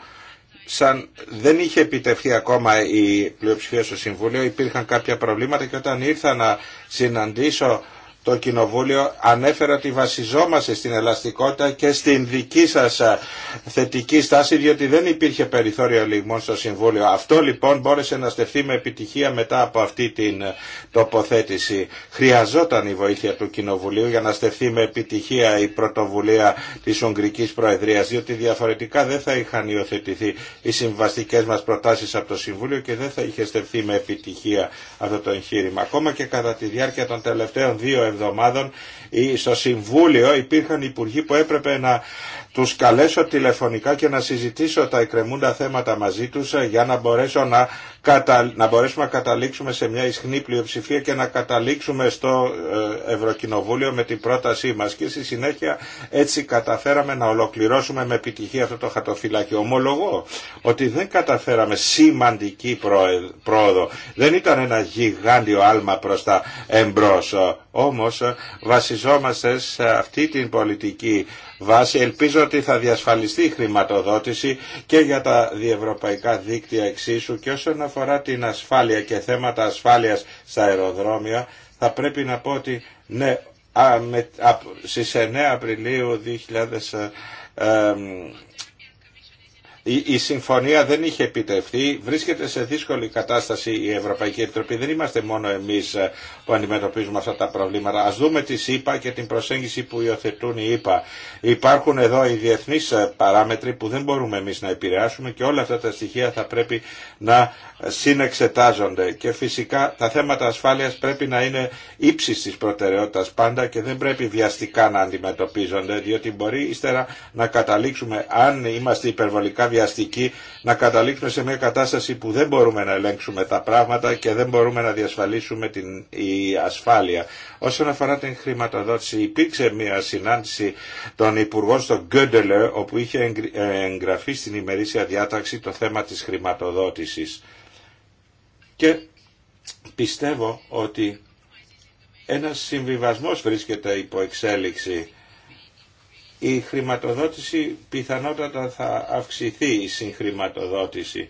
σαν δεν είχε επιτευχθεί ακόμα η πλειοψηφία στο Συμβούλιο, υπήρχαν κάποια προβλήματα και όταν ήρθα να συναντήσω το Κοινοβούλιο ανέφερε ότι βασιζόμαστε στην ελαστικότητα και στην δική σας θετική στάση διότι δεν υπήρχε περιθώριο λιγμών στο Συμβούλιο. Αυτό λοιπόν μπόρεσε να στεφθεί με επιτυχία μετά από αυτή την ε, τοποθέτηση. Χρειαζόταν η βοήθεια του Κοινοβουλίου για να στεφθεί με επιτυχία η πρωτοβουλία της Ουγγρικής Προεδρίας διότι διαφορετικά δεν θα είχαν υιοθετηθεί οι συμβαστικές μας προτάσεις από το Συμβούλιο και δεν θα είχε στεφθεί με επιτυχία αυτό το εγχείρημα. Ακόμα και κατά τη διάρκεια των τελευταίων δύο εβδομάδων στο Συμβούλιο υπήρχαν υπουργοί που έπρεπε να τους καλέσω τηλεφωνικά και να συζητήσω τα εκκρεμούντα θέματα μαζί τους ε, για να, μπορέσω να, κατα... να μπορέσουμε να καταλήξουμε σε μια ισχνή πλειοψηφία και να καταλήξουμε στο ε, Ευρωκοινοβούλιο με την πρότασή μας και στη συνέχεια έτσι καταφέραμε να ολοκληρώσουμε με επιτυχία αυτό το χατοφυλάκι. Ομολογώ ότι δεν καταφέραμε σημαντική πρόοδο. Δεν ήταν ένα γιγάντιο άλμα προς τα εμπρός. Όμως ε, βασιζόμαστε σε αυτή την πολιτική βάση. Ελπίζω ότι θα διασφαλιστεί η χρηματοδότηση και για τα διευρωπαϊκά δίκτυα εξίσου και όσον αφορά την ασφάλεια και θέματα ασφάλειας στα αεροδρόμια θα πρέπει να πω ότι ναι, στις 9 Απριλίου 2000, η συμφωνία δεν είχε επιτευχθεί. Βρίσκεται σε δύσκολη κατάσταση η Ευρωπαϊκή Επιτροπή. Δεν είμαστε μόνο εμεί ε, που αντιμετωπίζουμε αυτά τα προβλήματα. Α δούμε τι ΣΥΠΑ και την προσέγγιση που υιοθετούν οι ΗΠΑ. Υπάρχουν εδώ οι διεθνεί ε, παράμετροι που δεν μπορούμε εμεί να επηρεάσουμε και όλα αυτά τα στοιχεία θα πρέπει να συνεξετάζονται. Και φυσικά τα θέματα ασφάλεια πρέπει να είναι ύψη τη προτεραιότητα πάντα και δεν πρέπει βιαστικά να αντιμετωπίζονται, διότι μπορεί ύστερα να καταλήξουμε, αν είμαστε υπερβολικά να καταλήξουμε σε μια κατάσταση που δεν μπορούμε να ελέγξουμε τα πράγματα και δεν μπορούμε να διασφαλίσουμε την η ασφάλεια. Όσον αφορά την χρηματοδότηση, υπήρξε μια συνάντηση των Υπουργών στο Γκέντελε, όπου είχε ε, εγγραφεί στην ημερήσια διάταξη το θέμα της χρηματοδότησης. Και πιστεύω ότι ένας συμβιβασμός βρίσκεται υπό εξέλιξη η χρηματοδότηση πιθανότατα θα αυξηθεί η συγχρηματοδότηση.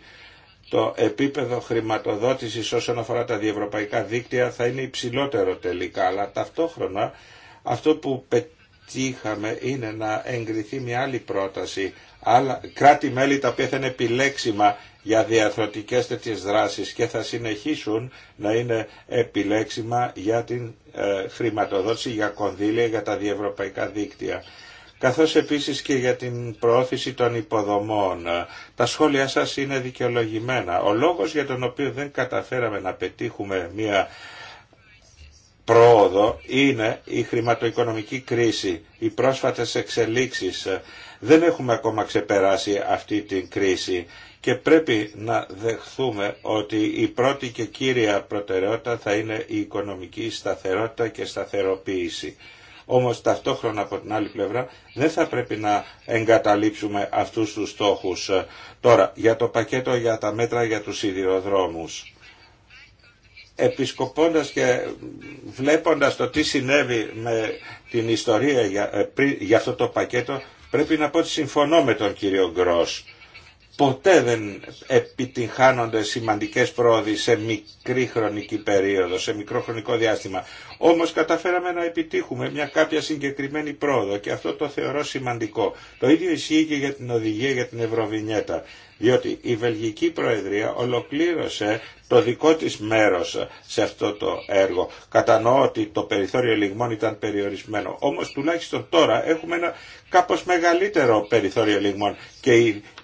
Το επίπεδο χρηματοδότησης όσον αφορά τα διευρωπαϊκά δίκτυα θα είναι υψηλότερο τελικά, αλλά ταυτόχρονα αυτό που πετύχαμε είναι να εγκριθεί μια άλλη πρόταση, άλλα κράτη-μέλη τα οποία θα είναι επιλέξιμα για διαθροτικές τέτοιες δράσεις και θα συνεχίσουν να είναι επιλέξιμα για την ε, χρηματοδότηση, για κονδύλια, για τα διευρωπαϊκά δίκτυα καθώς επίσης και για την προώθηση των υποδομών. Τα σχόλιά σας είναι δικαιολογημένα. Ο λόγος για τον οποίο δεν καταφέραμε να πετύχουμε μια πρόοδο είναι η χρηματοοικονομική κρίση, οι πρόσφατες εξελίξεις. Δεν έχουμε ακόμα ξεπεράσει αυτή την κρίση και πρέπει να δεχθούμε ότι η πρώτη και κύρια προτεραιότητα θα είναι η οικονομική σταθερότητα και σταθεροποίηση. Όμως ταυτόχρονα από την άλλη πλευρά δεν θα πρέπει να εγκαταλείψουμε αυτούς τους στόχους. Τώρα, για το πακέτο για τα μέτρα για τους σιδηροδρόμους επισκοπώντας και βλέποντας το τι συνέβη με την ιστορία για, ε, για αυτό το πακέτο, πρέπει να πω ότι συμφωνώ με τον κύριο Γκρός ποτέ δεν επιτυγχάνονται σημαντικές πρόοδοι σε μικρή χρονική περίοδο, σε μικρό χρονικό διάστημα. Όμως καταφέραμε να επιτύχουμε μια κάποια συγκεκριμένη πρόοδο και αυτό το θεωρώ σημαντικό. Το ίδιο ισχύει και για την οδηγία για την Ευρωβινιέτα, διότι η Βελγική Προεδρία ολοκλήρωσε το δικό της μέρος σε αυτό το έργο. Κατανοώ ότι το περιθώριο λιγμών ήταν περιορισμένο, όμως τουλάχιστον τώρα έχουμε ένα κάπως μεγαλύτερο περιθώριο λιγμών και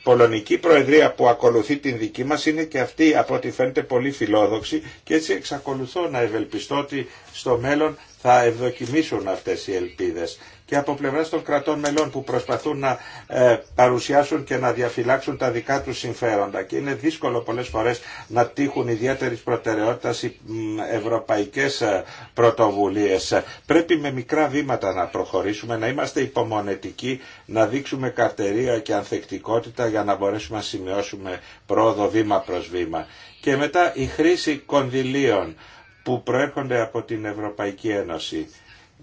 Πολωνική Προεδρία που ακολουθεί την δική μας είναι και αυτή από ό,τι φαίνεται πολύ φιλόδοξη και έτσι εξακολουθώ να ευελπιστώ ότι στο μέλλον θα ευδοκιμήσουν αυτές οι ελπίδες και από πλευράς των κρατών μελών που προσπαθούν να ε, παρουσιάσουν και να διαφυλάξουν τα δικά τους συμφέροντα. Και είναι δύσκολο πολλές φορές να τύχουν ιδιαίτερης προτεραιότητας οι ευρωπαϊκές ε, πρωτοβουλίες. Πρέπει με μικρά βήματα να προχωρήσουμε, να είμαστε υπομονετικοί, να δείξουμε καρτερία και ανθεκτικότητα για να μπορέσουμε να σημειώσουμε πρόοδο βήμα προς βήμα. Και μετά η χρήση κονδυλίων που προέρχονται από την Ευρωπαϊκή Ένωση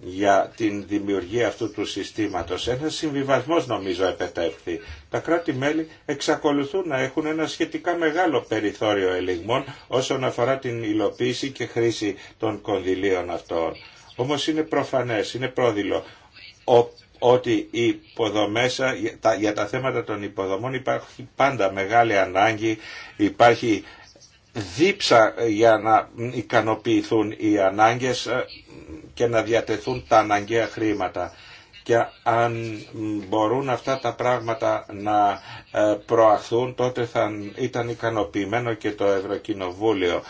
για την δημιουργία αυτού του συστήματος. Ένας συμβιβασμός νομίζω επετεύχθη. Τα κράτη-μέλη εξακολουθούν να έχουν ένα σχετικά μεγάλο περιθώριο ελιγμών όσον αφορά την υλοποίηση και χρήση των κονδυλίων αυτών. Όμως είναι προφανές, είναι πρόδειλο ότι οι υποδομές, για τα θέματα των υποδομών υπάρχει πάντα μεγάλη ανάγκη, υπάρχει δίψα για να ικανοποιηθούν οι ανάγκες ε, και να διατεθούν τα αναγκαία χρήματα και αν μπορούν αυτά τα πράγματα να ε, προαχθούν τότε θα ήταν ικανοποιημένο και το Ευρωκοινοβούλιο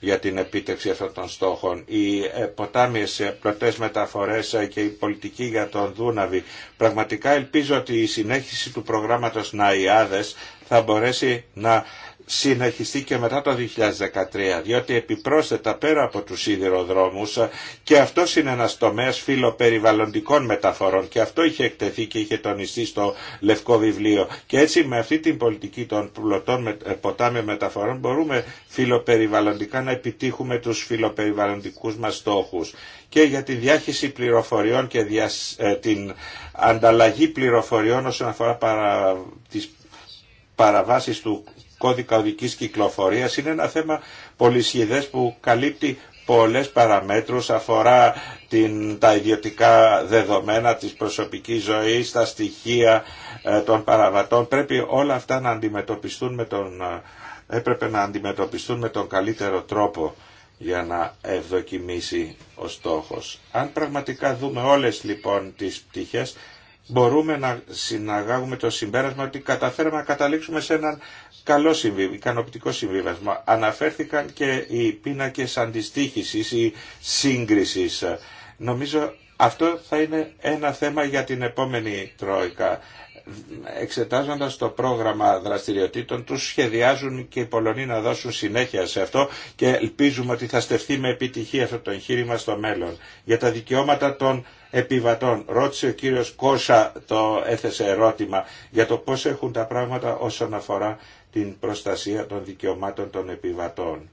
για την επίτευξη αυτών των στόχων. Οι ε, ποτάμιες πρωτές μεταφορές και η πολιτική για τον Δούναβη. Πραγματικά ελπίζω ότι η συνέχιση του προγράμματος Ναϊάδες θα μπορέσει να συνεχιστεί και μετά το 2013, διότι επιπρόσθετα πέρα από τους σιδηροδρόμους και αυτό είναι ένας τομέας φιλοπεριβαλλοντικών μεταφορών και αυτό είχε εκτεθεί και είχε τονιστεί στο Λευκό Βιβλίο και έτσι με αυτή την πολιτική των πλωτών ε, ποτάμιων μεταφορών μπορούμε φιλοπεριβαλλοντικά να επιτύχουμε τους φιλοπεριβαλλοντικούς μας στόχους και για τη διάχυση πληροφοριών και ε, την ανταλλαγή πληροφοριών όσον αφορά παρα... τις παραβάσεις του κώδικα οδικής κυκλοφορίας είναι ένα θέμα πολυσχηδές που καλύπτει πολλές παραμέτρους αφορά την, τα ιδιωτικά δεδομένα της προσωπικής ζωής, τα στοιχεία ε, των παραβατών. Πρέπει όλα αυτά να αντιμετωπιστούν με τον, ε, έπρεπε να αντιμετωπιστούν με τον καλύτερο τρόπο για να ευδοκιμήσει ο στόχος. Αν πραγματικά δούμε όλες λοιπόν τις πτυχές μπορούμε να συναγάγουμε το συμπέρασμα ότι καταφέραμε να καταλήξουμε σε έναν καλό συμβίβασμα, ικανοποιητικό συμβίβασμα. Αναφέρθηκαν και οι πίνακες αντιστοίχησης ή σύγκριση. Νομίζω αυτό θα είναι ένα θέμα για την επόμενη Τρόικα. Εξετάζοντας το πρόγραμμα δραστηριοτήτων τους σχεδιάζουν και οι Πολωνοί να δώσουν συνέχεια σε αυτό και ελπίζουμε ότι θα στεφθεί με επιτυχία αυτό το εγχείρημα στο μέλλον. Για τα δικαιώματα των επιβατών. Ρώτησε ο κύριος Κόσα το έθεσε ερώτημα για το πώς έχουν τα πράγματα όσον αφορά την προστασία των δικαιωμάτων των επιβατών.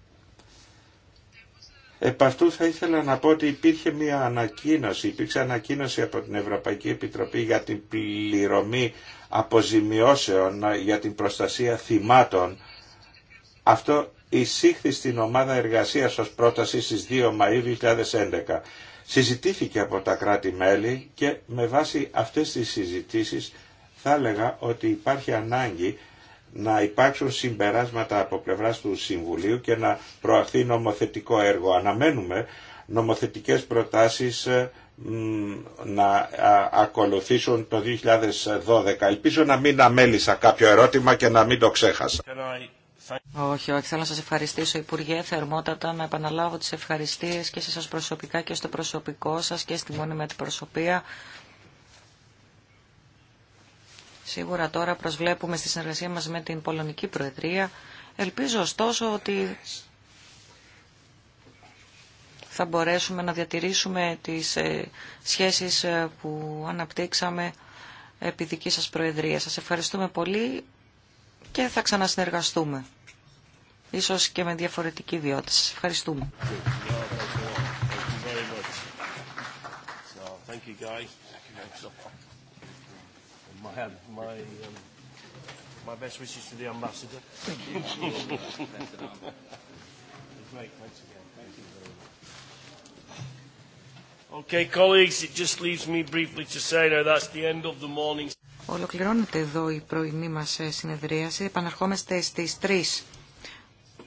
Επ' αυτού θα ήθελα να πω ότι υπήρχε μια ανακοίνωση, υπήρξε ανακοίνωση από την Ευρωπαϊκή Επιτροπή για την πληρωμή αποζημιώσεων για την προστασία θυμάτων. Αυτό εισήχθη στην ομάδα εργασίας ως πρόταση στις 2 Μαΐου 2011 συζητήθηκε από τα κράτη-μέλη και με βάση αυτές τις συζητήσεις θα έλεγα ότι υπάρχει ανάγκη να υπάρξουν συμπεράσματα από πλευράς του Συμβουλίου και να προαχθεί νομοθετικό έργο. Αναμένουμε νομοθετικές προτάσεις ε, να ακολουθήσουν το 2012. Ελπίζω να μην αμέλησα κάποιο ερώτημα και να μην το ξέχασα. Όχι, όχι. Θέλω να σας ευχαριστήσω, Υπουργέ, θερμότατα, να επαναλάβω τις ευχαριστίες και σε σας προσωπικά και στο προσωπικό σας και στη με την προσωπία. Σίγουρα τώρα προσβλέπουμε στη συνεργασία μας με την Πολωνική Προεδρία. Ελπίζω ωστόσο ότι θα μπορέσουμε να διατηρήσουμε τις ε, σχέσεις ε, που αναπτύξαμε επί δική σας Προεδρία. Σας ευχαριστούμε πολύ και θα ξανασυνεργαστούμε ίσως και με διαφορετική ιδιότητα. ευχαριστούμε. Ολοκληρώνεται εδώ η πρωινή μας ε, συνεδρίαση. Επαναρχόμαστε στις 3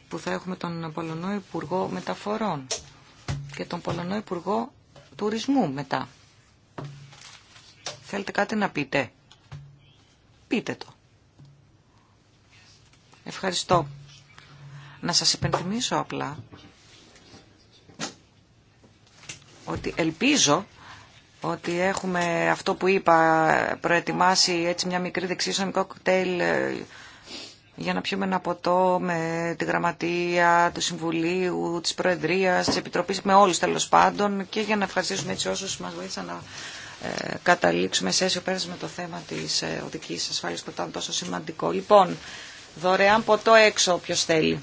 που θα έχουμε τον Πολωνό Υπουργό Μεταφορών και τον Πολωνό Υπουργό Τουρισμού μετά. Θέλετε κάτι να πείτε. Πείτε το. Ευχαριστώ. Να σας υπενθυμίσω απλά ότι ελπίζω ότι έχουμε αυτό που είπα προετοιμάσει έτσι μια μικρή δεξίσωνη κοκτέιλ ε, για να πιούμε ένα ποτό με τη Γραμματεία, του Συμβουλίου, της Προεδρίας, της Επιτροπής, με όλους τέλος πάντων και για να ευχαριστήσουμε έτσι όσους μας βοήθησαν να ε, καταλήξουμε σε αίσιο πέρασμα το θέμα της ε, οδικής ασφάλειας που ήταν τόσο σημαντικό. Λοιπόν, δωρεάν ποτό έξω όποιο θέλει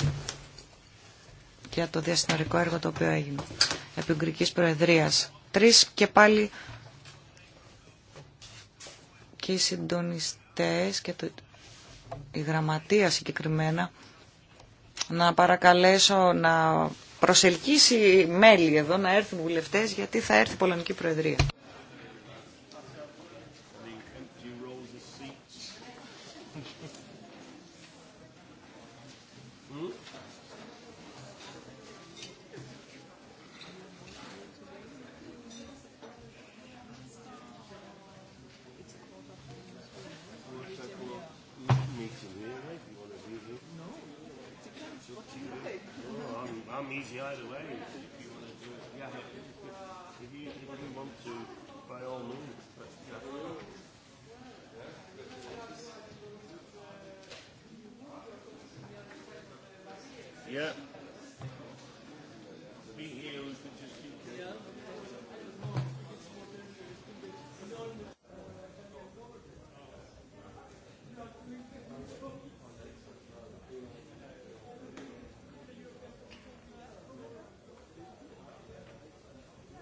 για το διασυνορικό έργο το οποίο έγινε επί Ουγγρικής Προεδρίας. Τρεις και πάλι και οι συντονιστές και το η γραμματεία συγκεκριμένα, να παρακαλέσω να προσελκύσει μέλη εδώ, να έρθουν βουλευτές, γιατί θα έρθει η Πολωνική Προεδρία.